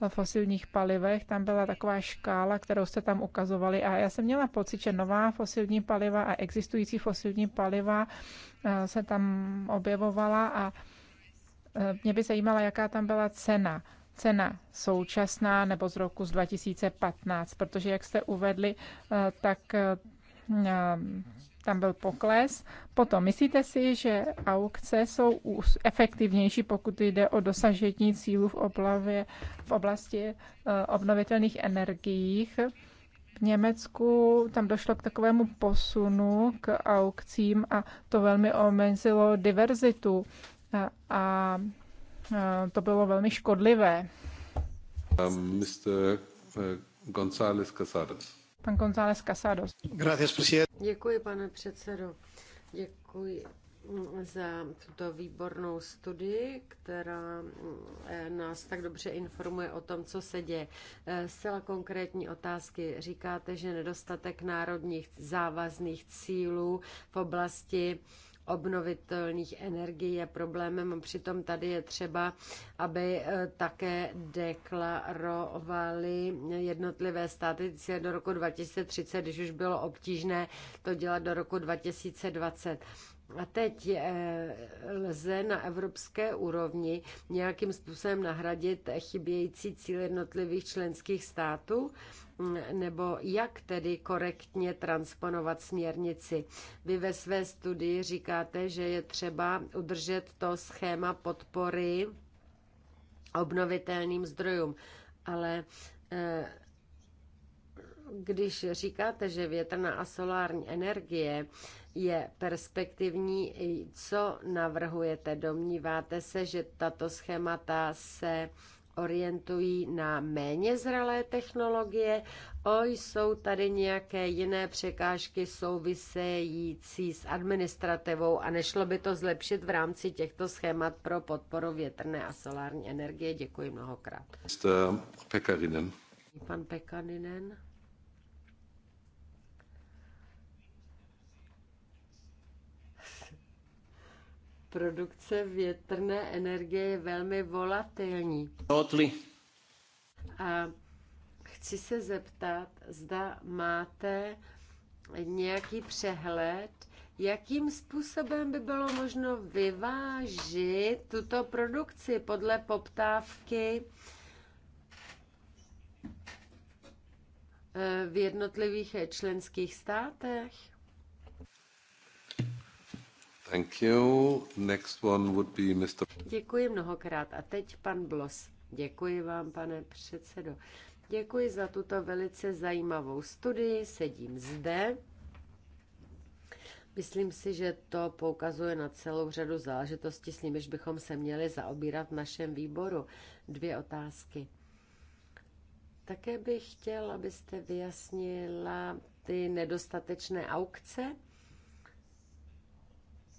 S3: fosilních palivech. Tam byla taková škála, kterou jste tam ukazovali a já jsem měla pocit, že nová fosilní paliva a existující fosilní paliva eh, se tam objevovala a eh, mě by zajímala, jaká tam byla cena cena současná nebo z roku z 2015, protože jak jste uvedli, eh, tak eh, tam byl pokles. Potom, myslíte si, že aukce jsou efektivnější, pokud jde o dosažení cílů v, oblavě, v oblasti eh, obnovitelných energiích? V Německu tam došlo k takovému posunu k aukcím a to velmi omezilo diverzitu a, a Eh, to bylo velmi škodlivé.
S4: Um, Mr. Eh, González Casados.
S3: Pan
S2: González Casados. Gracias, presidente. Děkuji, pane předsedo. Děkuji mm, za tuto výbornou studii, která eh, nás tak dobře informuje o tom, co se děje. Zcela konkrétní otázky. Říkáte, že nedostatek národních závazných cílů v oblasti obnovitelných energií je problémem. přitom tady je třeba, aby eh, také deklarovali jednotlivé státy do roku 2030, když už bylo obtížné to dělat do roku 2020. A teď eh, lze na evropské úrovni nějakým způsobem nahradit chybějící cíl jednotlivých členských států nebo jak tedy korektně transponovat směrnici. Vy ve své studii říkáte, že je třeba udržet to schéma podpory obnovitelným zdrojům, ale eh, když říkáte, že větrná a solární energie je perspektivní, co navrhujete? Domníváte se, že tato schémata se orientují na méně zralé technologie, o jsou tady nějaké jiné překážky související s administrativou a nešlo by to zlepšit v rámci těchto schémat pro podporu větrné a solární energie. Děkuji mnohokrát.
S4: Pekarinen.
S2: Pan Pekarinen. produkce větrné energie je velmi volatilní. Totally. A chci se zeptat, zda máte nějaký přehled, jakým způsobem by bylo možno vyvážit tuto produkci podle poptávky eh, v jednotlivých členských státech?
S4: Thank you. Next one would be Mr.
S2: Děkuji mnohokrát. A teď pan Blos. Děkuji vám, pane předsedo. Děkuji za tuto velice zajímavou studii. Sedím zde. Myslím si, že to poukazuje na celou řadu záležitostí, s nimiž bychom se měli zaobírat v našem výboru. Dvě otázky. Také bych chtěl, abyste vyjasnila ty nedostatečné aukce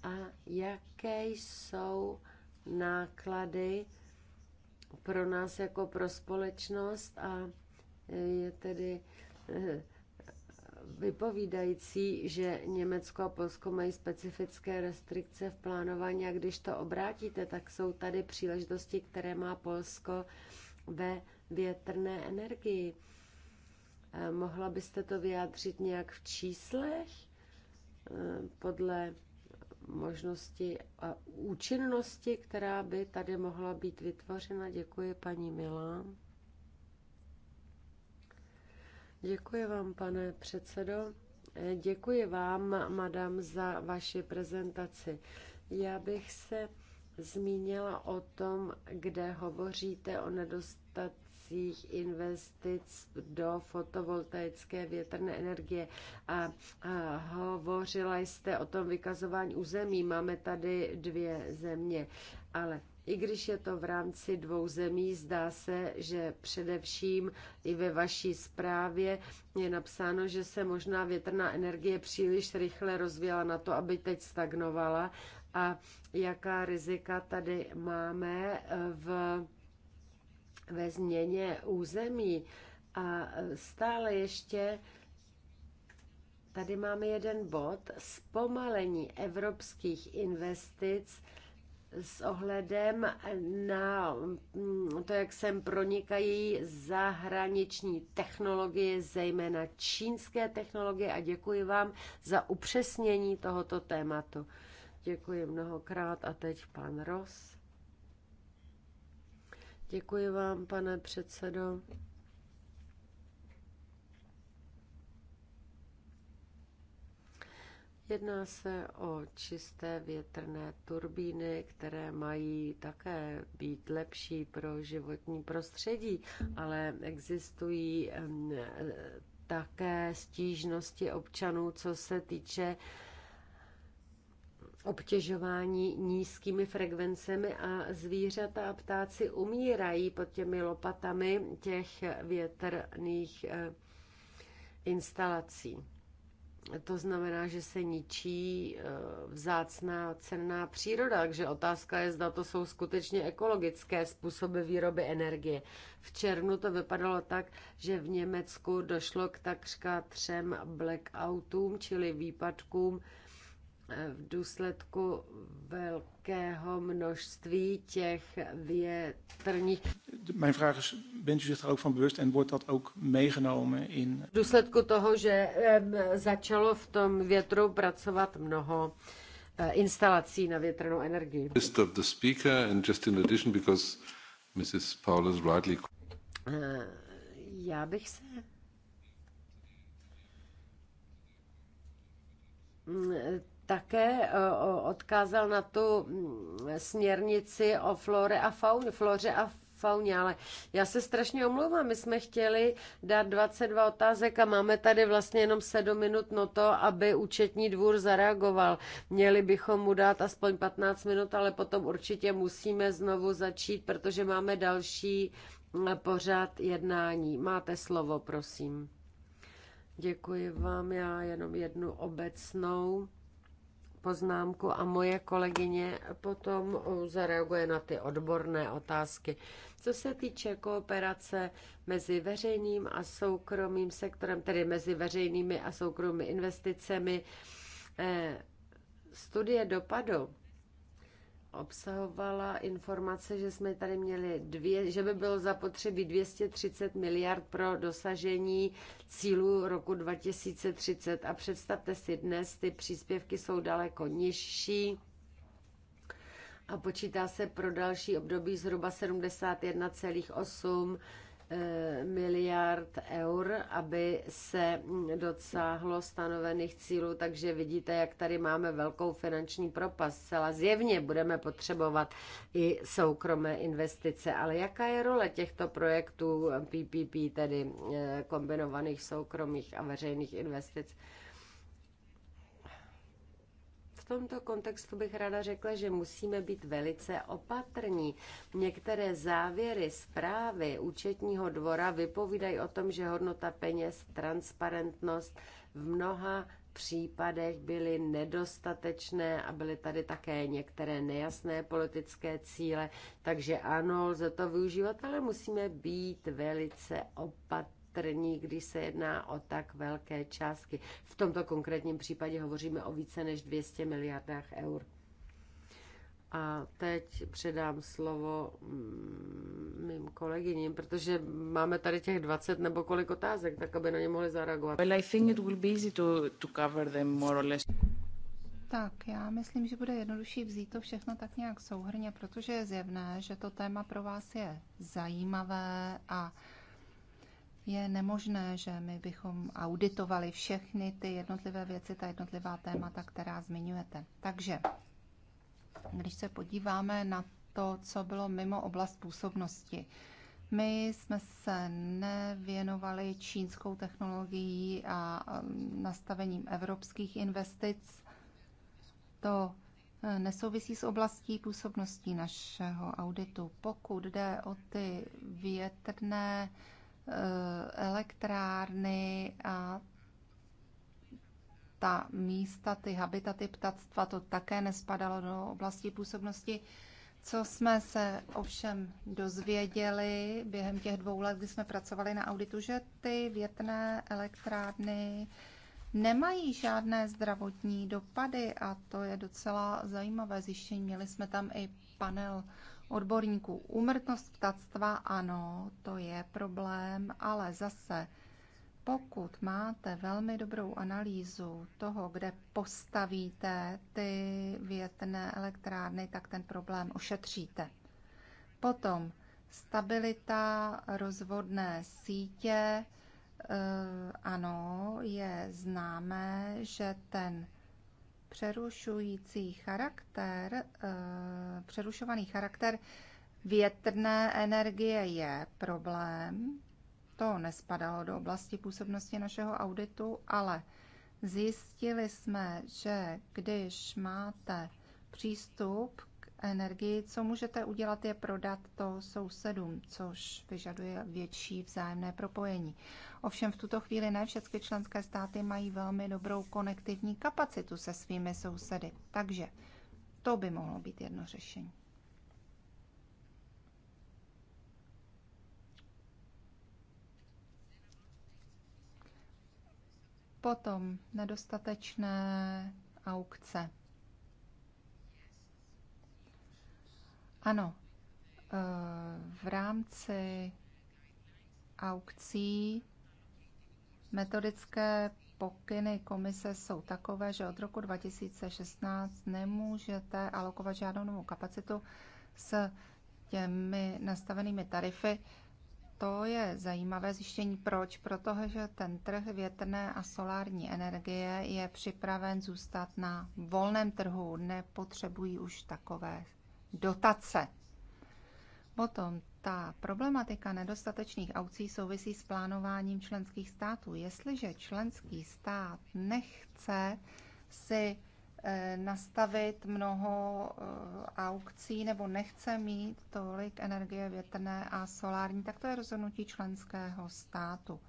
S2: a jaké jsou náklady pro nás jako pro společnost a je tedy eh, vypovídající, že Německo a Polsko mají specifické restrikce v plánování a když to obrátíte, tak jsou tady příležitosti, které má Polsko ve větrné energii. Eh, mohla byste to vyjádřit nějak v číslech eh, podle možnosti a účinnosti, která by tady mohla být vytvořena. Děkuji paní Milá. Děkuji vám, pane předsedo. Eh, děkuji vám, madam, za vaši prezentaci. Já bych se zmínila o tom, kde hovoříte o nedostatku investicích, investic do fotovoltaické větrné energie. A, a hovořila jste o tom vykazování území. Máme tady dvě země, ale i když je to v rámci dvou zemí, zdá se, že především i ve vaší zprávě je napsáno, že se možná větrná energie příliš rychle rozvíjela na to, aby teď stagnovala a jaká rizika tady máme v ve změně území a stále ještě tady máme jeden bod, zpomalení evropských investic s ohledem na mm, to, jak sem pronikají zahraniční technologie, zejména čínské technologie a děkuji vám za upřesnění tohoto tématu. Děkuji mnohokrát a teď pan Ross. Děkuji vám, pane předsedo. Jedná se o čisté větrné turbíny, které mají také být lepší pro životní prostředí, ale existují eh, také stížnosti občanů, co se týče obtěžování nízkými frekvencemi a zvířata a ptáci umírají pod těmi lopatami těch větrných eh, instalací. To znamená, že se ničí eh, vzácná cenná příroda, takže otázka je, zda to jsou skutečně ekologické způsoby výroby energie. V červnu to vypadalo tak, že v Německu došlo k takřka třem blackoutům, čili výpadkům v důsledku velkého množství těch větrních.
S5: Mijn vraag is, bent u zich daar ook van bewust en wordt dat ook meegenomen in...
S4: V
S2: důsledku toho, že začalo v tom větru pracovat mnoho eh, instalací na větrnou energii.
S4: Stop the speaker and just in addition because Mrs. Paulus rightly...
S2: Eh, já bych se mm, také e, odkázal na tu mm, směrnici o flore a fauně, floře a fauně, ale já se strašně omlouvám, my jsme chtěli dát 22 otázek a máme tady vlastně jenom 7 minut no to, aby účetní dvůr zareagoval. Měli bychom mu dát aspoň 15 minut, ale potom určitě musíme znovu začít, protože máme další e, pořád jednání. Máte slovo, prosím. Děkuji vám, já jenom jednu obecnou poznámku a moje kolegyně potom zareaguje na ty odborné otázky. Co se týče kooperace mezi veřejným a soukromým sektorem, tedy mezi veřejnými a soukromými investicemi, eh, studie dopadu obsahovala informace, že jsme tady měli dvě, že by bylo zapotřebí 230 miliard pro dosažení cílu roku 2030. A představte si, dnes ty příspěvky jsou daleko nižší a počítá se pro další období zhruba 71,8 Eh, miliard eur, aby se dosáhlo stanovených cílů, takže vidíte, jak tady máme velkou finanční propast. Celá zjevně budeme potřebovat i soukromé investice, ale jaká je role těchto projektů PPP, tedy eh, kombinovaných soukromých a veřejných investic? tomto kontextu bych ráda řekla, že musíme být velice opatrní. Některé závěry zprávy účetního dvora vypovídají o tom, že hodnota peněz, transparentnost v mnoha případech byly nedostatečné a byly tady také některé nejasné politické cíle, takže ano, lze to využívat, ale musíme být velice opatrní opatrní, když se jedná o tak velké částky. V tomto konkrétním případě hovoříme o více než 200 miliardách eur. A teď předám slovo mm, mým kolegyním, protože máme tady těch 20 nebo kolik otázek, tak aby na ně mohli zareagovat. Well, I think it will be easy to, to cover them more or less.
S1: Tak, já myslím, že bude jednodušší vzít to všechno tak nějak souhrně, protože je zjevné, že to téma pro vás je zajímavé a je nemožné, že my bychom auditovali všechny ty jednotlivé věci, ta jednotlivá témata, která zmiňujete. Takže, když se podíváme na to, co bylo mimo oblast působnosti, my jsme se nevěnovali čínskou technologií a um, nastavením evropských investic. To eh, nesouvisí s oblastí působností našeho auditu. Pokud jde o ty větrné Eh, elektrárny a ta místa, ty habitaty ptactva, to také nespadalo do oblasti působnosti. Co jsme se ovšem dozvěděli během těch dvou let, kdy jsme pracovali na auditu, že ty větné elektrárny nemají žádné zdravotní dopady a to je docela zajímavé zjištění. Měli jsme tam i panel odborníků. Úmrtnost ptactva, ano, to je problém, ale zase, pokud máte velmi dobrou analýzu toho, kde postavíte ty větné elektrárny, tak ten problém ošetříte. Potom stabilita rozvodné sítě, eh, ano, je známé, že ten přerušující charakter, eh, přerušovaný charakter větrné energie je problém. To nespadalo do oblasti působnosti našeho auditu, ale zjistili jsme, že když máte přístup energii. Co můžete udělat, je prodat to sousedům, což vyžaduje větší vzájemné propojení. Ovšem v tuto chvíli ne všechny členské státy mají velmi dobrou konektivní kapacitu se svými sousedy, takže to by mohlo být jedno řešení. Potom nedostatečné aukce. Ano, eh, v rámci aukcí metodické pokyny komise jsou takové, že od roku 2016 nemůžete alokovat žádnou novou kapacitu s těmi nastavenými tarify. To je zajímavé zjištění. Proč? Protože ten trh větrné a solární energie je připraven zůstat na volném trhu, nepotřebují už takové dotace. Potom ta problematika nedostatečných aucí souvisí s plánováním členských států. Jestliže členský stát nechce si eh, nastavit mnoho eh, aukcí nebo nechce mít tolik energie větrné a solární, tak to je rozhodnutí členského státu.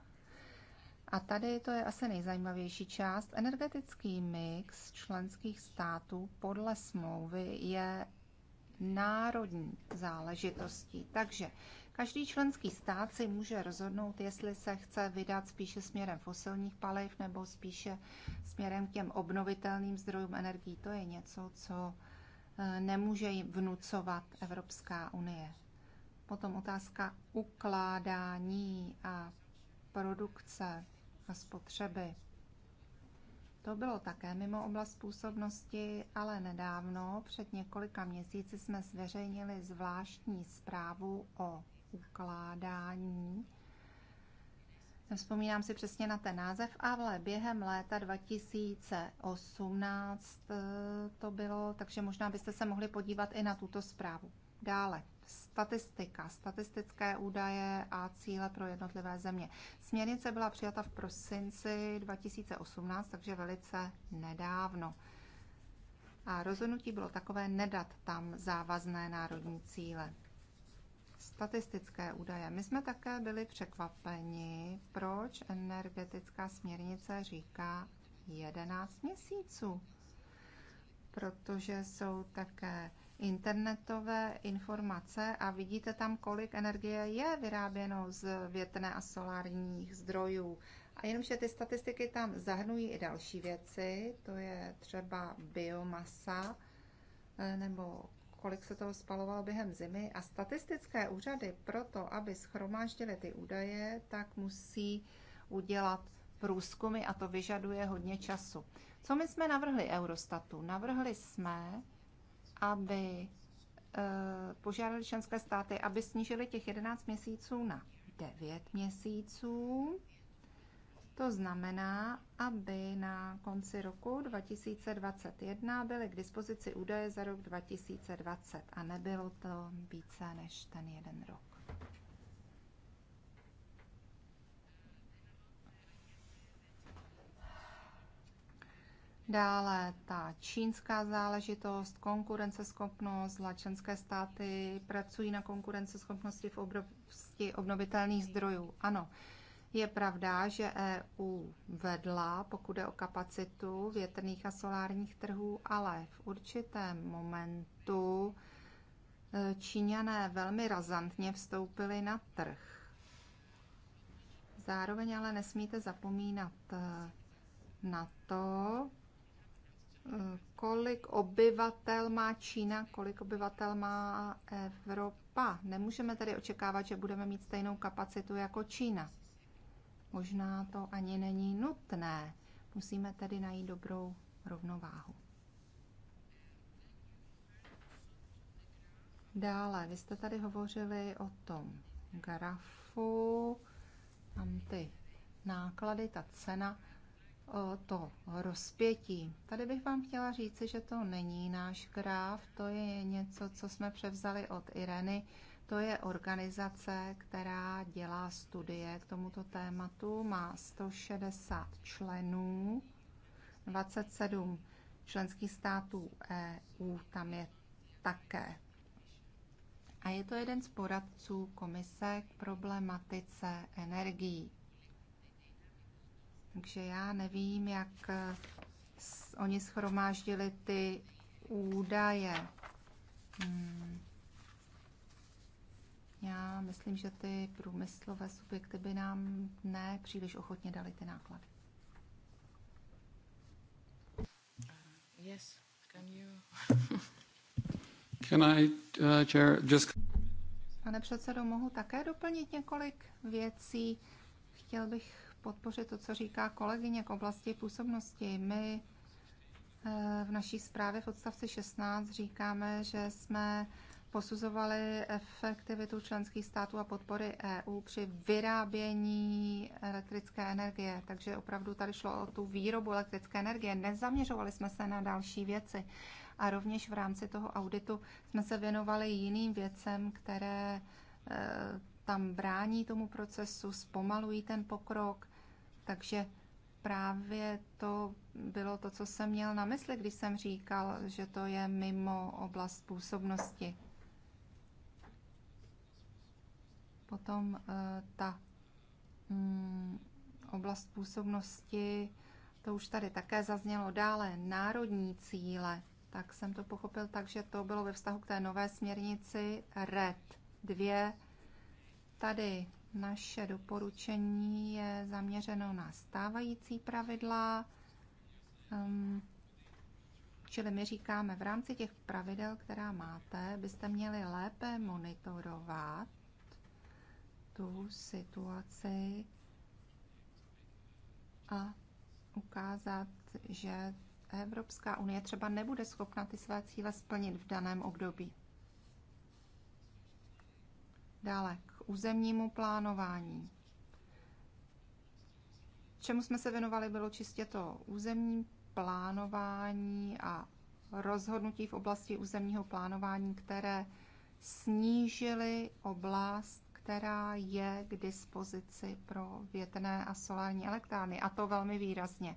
S1: A tady to je asi nejzajímavější část. Energetický mix členských států podle smlouvy je národní záležitostí. Takže každý členský stát si může rozhodnout, jestli se chce vydat spíše směrem fosilních paliv nebo spíše směrem k těm obnovitelným zdrojům energií. To je něco, co eh, nemůže jim vnucovat Evropská unie. Potom otázka ukládání a produkce a spotřeby. To bylo také mimo oblast působnosti, ale nedávno, před několika měsíci, jsme zveřejnili zvláštní zprávu o ukládání. Vzpomínám si přesně na ten název, ale během léta 2018 eh, to bylo, takže možná byste se mohli podívat i na tuto zprávu. Dále, statistika, statistické údaje a cíle pro jednotlivé země. Směrnice byla přijata v prosinci 2018, takže velice nedávno. A rozhodnutí bylo takové nedat tam závazné národní cíle. Statistické údaje. My jsme také byli překvapeni, proč energetická směrnice říká 11 měsíců. Protože jsou také internetové informace a vidíte tam, kolik energie je vyráběno z větrné a solárních zdrojů. A jenomže ty statistiky tam zahrnují i další věci, to je třeba biomasa eh, nebo kolik se toho spalovalo během zimy. A statistické úřady proto, aby schromáždily ty údaje, tak musí udělat průzkumy a to vyžaduje hodně času. Co my jsme navrhli Eurostatu? Navrhli jsme, aby eh, požádali členské státy, aby snížili těch 11 měsíců na 9 měsíců. To znamená, aby na konci roku 2021 byly k dispozici údaje za rok 2020 a nebylo to více než ten jeden rok. Dále ta čínská záležitost, konkurenceschopnost, členské státy pracují na konkurenceschopnosti v oblasti obnovitelných zdrojů. Ano, je pravda, že EU vedla, pokud je o kapacitu větrných a solárních trhů, ale v určitém momentu e, Číňané velmi razantně vstoupili na trh. Zároveň ale nesmíte zapomínat e, na to, kolik obyvatel má Čína, kolik obyvatel má Evropa. Nemůžeme tedy očekávat, že budeme mít stejnou kapacitu jako Čína. Možná to ani není nutné. Musíme tedy najít dobrou rovnováhu. Dále, vy jste tady hovořili o tom grafu, tam ty náklady, ta cena to rozpětí. Tady bych vám chtěla říci, že to není náš kráv. to je něco, co jsme převzali od Ireny. To je organizace, která dělá studie k tomuto tématu, má 160 členů, 27 členských států EU tam je také. A je to jeden z poradců komise k problematice energií. Takže já nevím, jak eh, oni schromáždili ty údaje. Hmm. Já myslím, že ty průmyslové subjekty by nám ne příliš ochotně dali ty náklady. Yes, can you...
S4: can I, uh, chair, just...
S1: Pane předsedo, mohu také doplnit několik věcí. Chtěl bych podpořit to, co říká kolegyně k oblasti působnosti. My eh, v naší zprávě v odstavci 16 říkáme, že jsme posuzovali efektivitu členských států a podpory EU při vyrábění elektrické energie. Takže opravdu tady šlo o tu výrobu elektrické energie. Nezaměřovali jsme se na další věci. A rovněž v rámci toho auditu jsme se věnovali jiným věcem, které eh, tam brání tomu procesu, zpomalují ten pokrok, takže právě to bylo to, co jsem měl na mysli, když jsem říkal, že to je mimo oblast působnosti. Potom eh, ta mm, oblast působnosti, to už tady také zaznělo dále, národní cíle. Tak jsem to pochopil tak, že to bylo ve vztahu k té nové směrnici RED 2 Tady naše doporučení je zaměřeno na stávající pravidla, ehm, čili my říkáme, v rámci těch pravidel, která máte, byste měli lépe monitorovat tu situaci a ukázat, že Evropská unie třeba nebude schopna ty své cíle splnit v daném období. Dále, územnímu plánování. Čemu jsme se věnovali, bylo čistě to územní plánování a rozhodnutí v oblasti územního plánování, které snížily oblast, která je k dispozici pro větrné a solární elektrárny, a to velmi výrazně.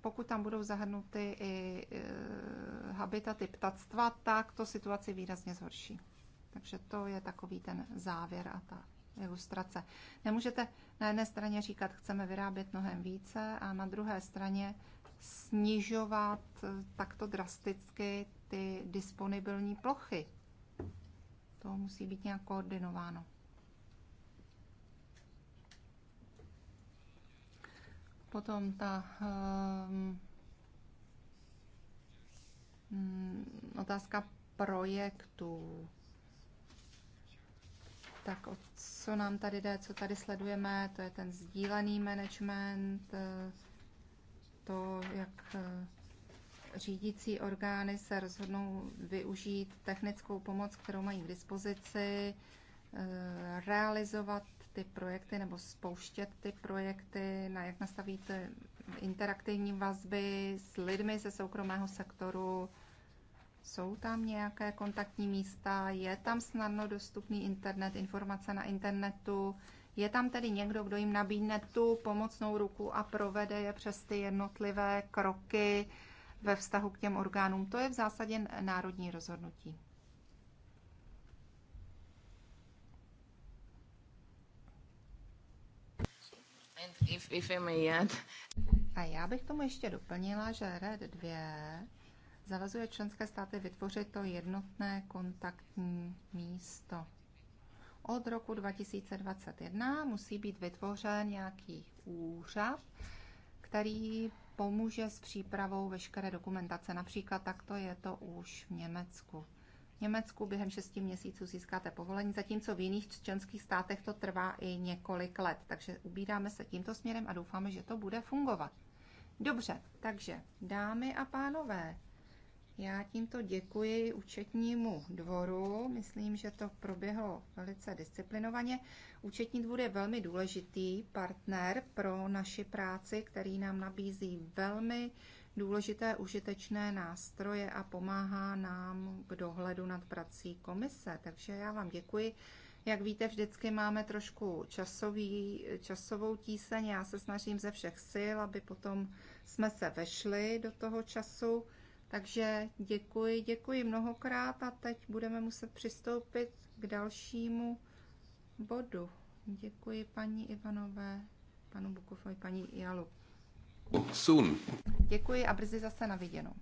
S1: Pokud tam budou zahrnuty i e, habitaty ptactva, tak to situaci výrazně zhorší. Takže to je takový ten závěr a ta ilustrace. Nemůžete na jedné straně říkat, chceme vyrábět mnohem více a na druhé straně snižovat eh, takto drasticky ty disponibilní plochy. To musí být nějak koordinováno. Potom ta um, otázka projektu. Tak o co nám tady jde, co tady sledujeme, to je ten sdílený management, eh, to, jak eh, řídící orgány se rozhodnou využít technickou pomoc, kterou mají k dispozici, eh, realizovat ty projekty nebo spouštět ty projekty, na jak nastavíte interaktivní vazby s lidmi ze soukromého sektoru, jsou tam nějaké kontaktní místa, je tam snadno dostupný internet, informace na internetu, je tam tedy někdo, kdo jim nabídne tu pomocnou ruku a provede je přes ty jednotlivé kroky ve vztahu k těm orgánům. To je v zásadě národní rozhodnutí. A já bych tomu ještě doplnila, že RED 2 zavazuje členské státy vytvořit to jednotné kontaktní místo. Od roku 2021 musí být vytvořen nějaký úřad, který pomůže s přípravou veškeré dokumentace. Například takto je to už v Německu. V Německu během 6 měsíců získáte povolení, zatímco v jiných členských státech to trvá i několik let. Takže ubíráme se tímto směrem a doufáme, že to bude fungovat. Dobře, takže dámy a pánové, já tímto děkuji účetnímu dvoru. Myslím, že to proběhlo velice disciplinovaně. Účetní dvůr je velmi důležitý partner pro naši práci, který nám nabízí velmi důležité užitečné nástroje a pomáhá nám k dohledu nad prací komise. Takže já vám děkuji. Jak víte, vždycky máme trošku časový, časovou tíseň. Já se snažím ze všech sil, aby potom jsme se vešli do toho času. Takže děkuji, děkuji mnohokrát a teď budeme muset přistoupit k dalšímu bodu. Děkuji paní Ivanové, panu Bukovovi, paní Jalu. Soon. Děkuji a brzy zase na viděnou.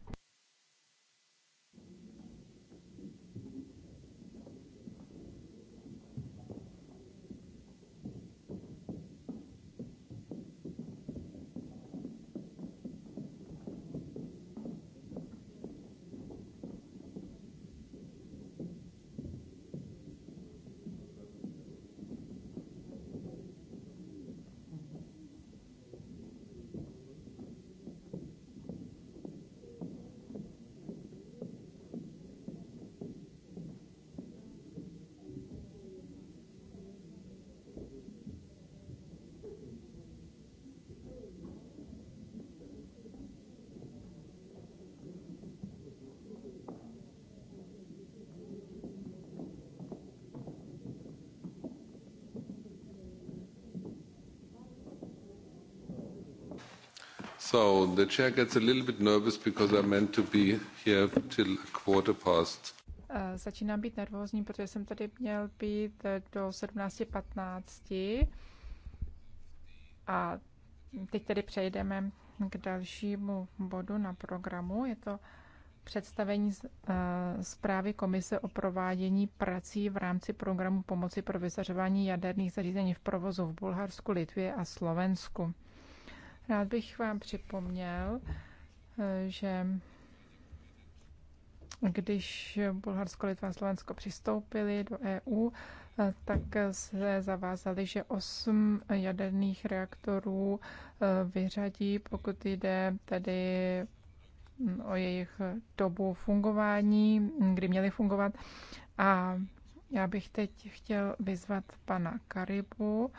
S4: So the chair gets a little bit nervous because I'm meant to be here till a quarter past.
S3: Eh, začínám být nervózní, protože jsem tady měl být eh, do 17.15. A teď tedy přejdeme k dalšímu bodu na programu. Je to představení eh, zprávy Komise o provádění prací v rámci programu pomoci pro vyzařování jaderných zařízení v provozu v Bulharsku, Litvě a Slovensku. Rád bych vám připomněl, eh, že když Bulharsko, Litva a Slovensko přistoupili do EU, eh, tak se zavázali, že osm jaderných reaktorů eh, vyřadí, pokud jde tedy mm, o jejich dobu fungování, kdy měly fungovat. A já bych teď chtěl vyzvat pana Karibu,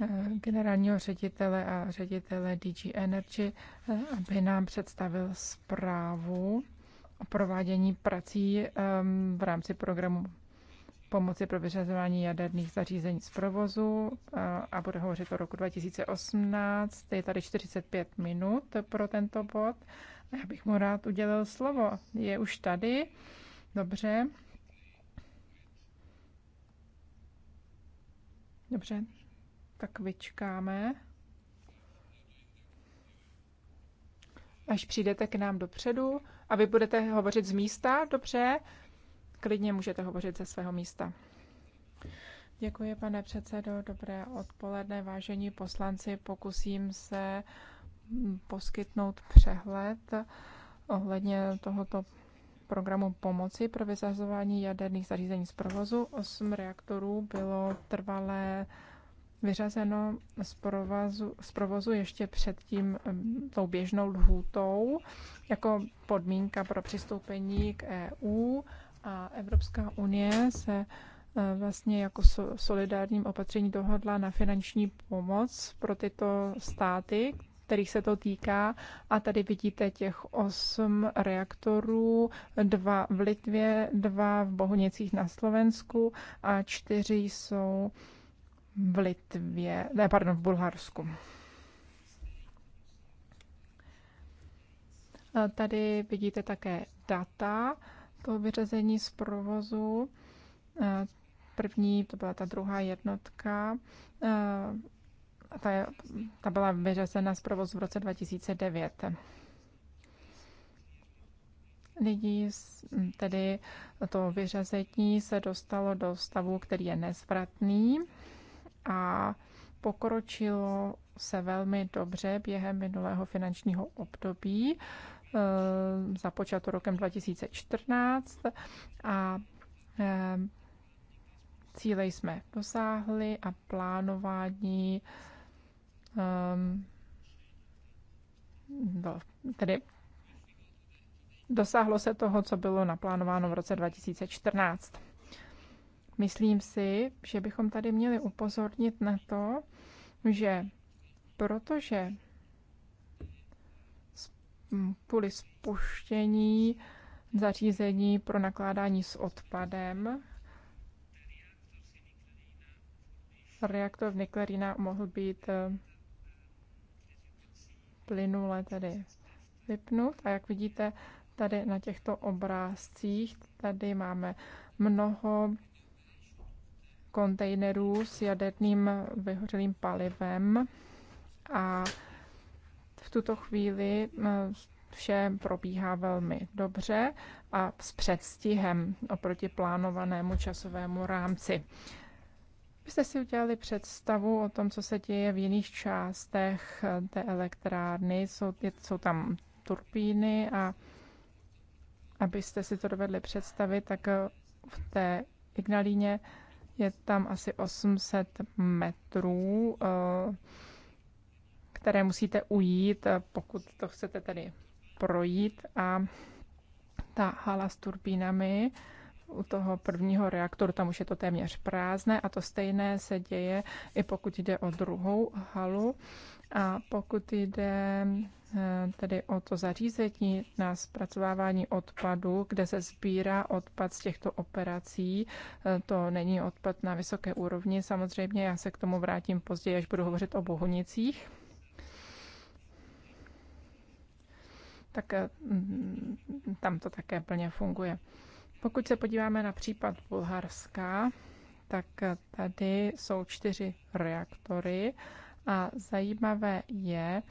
S3: Eh, generálního ředitele a ředitele DG Energy, eh, aby nám představil zprávu o provádění prací ehm, v rámci programu pomoci pro vyřazování jaderných zařízení z provozu eh, a bude hovořit o roku 2018. Je tady 45 minut pro tento bod. Já bych mu rád udělal slovo. Je už tady. Dobře. Dobře, tak vyčkáme. Až přijdete k nám dopředu a vy budete hovořit z místa, dobře? Klidně můžete hovořit ze svého místa. Děkuji, pane předsedo. Dobré odpoledne, vážení poslanci. Pokusím se poskytnout přehled ohledně tohoto programu pomoci pro vyzazování jaderných zařízení z provozu. Osm reaktorů bylo trvalé vyřazeno z provozu, z provozu ještě před tím tou běžnou lhůtou jako podmínka pro přistoupení k EU a Evropská unie se eh, vlastně jako solidárním opatření dohodla na finanční pomoc pro tyto státy, kterých se to týká. A tady vidíte těch osm reaktorů, dva v Litvě, dva v Bohunicích na Slovensku a čtyři jsou uh, v Litvě, ne, pardon, v Bulharsku. Tady vidíte také data toho vyřazení z provozu. První, to byla ta druhá jednotka, ta, je, ta byla vyřazena z provozu v roce 2009. Lidí tedy to vyřazení se dostalo do stavu, který je nezvratný a pokročilo se velmi dobře během minulého finančního období, eh, započato rokem 2014 a eh, cíle jsme dosáhli a plánování ehm, no, tedy dosáhlo se toho, co bylo naplánováno v roce 2014. Myslím si, že bychom tady měli upozornit na to, že protože kvůli spuštění zařízení pro nakládání s odpadem reaktor v Niklerina mohl být e, plynule tedy vypnut. A jak vidíte tady na těchto obrázcích, tady máme mnoho kontejnerů s jaderným vyhořelým palivem a v tuto chvíli eh, vše probíhá velmi dobře a s předstihem oproti plánovanému časovému rámci. Vy jste si udělali představu o tom, co se děje v jiných částech eh, té elektrárny. Jsou, jsou tam turbíny a abyste si to dovedli představit, tak eh, v té Ignalíně je tam asi 800 metrů, eh, které musíte ujít, eh, pokud to chcete tedy projít. A ta hala s turbínami u toho prvního reaktoru, tam už je to téměř prázdné a to stejné se děje i pokud jde o druhou halu. A pokud jde eh, tedy o to zařízení na zpracovávání odpadu, kde se sbírá odpad z těchto operací. Eh, to není odpad na vysoké úrovni, samozřejmě já se k tomu vrátím později, až budu hovořit o bohonicích. Tak eh, mm, tam to také plně funguje. Pokud se podíváme na případ Bulharska, tak tady jsou čtyři reaktory a zajímavé je,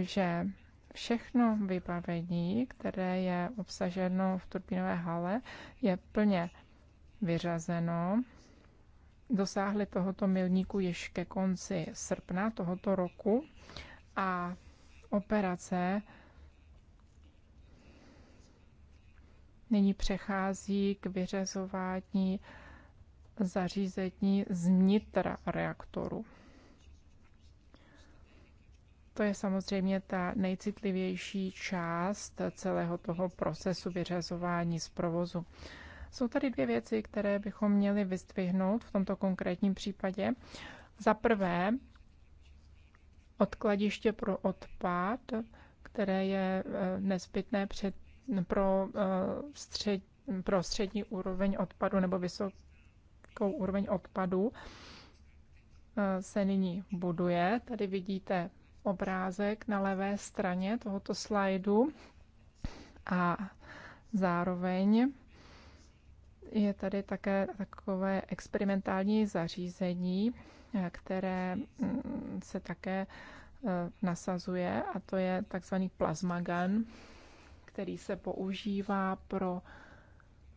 S3: že všechno vybavení, které je obsaženo v turbínové hale, je plně vyřazeno. Dosáhli tohoto milníku již ke konci srpna tohoto roku a operace nyní přechází k vyřazování zařízení z nitra reaktoru. To je samozřejmě ta nejcitlivější část celého toho procesu vyřazování z provozu. Jsou tady dvě věci, které bychom měli vystvihnout v tomto konkrétním případě. Za prvé, odkladiště pro odpad, které je eh, nezbytné před, pro, eh, střed, pro střední úroveň odpadu nebo vysokou úroveň odpadu, eh, se nyní buduje. Tady vidíte obrázek na levé straně tohoto slajdu a zároveň je tady také takové experimentální zařízení, které mm, se také e, nasazuje a to je takzvaný plazmagan, který se používá pro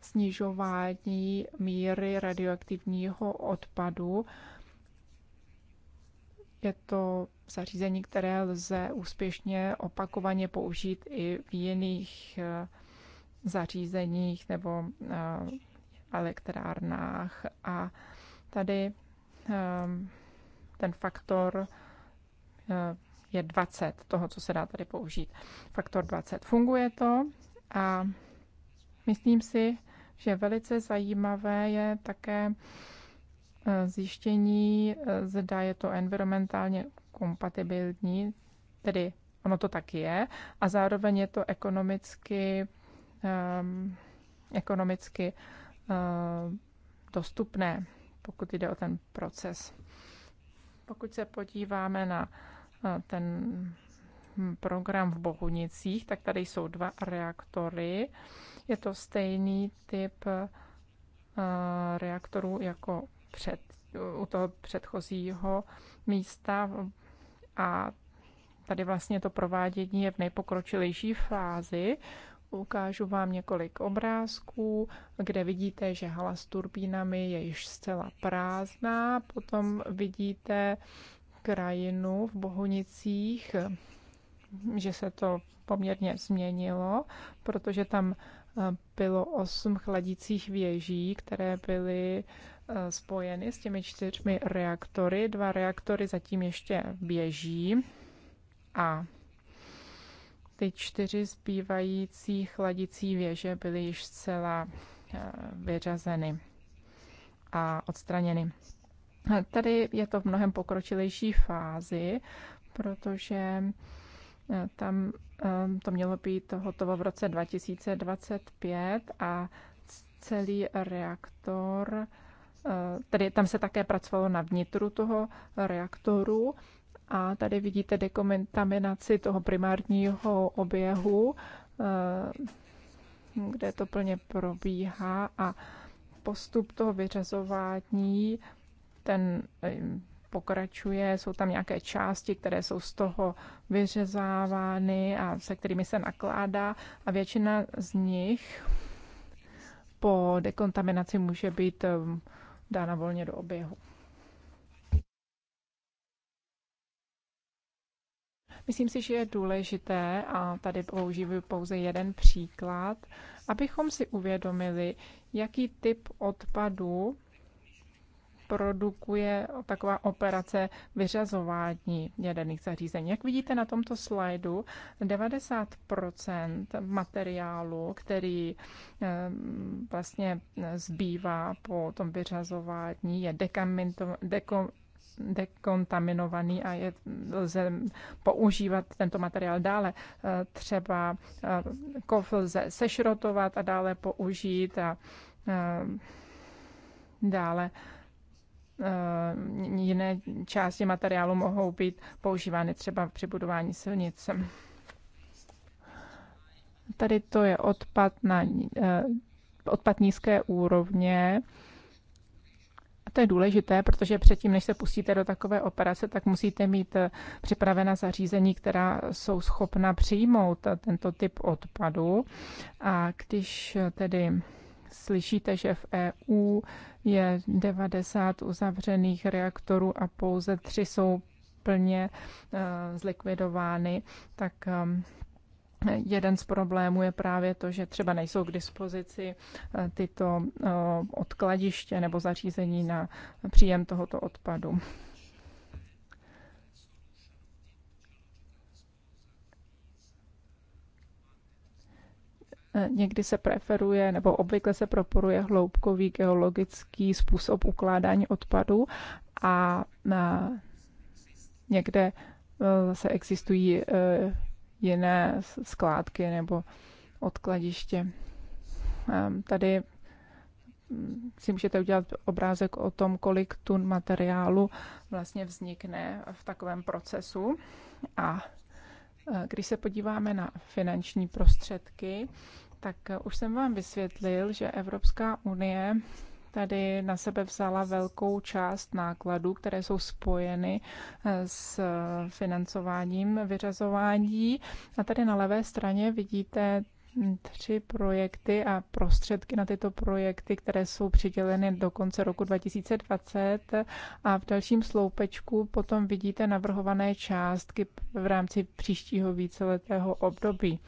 S3: snižování míry radioaktivního odpadu je to zařízení, které lze úspěšně opakovaně použít i v jiných eh, zařízeních nebo eh, elektrárnách. A tady eh, ten faktor je 20 toho, co se dá tady použít. Faktor 20. Funguje to a myslím si, že velice zajímavé je také zjištění, eh, zda je to environmentálně kompatibilní, tedy ono to tak je, a zároveň je to ekonomicky, um, ekonomicky um, dostupné, pokud jde o ten proces. Pokud se podíváme na eh, ten program v Bohunicích, tak tady jsou dva reaktory. Je to stejný typ reaktorů jako před, u toho předchozího místa a tady vlastně to provádění je v nejpokročilejší fázi. Ukážu vám několik obrázků, kde vidíte, že hala s turbínami je již zcela prázdná. Potom vidíte krajinu v Bohunicích, že se to poměrně změnilo, protože tam eh, bylo osm chladicích věží, které byly spojeny s těmi čtyřmi reaktory. Dva reaktory zatím ještě běží a ty čtyři zbývající chladicí věže byly již zcela eh, vyřazeny a odstraněny. Tady je to v mnohem pokročilejší fázi, protože eh, tam eh, to mělo být hotovo v roce 2025 a celý reaktor Eh, tady tam se také pracovalo na vnitru toho reaktoru a tady vidíte dekontaminaci toho primárního oběhu, eh, kde to plně probíhá a postup toho vyřazování, ten eh, pokračuje, jsou tam nějaké části, které jsou z toho vyřezávány a se kterými se nakládá a většina z nich po dekontaminaci může být dána volně do oběhu. Myslím si, že je důležité, a tady používám pouze jeden příklad, abychom si uvědomili, jaký typ odpadu produkuje taková operace vyřazování jaderných zařízení. Jak vidíte na tomto slajdu, 90 materiálu, který eh, vlastně zbývá po tom vyřazování, je dekaminto, deko, dekontaminovaný a je, lze používat tento materiál dále. Eh, třeba eh, kov lze sešrotovat a dále použít a dále Eh, jiné části materiálu mohou být používány třeba při budování silnic. Tady to je odpad, na, eh, odpad nízké úrovně. A to je důležité, protože předtím, než se pustíte do takové operace, tak musíte mít eh, připravena zařízení, která jsou schopna přijmout tento typ odpadu. A když tedy slyšíte, že v EU je 90 uzavřených reaktorů a pouze tři jsou plně eh, zlikvidovány, tak eh, Jeden z problémů je právě to, že třeba nejsou k dispozici eh, tyto odkladiště nebo zařízení na příjem tohoto odpadu. Eh, někdy se preferuje nebo obvykle se proporuje hloubkový geologický způsob ukládání odpadu a eh, někde eh, zase existují jiné skládky nebo odkladiště. Ehm, tady hm, si můžete udělat obrázek o tom, kolik tun materiálu vlastně vznikne v takovém procesu. A Eh, když se podíváme na finanční prostředky, tak eh, už jsem vám vysvětlil, že Evropská unie tady na sebe vzala velkou část nákladů, které jsou spojeny eh, s financováním vyřazování. A tady na levé straně vidíte tři projekty a prostředky na tyto projekty, které jsou přiděleny do konce roku 2020 a v dalším sloupečku potom vidíte navrhované částky v rámci příštího víceletého období.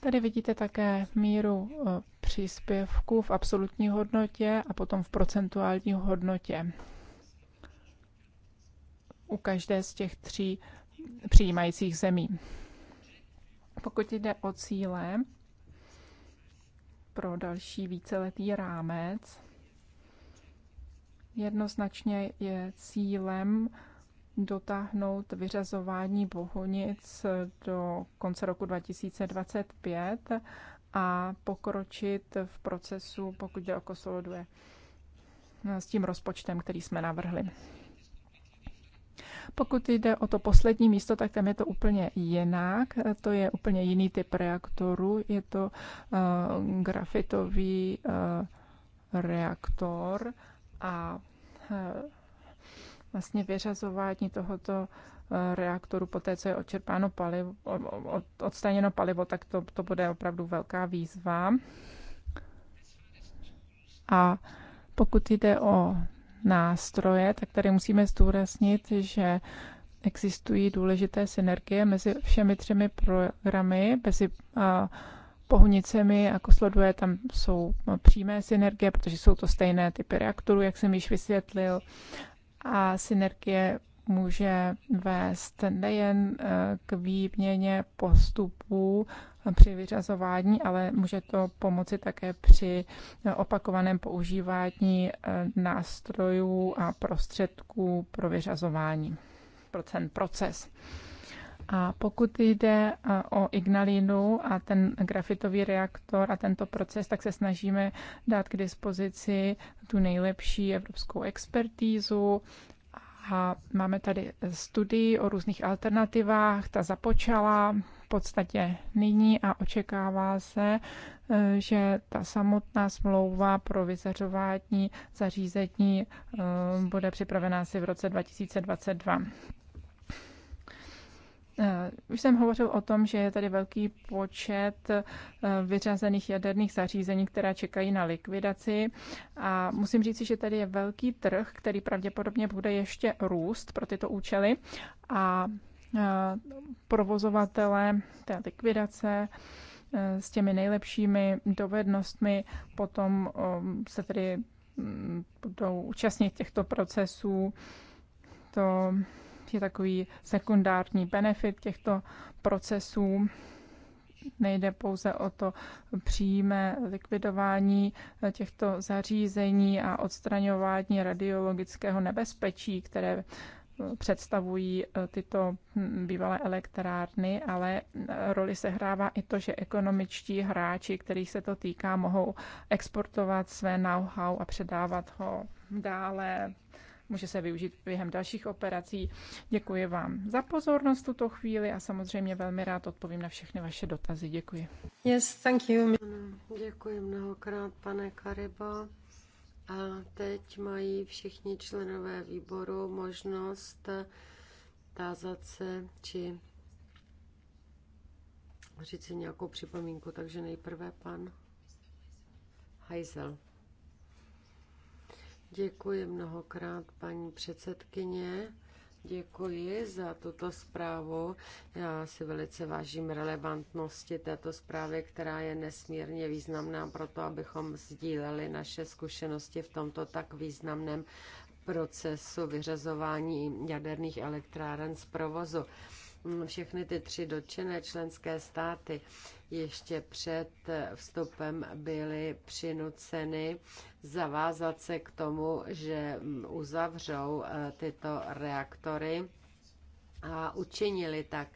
S3: Tady vidíte také míru eh, příspěvku v absolutní hodnotě a potom v procentuální hodnotě u každé z těch tří přijímajících zemí. Pokud jde o cíle pro další víceletý rámec, jednoznačně je cílem dotáhnout vyřazování bohonic do konce roku 2025 a pokročit v procesu, pokud jde o Kosovo 2, s tím rozpočtem, který jsme navrhli. Pokud jde o to poslední místo, tak tam je to úplně jinak. E, to je úplně jiný typ reaktoru. Je to uh, grafitový uh, reaktor a uh, vlastně vyřazování tohoto reaktoru po té, co je odčerpáno palivo, od, odstaněno palivo, tak to, to bude opravdu velká výzva. A pokud jde o nástroje, tak tady musíme zdůraznit, že existují důležité synergie mezi všemi třemi programy, mezi pohunicemi a kosloduje, tam jsou přímé synergie, protože jsou to stejné typy reaktorů, jak jsem již vysvětlil, a synergie může vést nejen eh, k výměně postupů při vyřazování, ale může to pomoci také při eh, opakovaném používání eh, nástrojů a prostředků pro vyřazování, pro ten proces. A pokud jde o Ignalinu a ten grafitový reaktor a tento proces, tak se snažíme dát k dispozici tu nejlepší evropskou expertízu a máme tady studii o různých alternativách, ta započala v podstatě nyní a očekává se, že ta samotná smlouva pro vyzařování zařízení eh, bude připravená si v roce 2022. Eh, už jsem hovořil o tom, že je tady velký počet eh, vyřazených jaderných zařízení, která čekají na likvidaci. A musím říct, že tady je velký trh, který pravděpodobně bude ještě růst pro tyto účely. A eh, provozovatele té likvidace s těmi nejlepšími dovednostmi potom se tedy mm, budou účastnit těchto procesů. To je takový sekundární benefit těchto procesů. Nejde pouze o to přímé likvidování těchto zařízení a odstraňování radiologického nebezpečí, které eh, představují eh, tyto hm, bývalé elektrárny, ale eh, roli se hrává i to, že ekonomičtí hráči, kterých se to týká, mohou exportovat své know-how a předávat ho dále může se využít během dalších operací. Děkuji vám za pozornost tuto chvíli a samozřejmě velmi rád odpovím na všechny vaše dotazy. Děkuji.
S2: Yes, thank you. Děkuji mnohokrát, pane Kariba. A teď mají všichni členové výboru možnost tázat se či říct si nějakou připomínku. Takže nejprve pan Heisel. Děkuji mnohokrát, paní předsedkyně. Děkuji za tuto zprávu. Já si velice vážím relevantnosti této zprávy, která je nesmírně významná pro to, abychom sdíleli naše zkušenosti v tomto tak významném procesu vyřazování jaderných elektráren z provozu. Všechny ty tři dotčené členské státy ještě před vstupem byly přinuceny zavázat se k tomu, že uzavřou eh, tyto reaktory a učinili tak.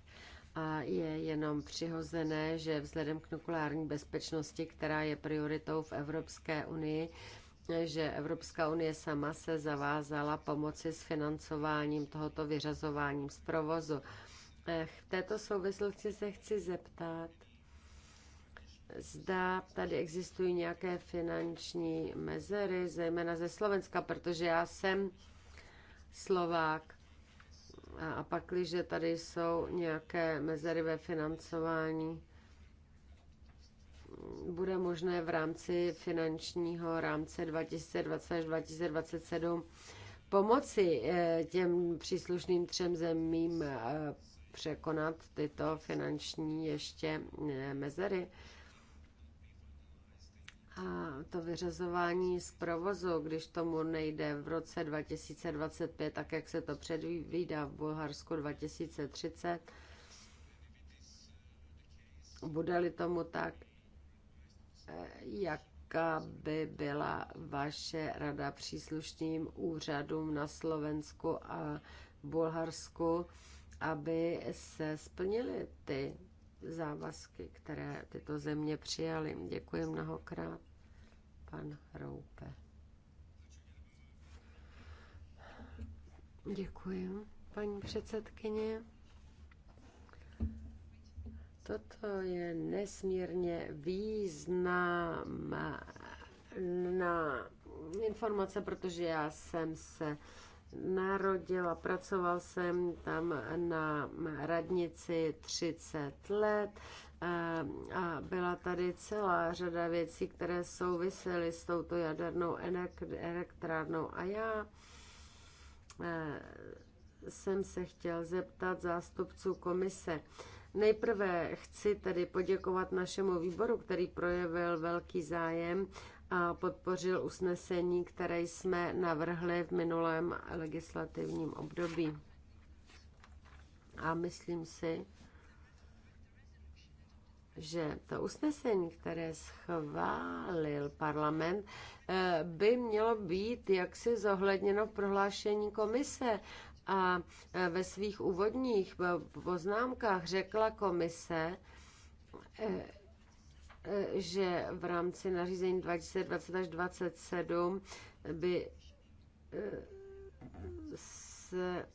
S2: A je jenom přihozené, že vzhledem k nukleární bezpečnosti, která je prioritou v Evropské unii, že Evropská unie sama se zavázala pomoci s financováním tohoto vyřazováním z provozu. Eh, v této souvislosti se chci zeptat, zda tady existují nějaké finanční mezery, zejména ze Slovenska, protože já jsem Slovák. A, a pak, když tady jsou nějaké mezery ve financování, bude možné v rámci finančního rámce 2020 2027 pomoci eh, těm příslušným třem zemím eh, překonat tyto finanční ještě eh, mezery. A to vyřazování z provozu, když tomu nejde v roce 2025, tak jak se to předvídá v Bulharsku 2030, bude-li tomu tak, eh, jaká by byla vaše rada příslušným úřadům na Slovensku a Bulharsku, aby se splnily ty závazky, které tyto země přijaly. Děkuji mnohokrát pan Roupe. Děkuji, paní předsedkyně. Toto je nesmírně významná informace, protože já jsem se narodila, pracoval jsem tam na radnici 30 let, a byla tady celá řada věcí, které souvisely s touto jadernou elektrárnou. A já e, jsem se chtěl zeptat zástupců komise. Nejprve chci tedy poděkovat našemu výboru, který projevil velký zájem a podpořil usnesení, které jsme navrhli v minulém legislativním období. A myslím si, že to usnesení, které schválil parlament, eh, by mělo být jaksi zohledněno v prohlášení komise. A eh, ve svých úvodních eh, poznámkách řekla komise, že v rámci nařízení 2020 až 2027 by se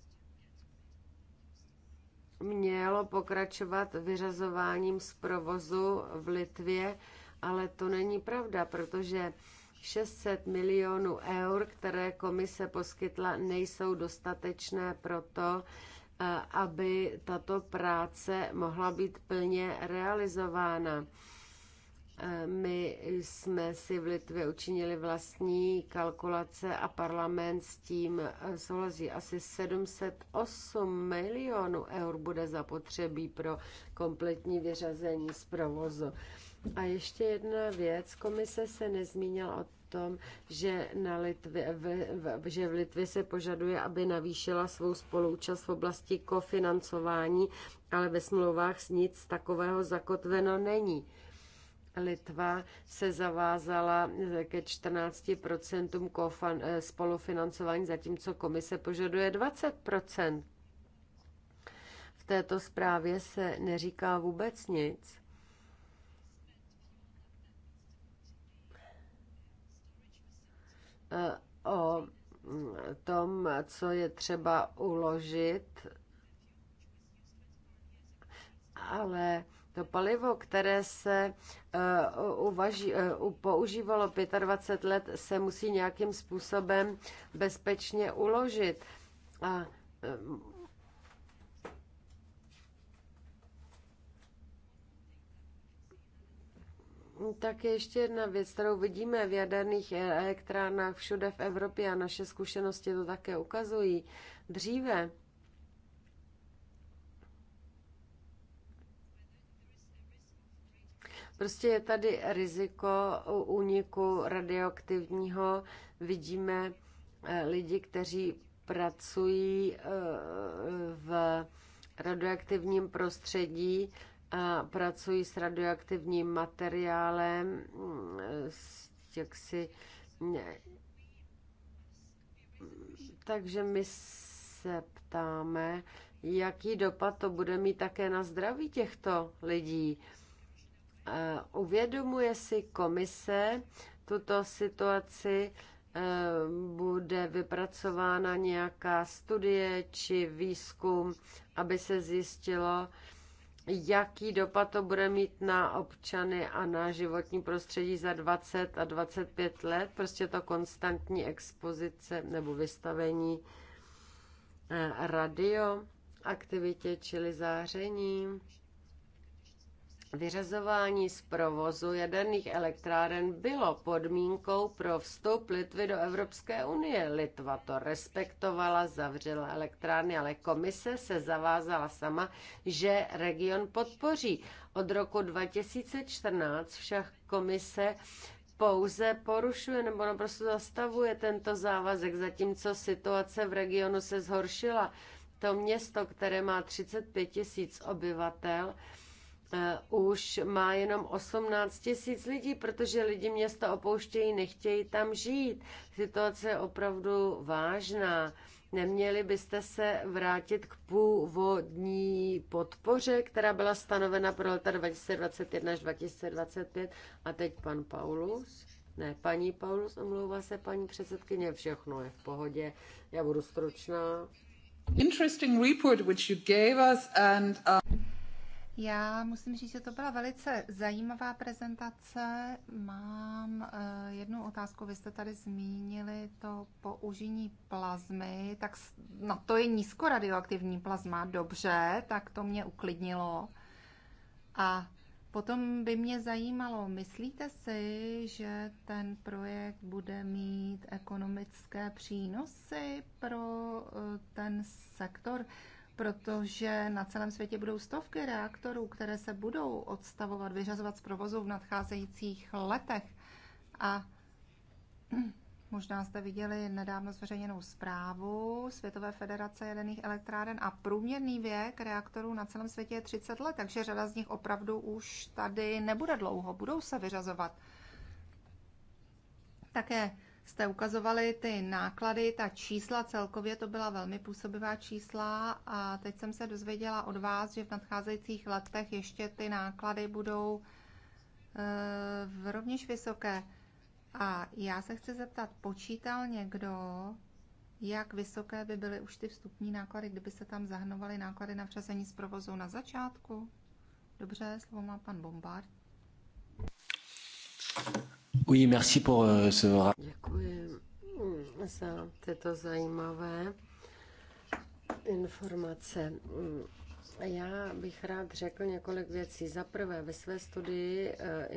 S2: mělo pokračovat vyřazováním z provozu v Litvě, ale to není pravda, protože 600 milionů eur, které komise poskytla, nejsou dostatečné pro to, eh, aby tato práce mohla být plně realizována. My jsme si v Litvě učinili vlastní kalkulace a parlament s tím eh, souhlasí. Asi 708 milionů eur bude zapotřebí pro kompletní vyřazení z provozu. A ještě jedna věc. Komise se nezmínila o tom, že, na Litvě, v, v, že v Litvě se požaduje, aby navýšila svou spolúčast v oblasti kofinancování, ale ve smlouvách nic takového zakotveno není. Litva se zavázala ke 14 eh, spolufinancování, zatímco komise požaduje 20 V této zprávě se neříká vůbec nic. Eh, o tom, co je třeba uložit, ale to palivo, které se uh, uvaží, uh, používalo 25 let, se musí nějakým způsobem bezpečně uložit. A um, Tak ještě jedna věc, kterou vidíme v jaderných eh, elektrárnách všude v Evropě a naše zkušenosti to také ukazují. Dříve Prostě je tady riziko úniku radioaktivního. Vidíme eh, lidi, kteří pracují eh, v radioaktivním prostředí, a pracují s radioaktivním materiálem, mm, jak si... Takže my se ptáme, jaký dopad to bude mít také na zdraví těchto lidí Eh, uvědomuje si komise tuto situaci, eh, bude vypracována nějaká studie či výzkum, aby se zjistilo, jaký dopad to bude mít na občany a na životní prostředí za 20 a 25 let. Prostě to konstantní expozice nebo vystavení eh, radio aktivitě, čili záření. Vyřazování z provozu jaderných elektráren bylo podmínkou pro vstup Litvy do Evropské unie. Litva to respektovala, zavřela elektrárny, ale komise se zavázala sama, že region podpoří. Od roku 2014 však komise pouze porušuje nebo naprosto zastavuje tento závazek, zatímco situace v regionu se zhoršila. To město, které má 35 tisíc obyvatel, Eh, už má jenom 18 tisíc lidí, protože lidi města opouštějí, nechtějí tam žít. Situace je opravdu vážná. Neměli byste se vrátit k původní podpoře, která byla stanovena pro leta 2021 až 2025? A teď pan Paulus. Ne, paní Paulus, omlouvá se paní předsedkyně, všechno je v pohodě, já budu stručná.
S4: Interesting report which you gave us and uh...
S1: Já musím říct, že to byla velice zajímavá prezentace. Mám eh, jednu otázku. Vy jste tady zmínili to použití plazmy, tak na no to je nízkoradioaktivní plazma, dobře, tak to mě uklidnilo. A potom by mě zajímalo, myslíte si, že ten projekt bude mít ekonomické přínosy pro eh, ten sektor? protože na celém světě budou stovky reaktorů, které se budou odstavovat, vyřazovat z provozu v nadcházejících letech. A možná jste viděli nedávno zveřejněnou zprávu Světové federace jaderných elektráren a průměrný věk reaktorů na celém světě je 30 let, takže řada z nich opravdu už tady nebude dlouho, budou se vyřazovat. Také jste ukazovali ty náklady, ta čísla celkově, to byla velmi působivá čísla a teď jsem se dozvěděla od vás, že v nadcházejících letech ještě ty náklady budou e, rovněž vysoké. A já se chci zeptat, počítal někdo, jak vysoké by byly už ty vstupní náklady, kdyby se tam zahrnovaly náklady na včasení s provozou na začátku? Dobře, slovo má pan Bombard.
S3: Euh,
S2: Děkuji mm, za tyto zajímavé informace. Mm, já bych rád řekl několik věcí. Za prvé, ve své studii eh,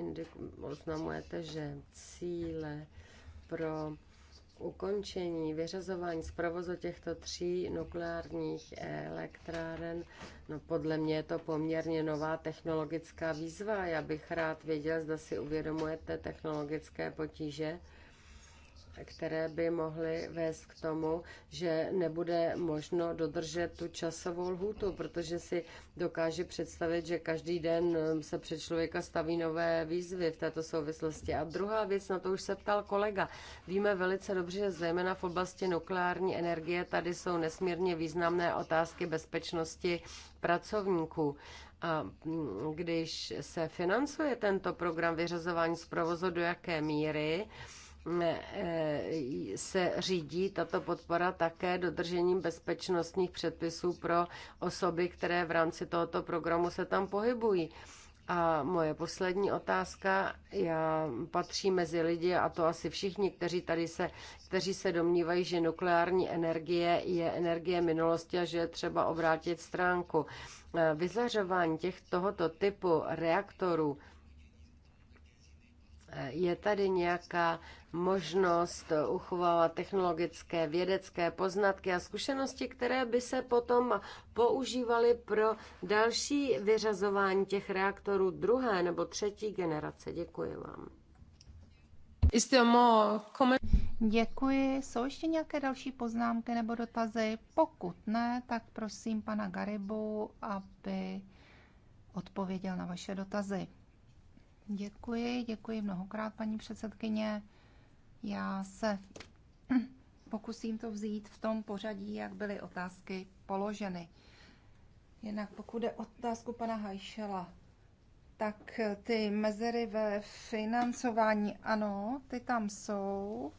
S2: oznamujete, že cíle pro ukončení, vyřazování z provozu těchto tří nukleárních elektráren, no podle mě je to poměrně nová technologická výzva. Já bych rád věděl, zda si uvědomujete technologické potíže které by mohly vést k tomu, že nebude možno dodržet tu časovou lhůtu, protože si dokáže představit, že každý den se před člověka staví nové výzvy v této souvislosti. A druhá věc, na to už se ptal kolega. Víme velice dobře, že zejména v oblasti nukleární energie tady jsou nesmírně významné otázky bezpečnosti pracovníků. A když se financuje tento program vyřazování z provozu, do jaké míry se řídí tato podpora také dodržením bezpečnostních předpisů pro osoby, které v rámci tohoto programu se tam pohybují. A moje poslední otázka, já patří mezi lidi a to asi všichni, kteří tady se, kteří se domnívají, že nukleární energie je energie minulosti a že je třeba obrátit stránku. Vyzařování těch tohoto typu reaktorů je tady nějaká možnost uchovávat technologické, vědecké poznatky a zkušenosti, které by se potom používaly pro další vyřazování těch reaktorů druhé nebo třetí generace. Děkuji vám.
S1: Děkuji. Jsou ještě nějaké další poznámky nebo dotazy? Pokud ne, tak prosím pana Garibu, aby odpověděl na vaše dotazy. Děkuji, děkuji mnohokrát, paní předsedkyně. Já se pokusím to vzít v tom pořadí, jak byly otázky položeny. Jinak pokud je otázku pana Hajšela, tak ty mezery ve financování, ano, ty tam jsou.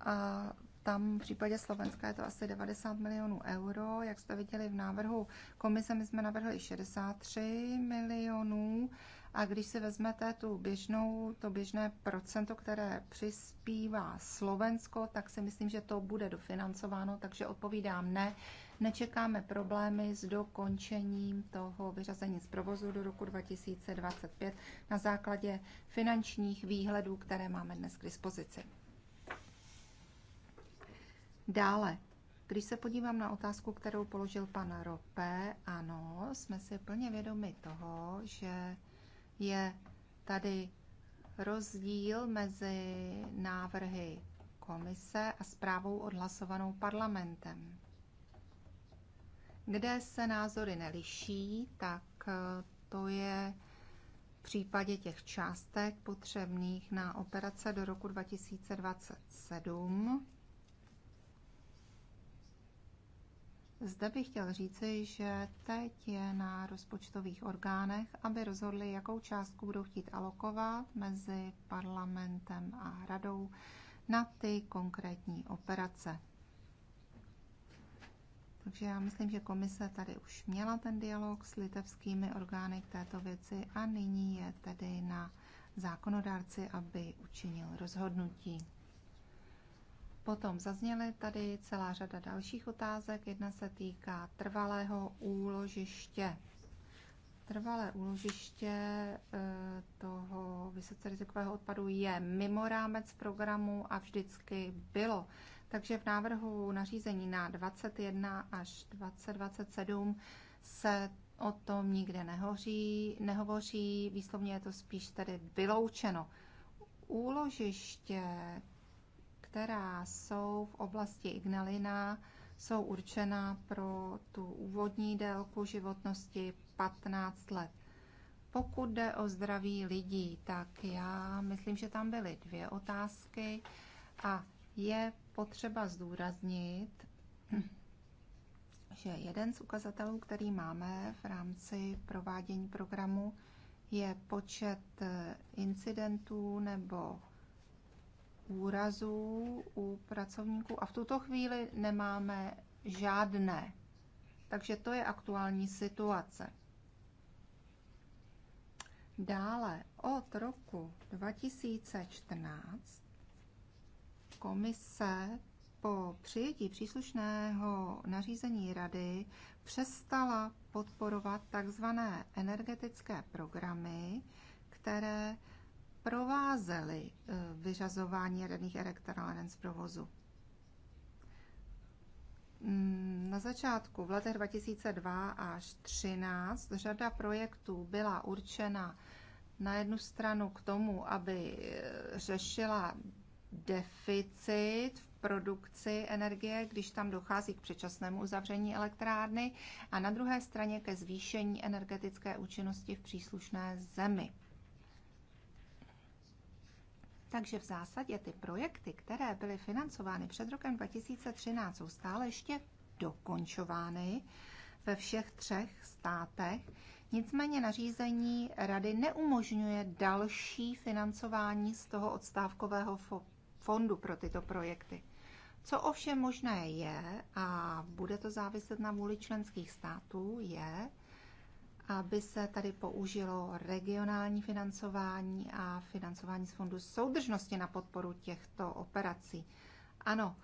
S1: A tam v případě Slovenska je to asi 90 milionů euro. Jak jste viděli v návrhu komise, my jsme navrhli 63 milionů. A když si vezmete tu běžnou, to běžné procento, které přispívá Slovensko, tak si myslím, že to bude dofinancováno, takže odpovídám ne. Nečekáme problémy s dokončením toho vyřazení z provozu do roku 2025 na základě finančních výhledů, které máme dnes k dispozici. Dále, když se podívám na otázku, kterou položil pan Rope, ano, jsme si plně vědomi toho, že je tady rozdíl mezi návrhy komise a zprávou odhlasovanou parlamentem. Kde se názory neliší, tak eh, to je v případě těch částek potřebných na operace do roku 2027 Zde bych chtěl říci, že teď je na rozpočtových orgánech, aby rozhodli, jakou částku budou chtít alokovat mezi parlamentem a radou na ty konkrétní operace. Takže já myslím, že komise tady už měla ten dialog s litevskými orgány k této věci a nyní je tedy na zákonodárci, aby učinil rozhodnutí. Potom zazněly tady celá řada dalších otázek. Jedna se týká trvalého úložiště. Trvalé úložiště eh, toho vysoce rizikového odpadu je mimo rámec programu a vždycky bylo. Takže v návrhu nařízení na 21 až 2027 se o tom nikde nehoří, nehovoří, výslovně je to spíš tedy vyloučeno. Úložiště, která jsou v oblasti Ignalina, jsou určena pro tu úvodní délku životnosti 15 let. Pokud jde o zdraví lidí, tak já myslím, že tam byly dvě otázky a je potřeba zdůraznit, že jeden z ukazatelů, který máme v rámci provádění programu, je počet incidentů nebo úrazů u pracovníků a v tuto chvíli nemáme žádné. Takže to je aktuální situace. Dále od roku 2014 komise po přijetí příslušného nařízení rady přestala podporovat takzvané energetické programy, které provázely eh, vyřazování jaderných elektráren z provozu. Mm, na začátku v letech 2002 až 2013 řada projektů byla určena na jednu stranu k tomu, aby eh, řešila deficit v produkci energie, když tam dochází k předčasnému uzavření elektrárny, a na druhé straně ke zvýšení energetické účinnosti v příslušné zemi. Takže v zásadě ty projekty, které byly financovány před rokem 2013, jsou stále ještě dokončovány ve všech třech státech. Nicméně nařízení rady neumožňuje další financování z toho odstávkového fondu pro tyto projekty. Co ovšem možné je, a bude to záviset na vůli členských států, je, aby se tady použilo regionální financování a financování z fondu soudržnosti na podporu těchto operací. Ano,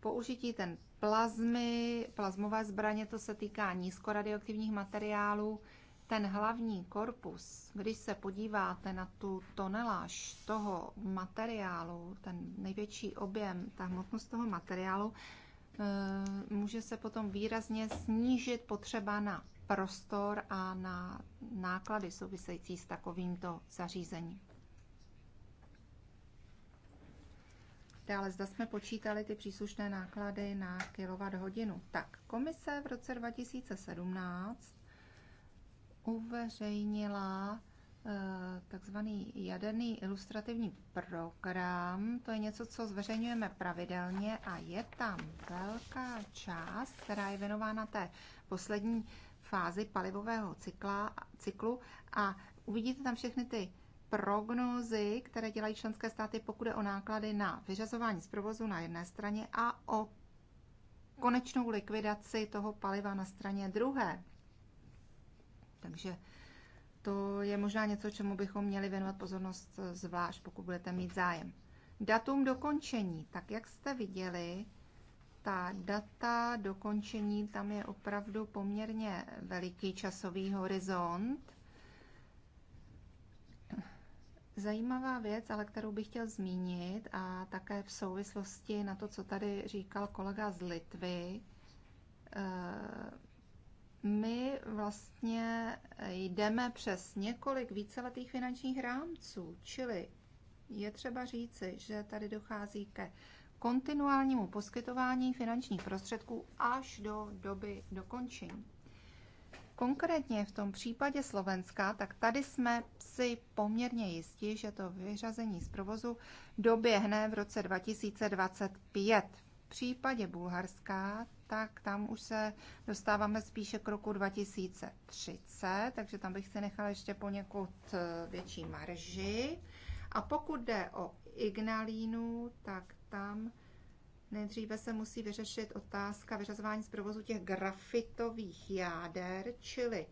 S1: použití ten plazmy, plazmové zbraně, to se týká nízkoradioaktivních materiálů. Ten hlavní korpus, když se podíváte na tu toneláž toho materiálu, ten největší objem, ta hmotnost toho materiálu, eh, může se potom výrazně snížit potřeba na prostor a na náklady související s takovýmto zařízením. Dále zda jsme počítali ty příslušné náklady na hodinu. Tak, komise v roce 2017 uveřejnila eh, takzvaný jaderný ilustrativní program. To je něco, co zveřejňujeme pravidelně a je tam velká část, která je věnována té poslední fázi palivového cykla, cyklu a uvidíte tam všechny ty prognózy, které dělají členské státy, pokud je o náklady na vyřazování z provozu na jedné straně a o konečnou likvidaci toho paliva na straně druhé. Takže to je možná něco, čemu bychom měli věnovat pozornost zvlášť, pokud budete mít zájem. Datum dokončení. Tak jak jste viděli, ta data dokončení, tam je opravdu poměrně veliký časový horizont. Zajímavá věc, ale kterou bych chtěl zmínit a také v souvislosti na to, co tady říkal kolega z Litvy, eh, my vlastně jdeme přes několik víceletých finančních rámců, čili je třeba říci, že tady dochází ke kontinuálnímu poskytování finančních prostředků až do doby dokončení. Konkrétně v tom případě Slovenska, tak tady jsme si poměrně jistí, že to vyřazení z provozu doběhne v roce 2025. V případě Bulharska, tak tam už se dostáváme spíše k roku 2030, takže tam bych si nechala ještě poněkud eh, větší marži. A pokud jde o Ignalínu, tak tam nejdříve se musí vyřešit otázka vyřazování z provozu těch grafitových jáder, čili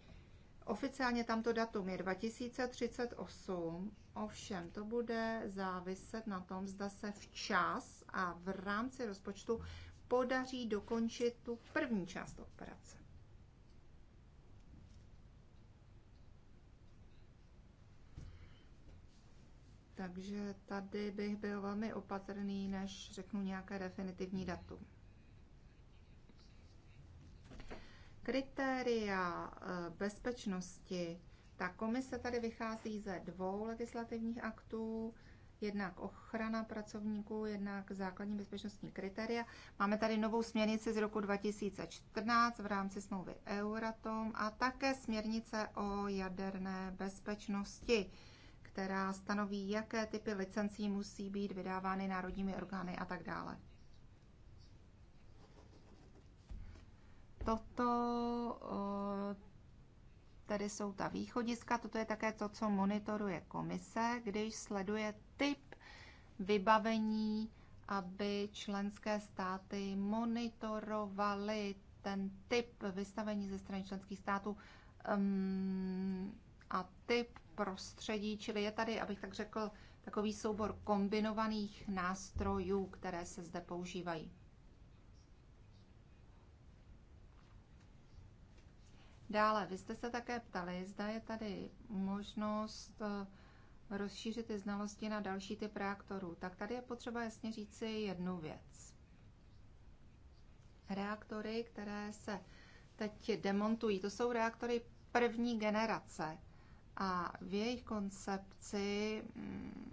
S1: oficiálně tamto datum je 2038, ovšem to bude záviset na tom, zda se včas a v rámci rozpočtu podaří dokončit tu první část operace. Takže tady bych byl velmi opatrný, než řeknu nějaké definitivní datum. Kritéria eh, bezpečnosti. Ta komise tady vychází ze dvou legislativních aktů, jednak ochrana pracovníků, jednak základní bezpečnostní kritéria. Máme tady novou směrnici z roku 2014 v rámci smlouvy Euratom a také směrnice o jaderné bezpečnosti která stanoví, jaké typy licencí musí být vydávány národními orgány a tak dále. Toto tady jsou ta východiska, toto je také to, co monitoruje komise, když sleduje typ vybavení, aby členské státy monitorovaly ten typ vystavení ze strany členských států um, a typ prostředí, čili je tady, abych tak řekl, takový soubor kombinovaných nástrojů, které se zde používají. Dále, vy jste se také ptali, zda je tady možnost eh, rozšířit ty znalosti na další typ reaktorů. Tak tady je potřeba jasně říci jednu věc. Reaktory, které se teď demontují, to jsou reaktory první generace a v jejich koncepci mm,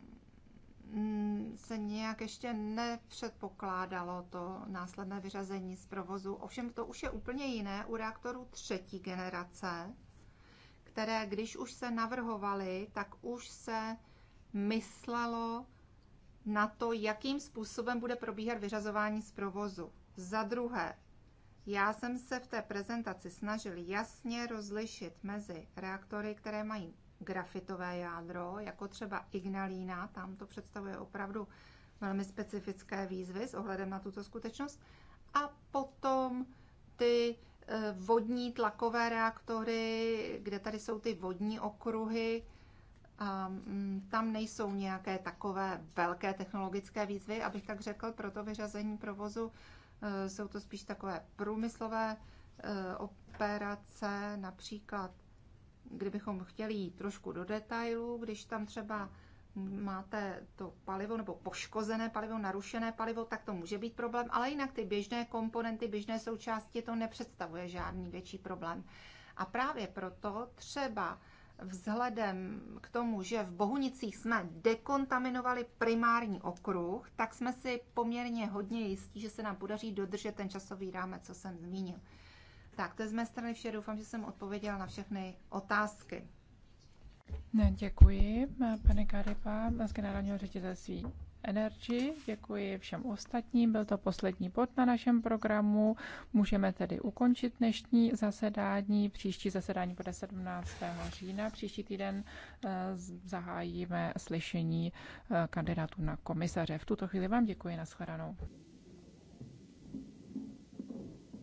S1: mm, se nějak ještě nepředpokládalo to následné vyřazení z provozu. Ovšem to už je úplně jiné u reaktorů třetí generace, které když už se navrhovaly, tak už se myslelo na to, jakým způsobem bude probíhat vyřazování z provozu. Za druhé, já jsem se v té prezentaci snažil jasně rozlišit mezi reaktory, které mají grafitové jádro, jako třeba Ignalína, tam to představuje opravdu velmi specifické výzvy s ohledem na tuto skutečnost, a potom ty eh, vodní tlakové reaktory, kde tady jsou ty vodní okruhy, a mm, tam nejsou nějaké takové velké technologické výzvy, abych tak řekl, pro to vyřazení provozu Eh, jsou to spíš takové průmyslové eh, operace, například kdybychom chtěli jít trošku do detailu, když tam třeba máte to palivo nebo poškozené palivo, narušené palivo, tak to může být problém, ale jinak ty běžné komponenty, běžné součásti to nepředstavuje žádný větší problém. A právě proto třeba vzhledem k tomu, že v Bohunicích jsme dekontaminovali primární okruh, tak jsme si poměrně hodně jistí, že se nám podaří dodržet ten časový rámec, co jsem zmínil. Tak, to je z mé strany vše. Doufám, že jsem odpověděla na všechny otázky.
S3: Ne, děkuji, pane Karipa z generálního ředitelství Energy. Děkuji všem ostatním. Byl to poslední bod na našem programu. Můžeme tedy ukončit dnešní zasedání. Příští zasedání bude 17. října. Příští týden eh, zahájíme slyšení eh, kandidátů na komisaře. V tuto chvíli vám děkuji. Naschledanou.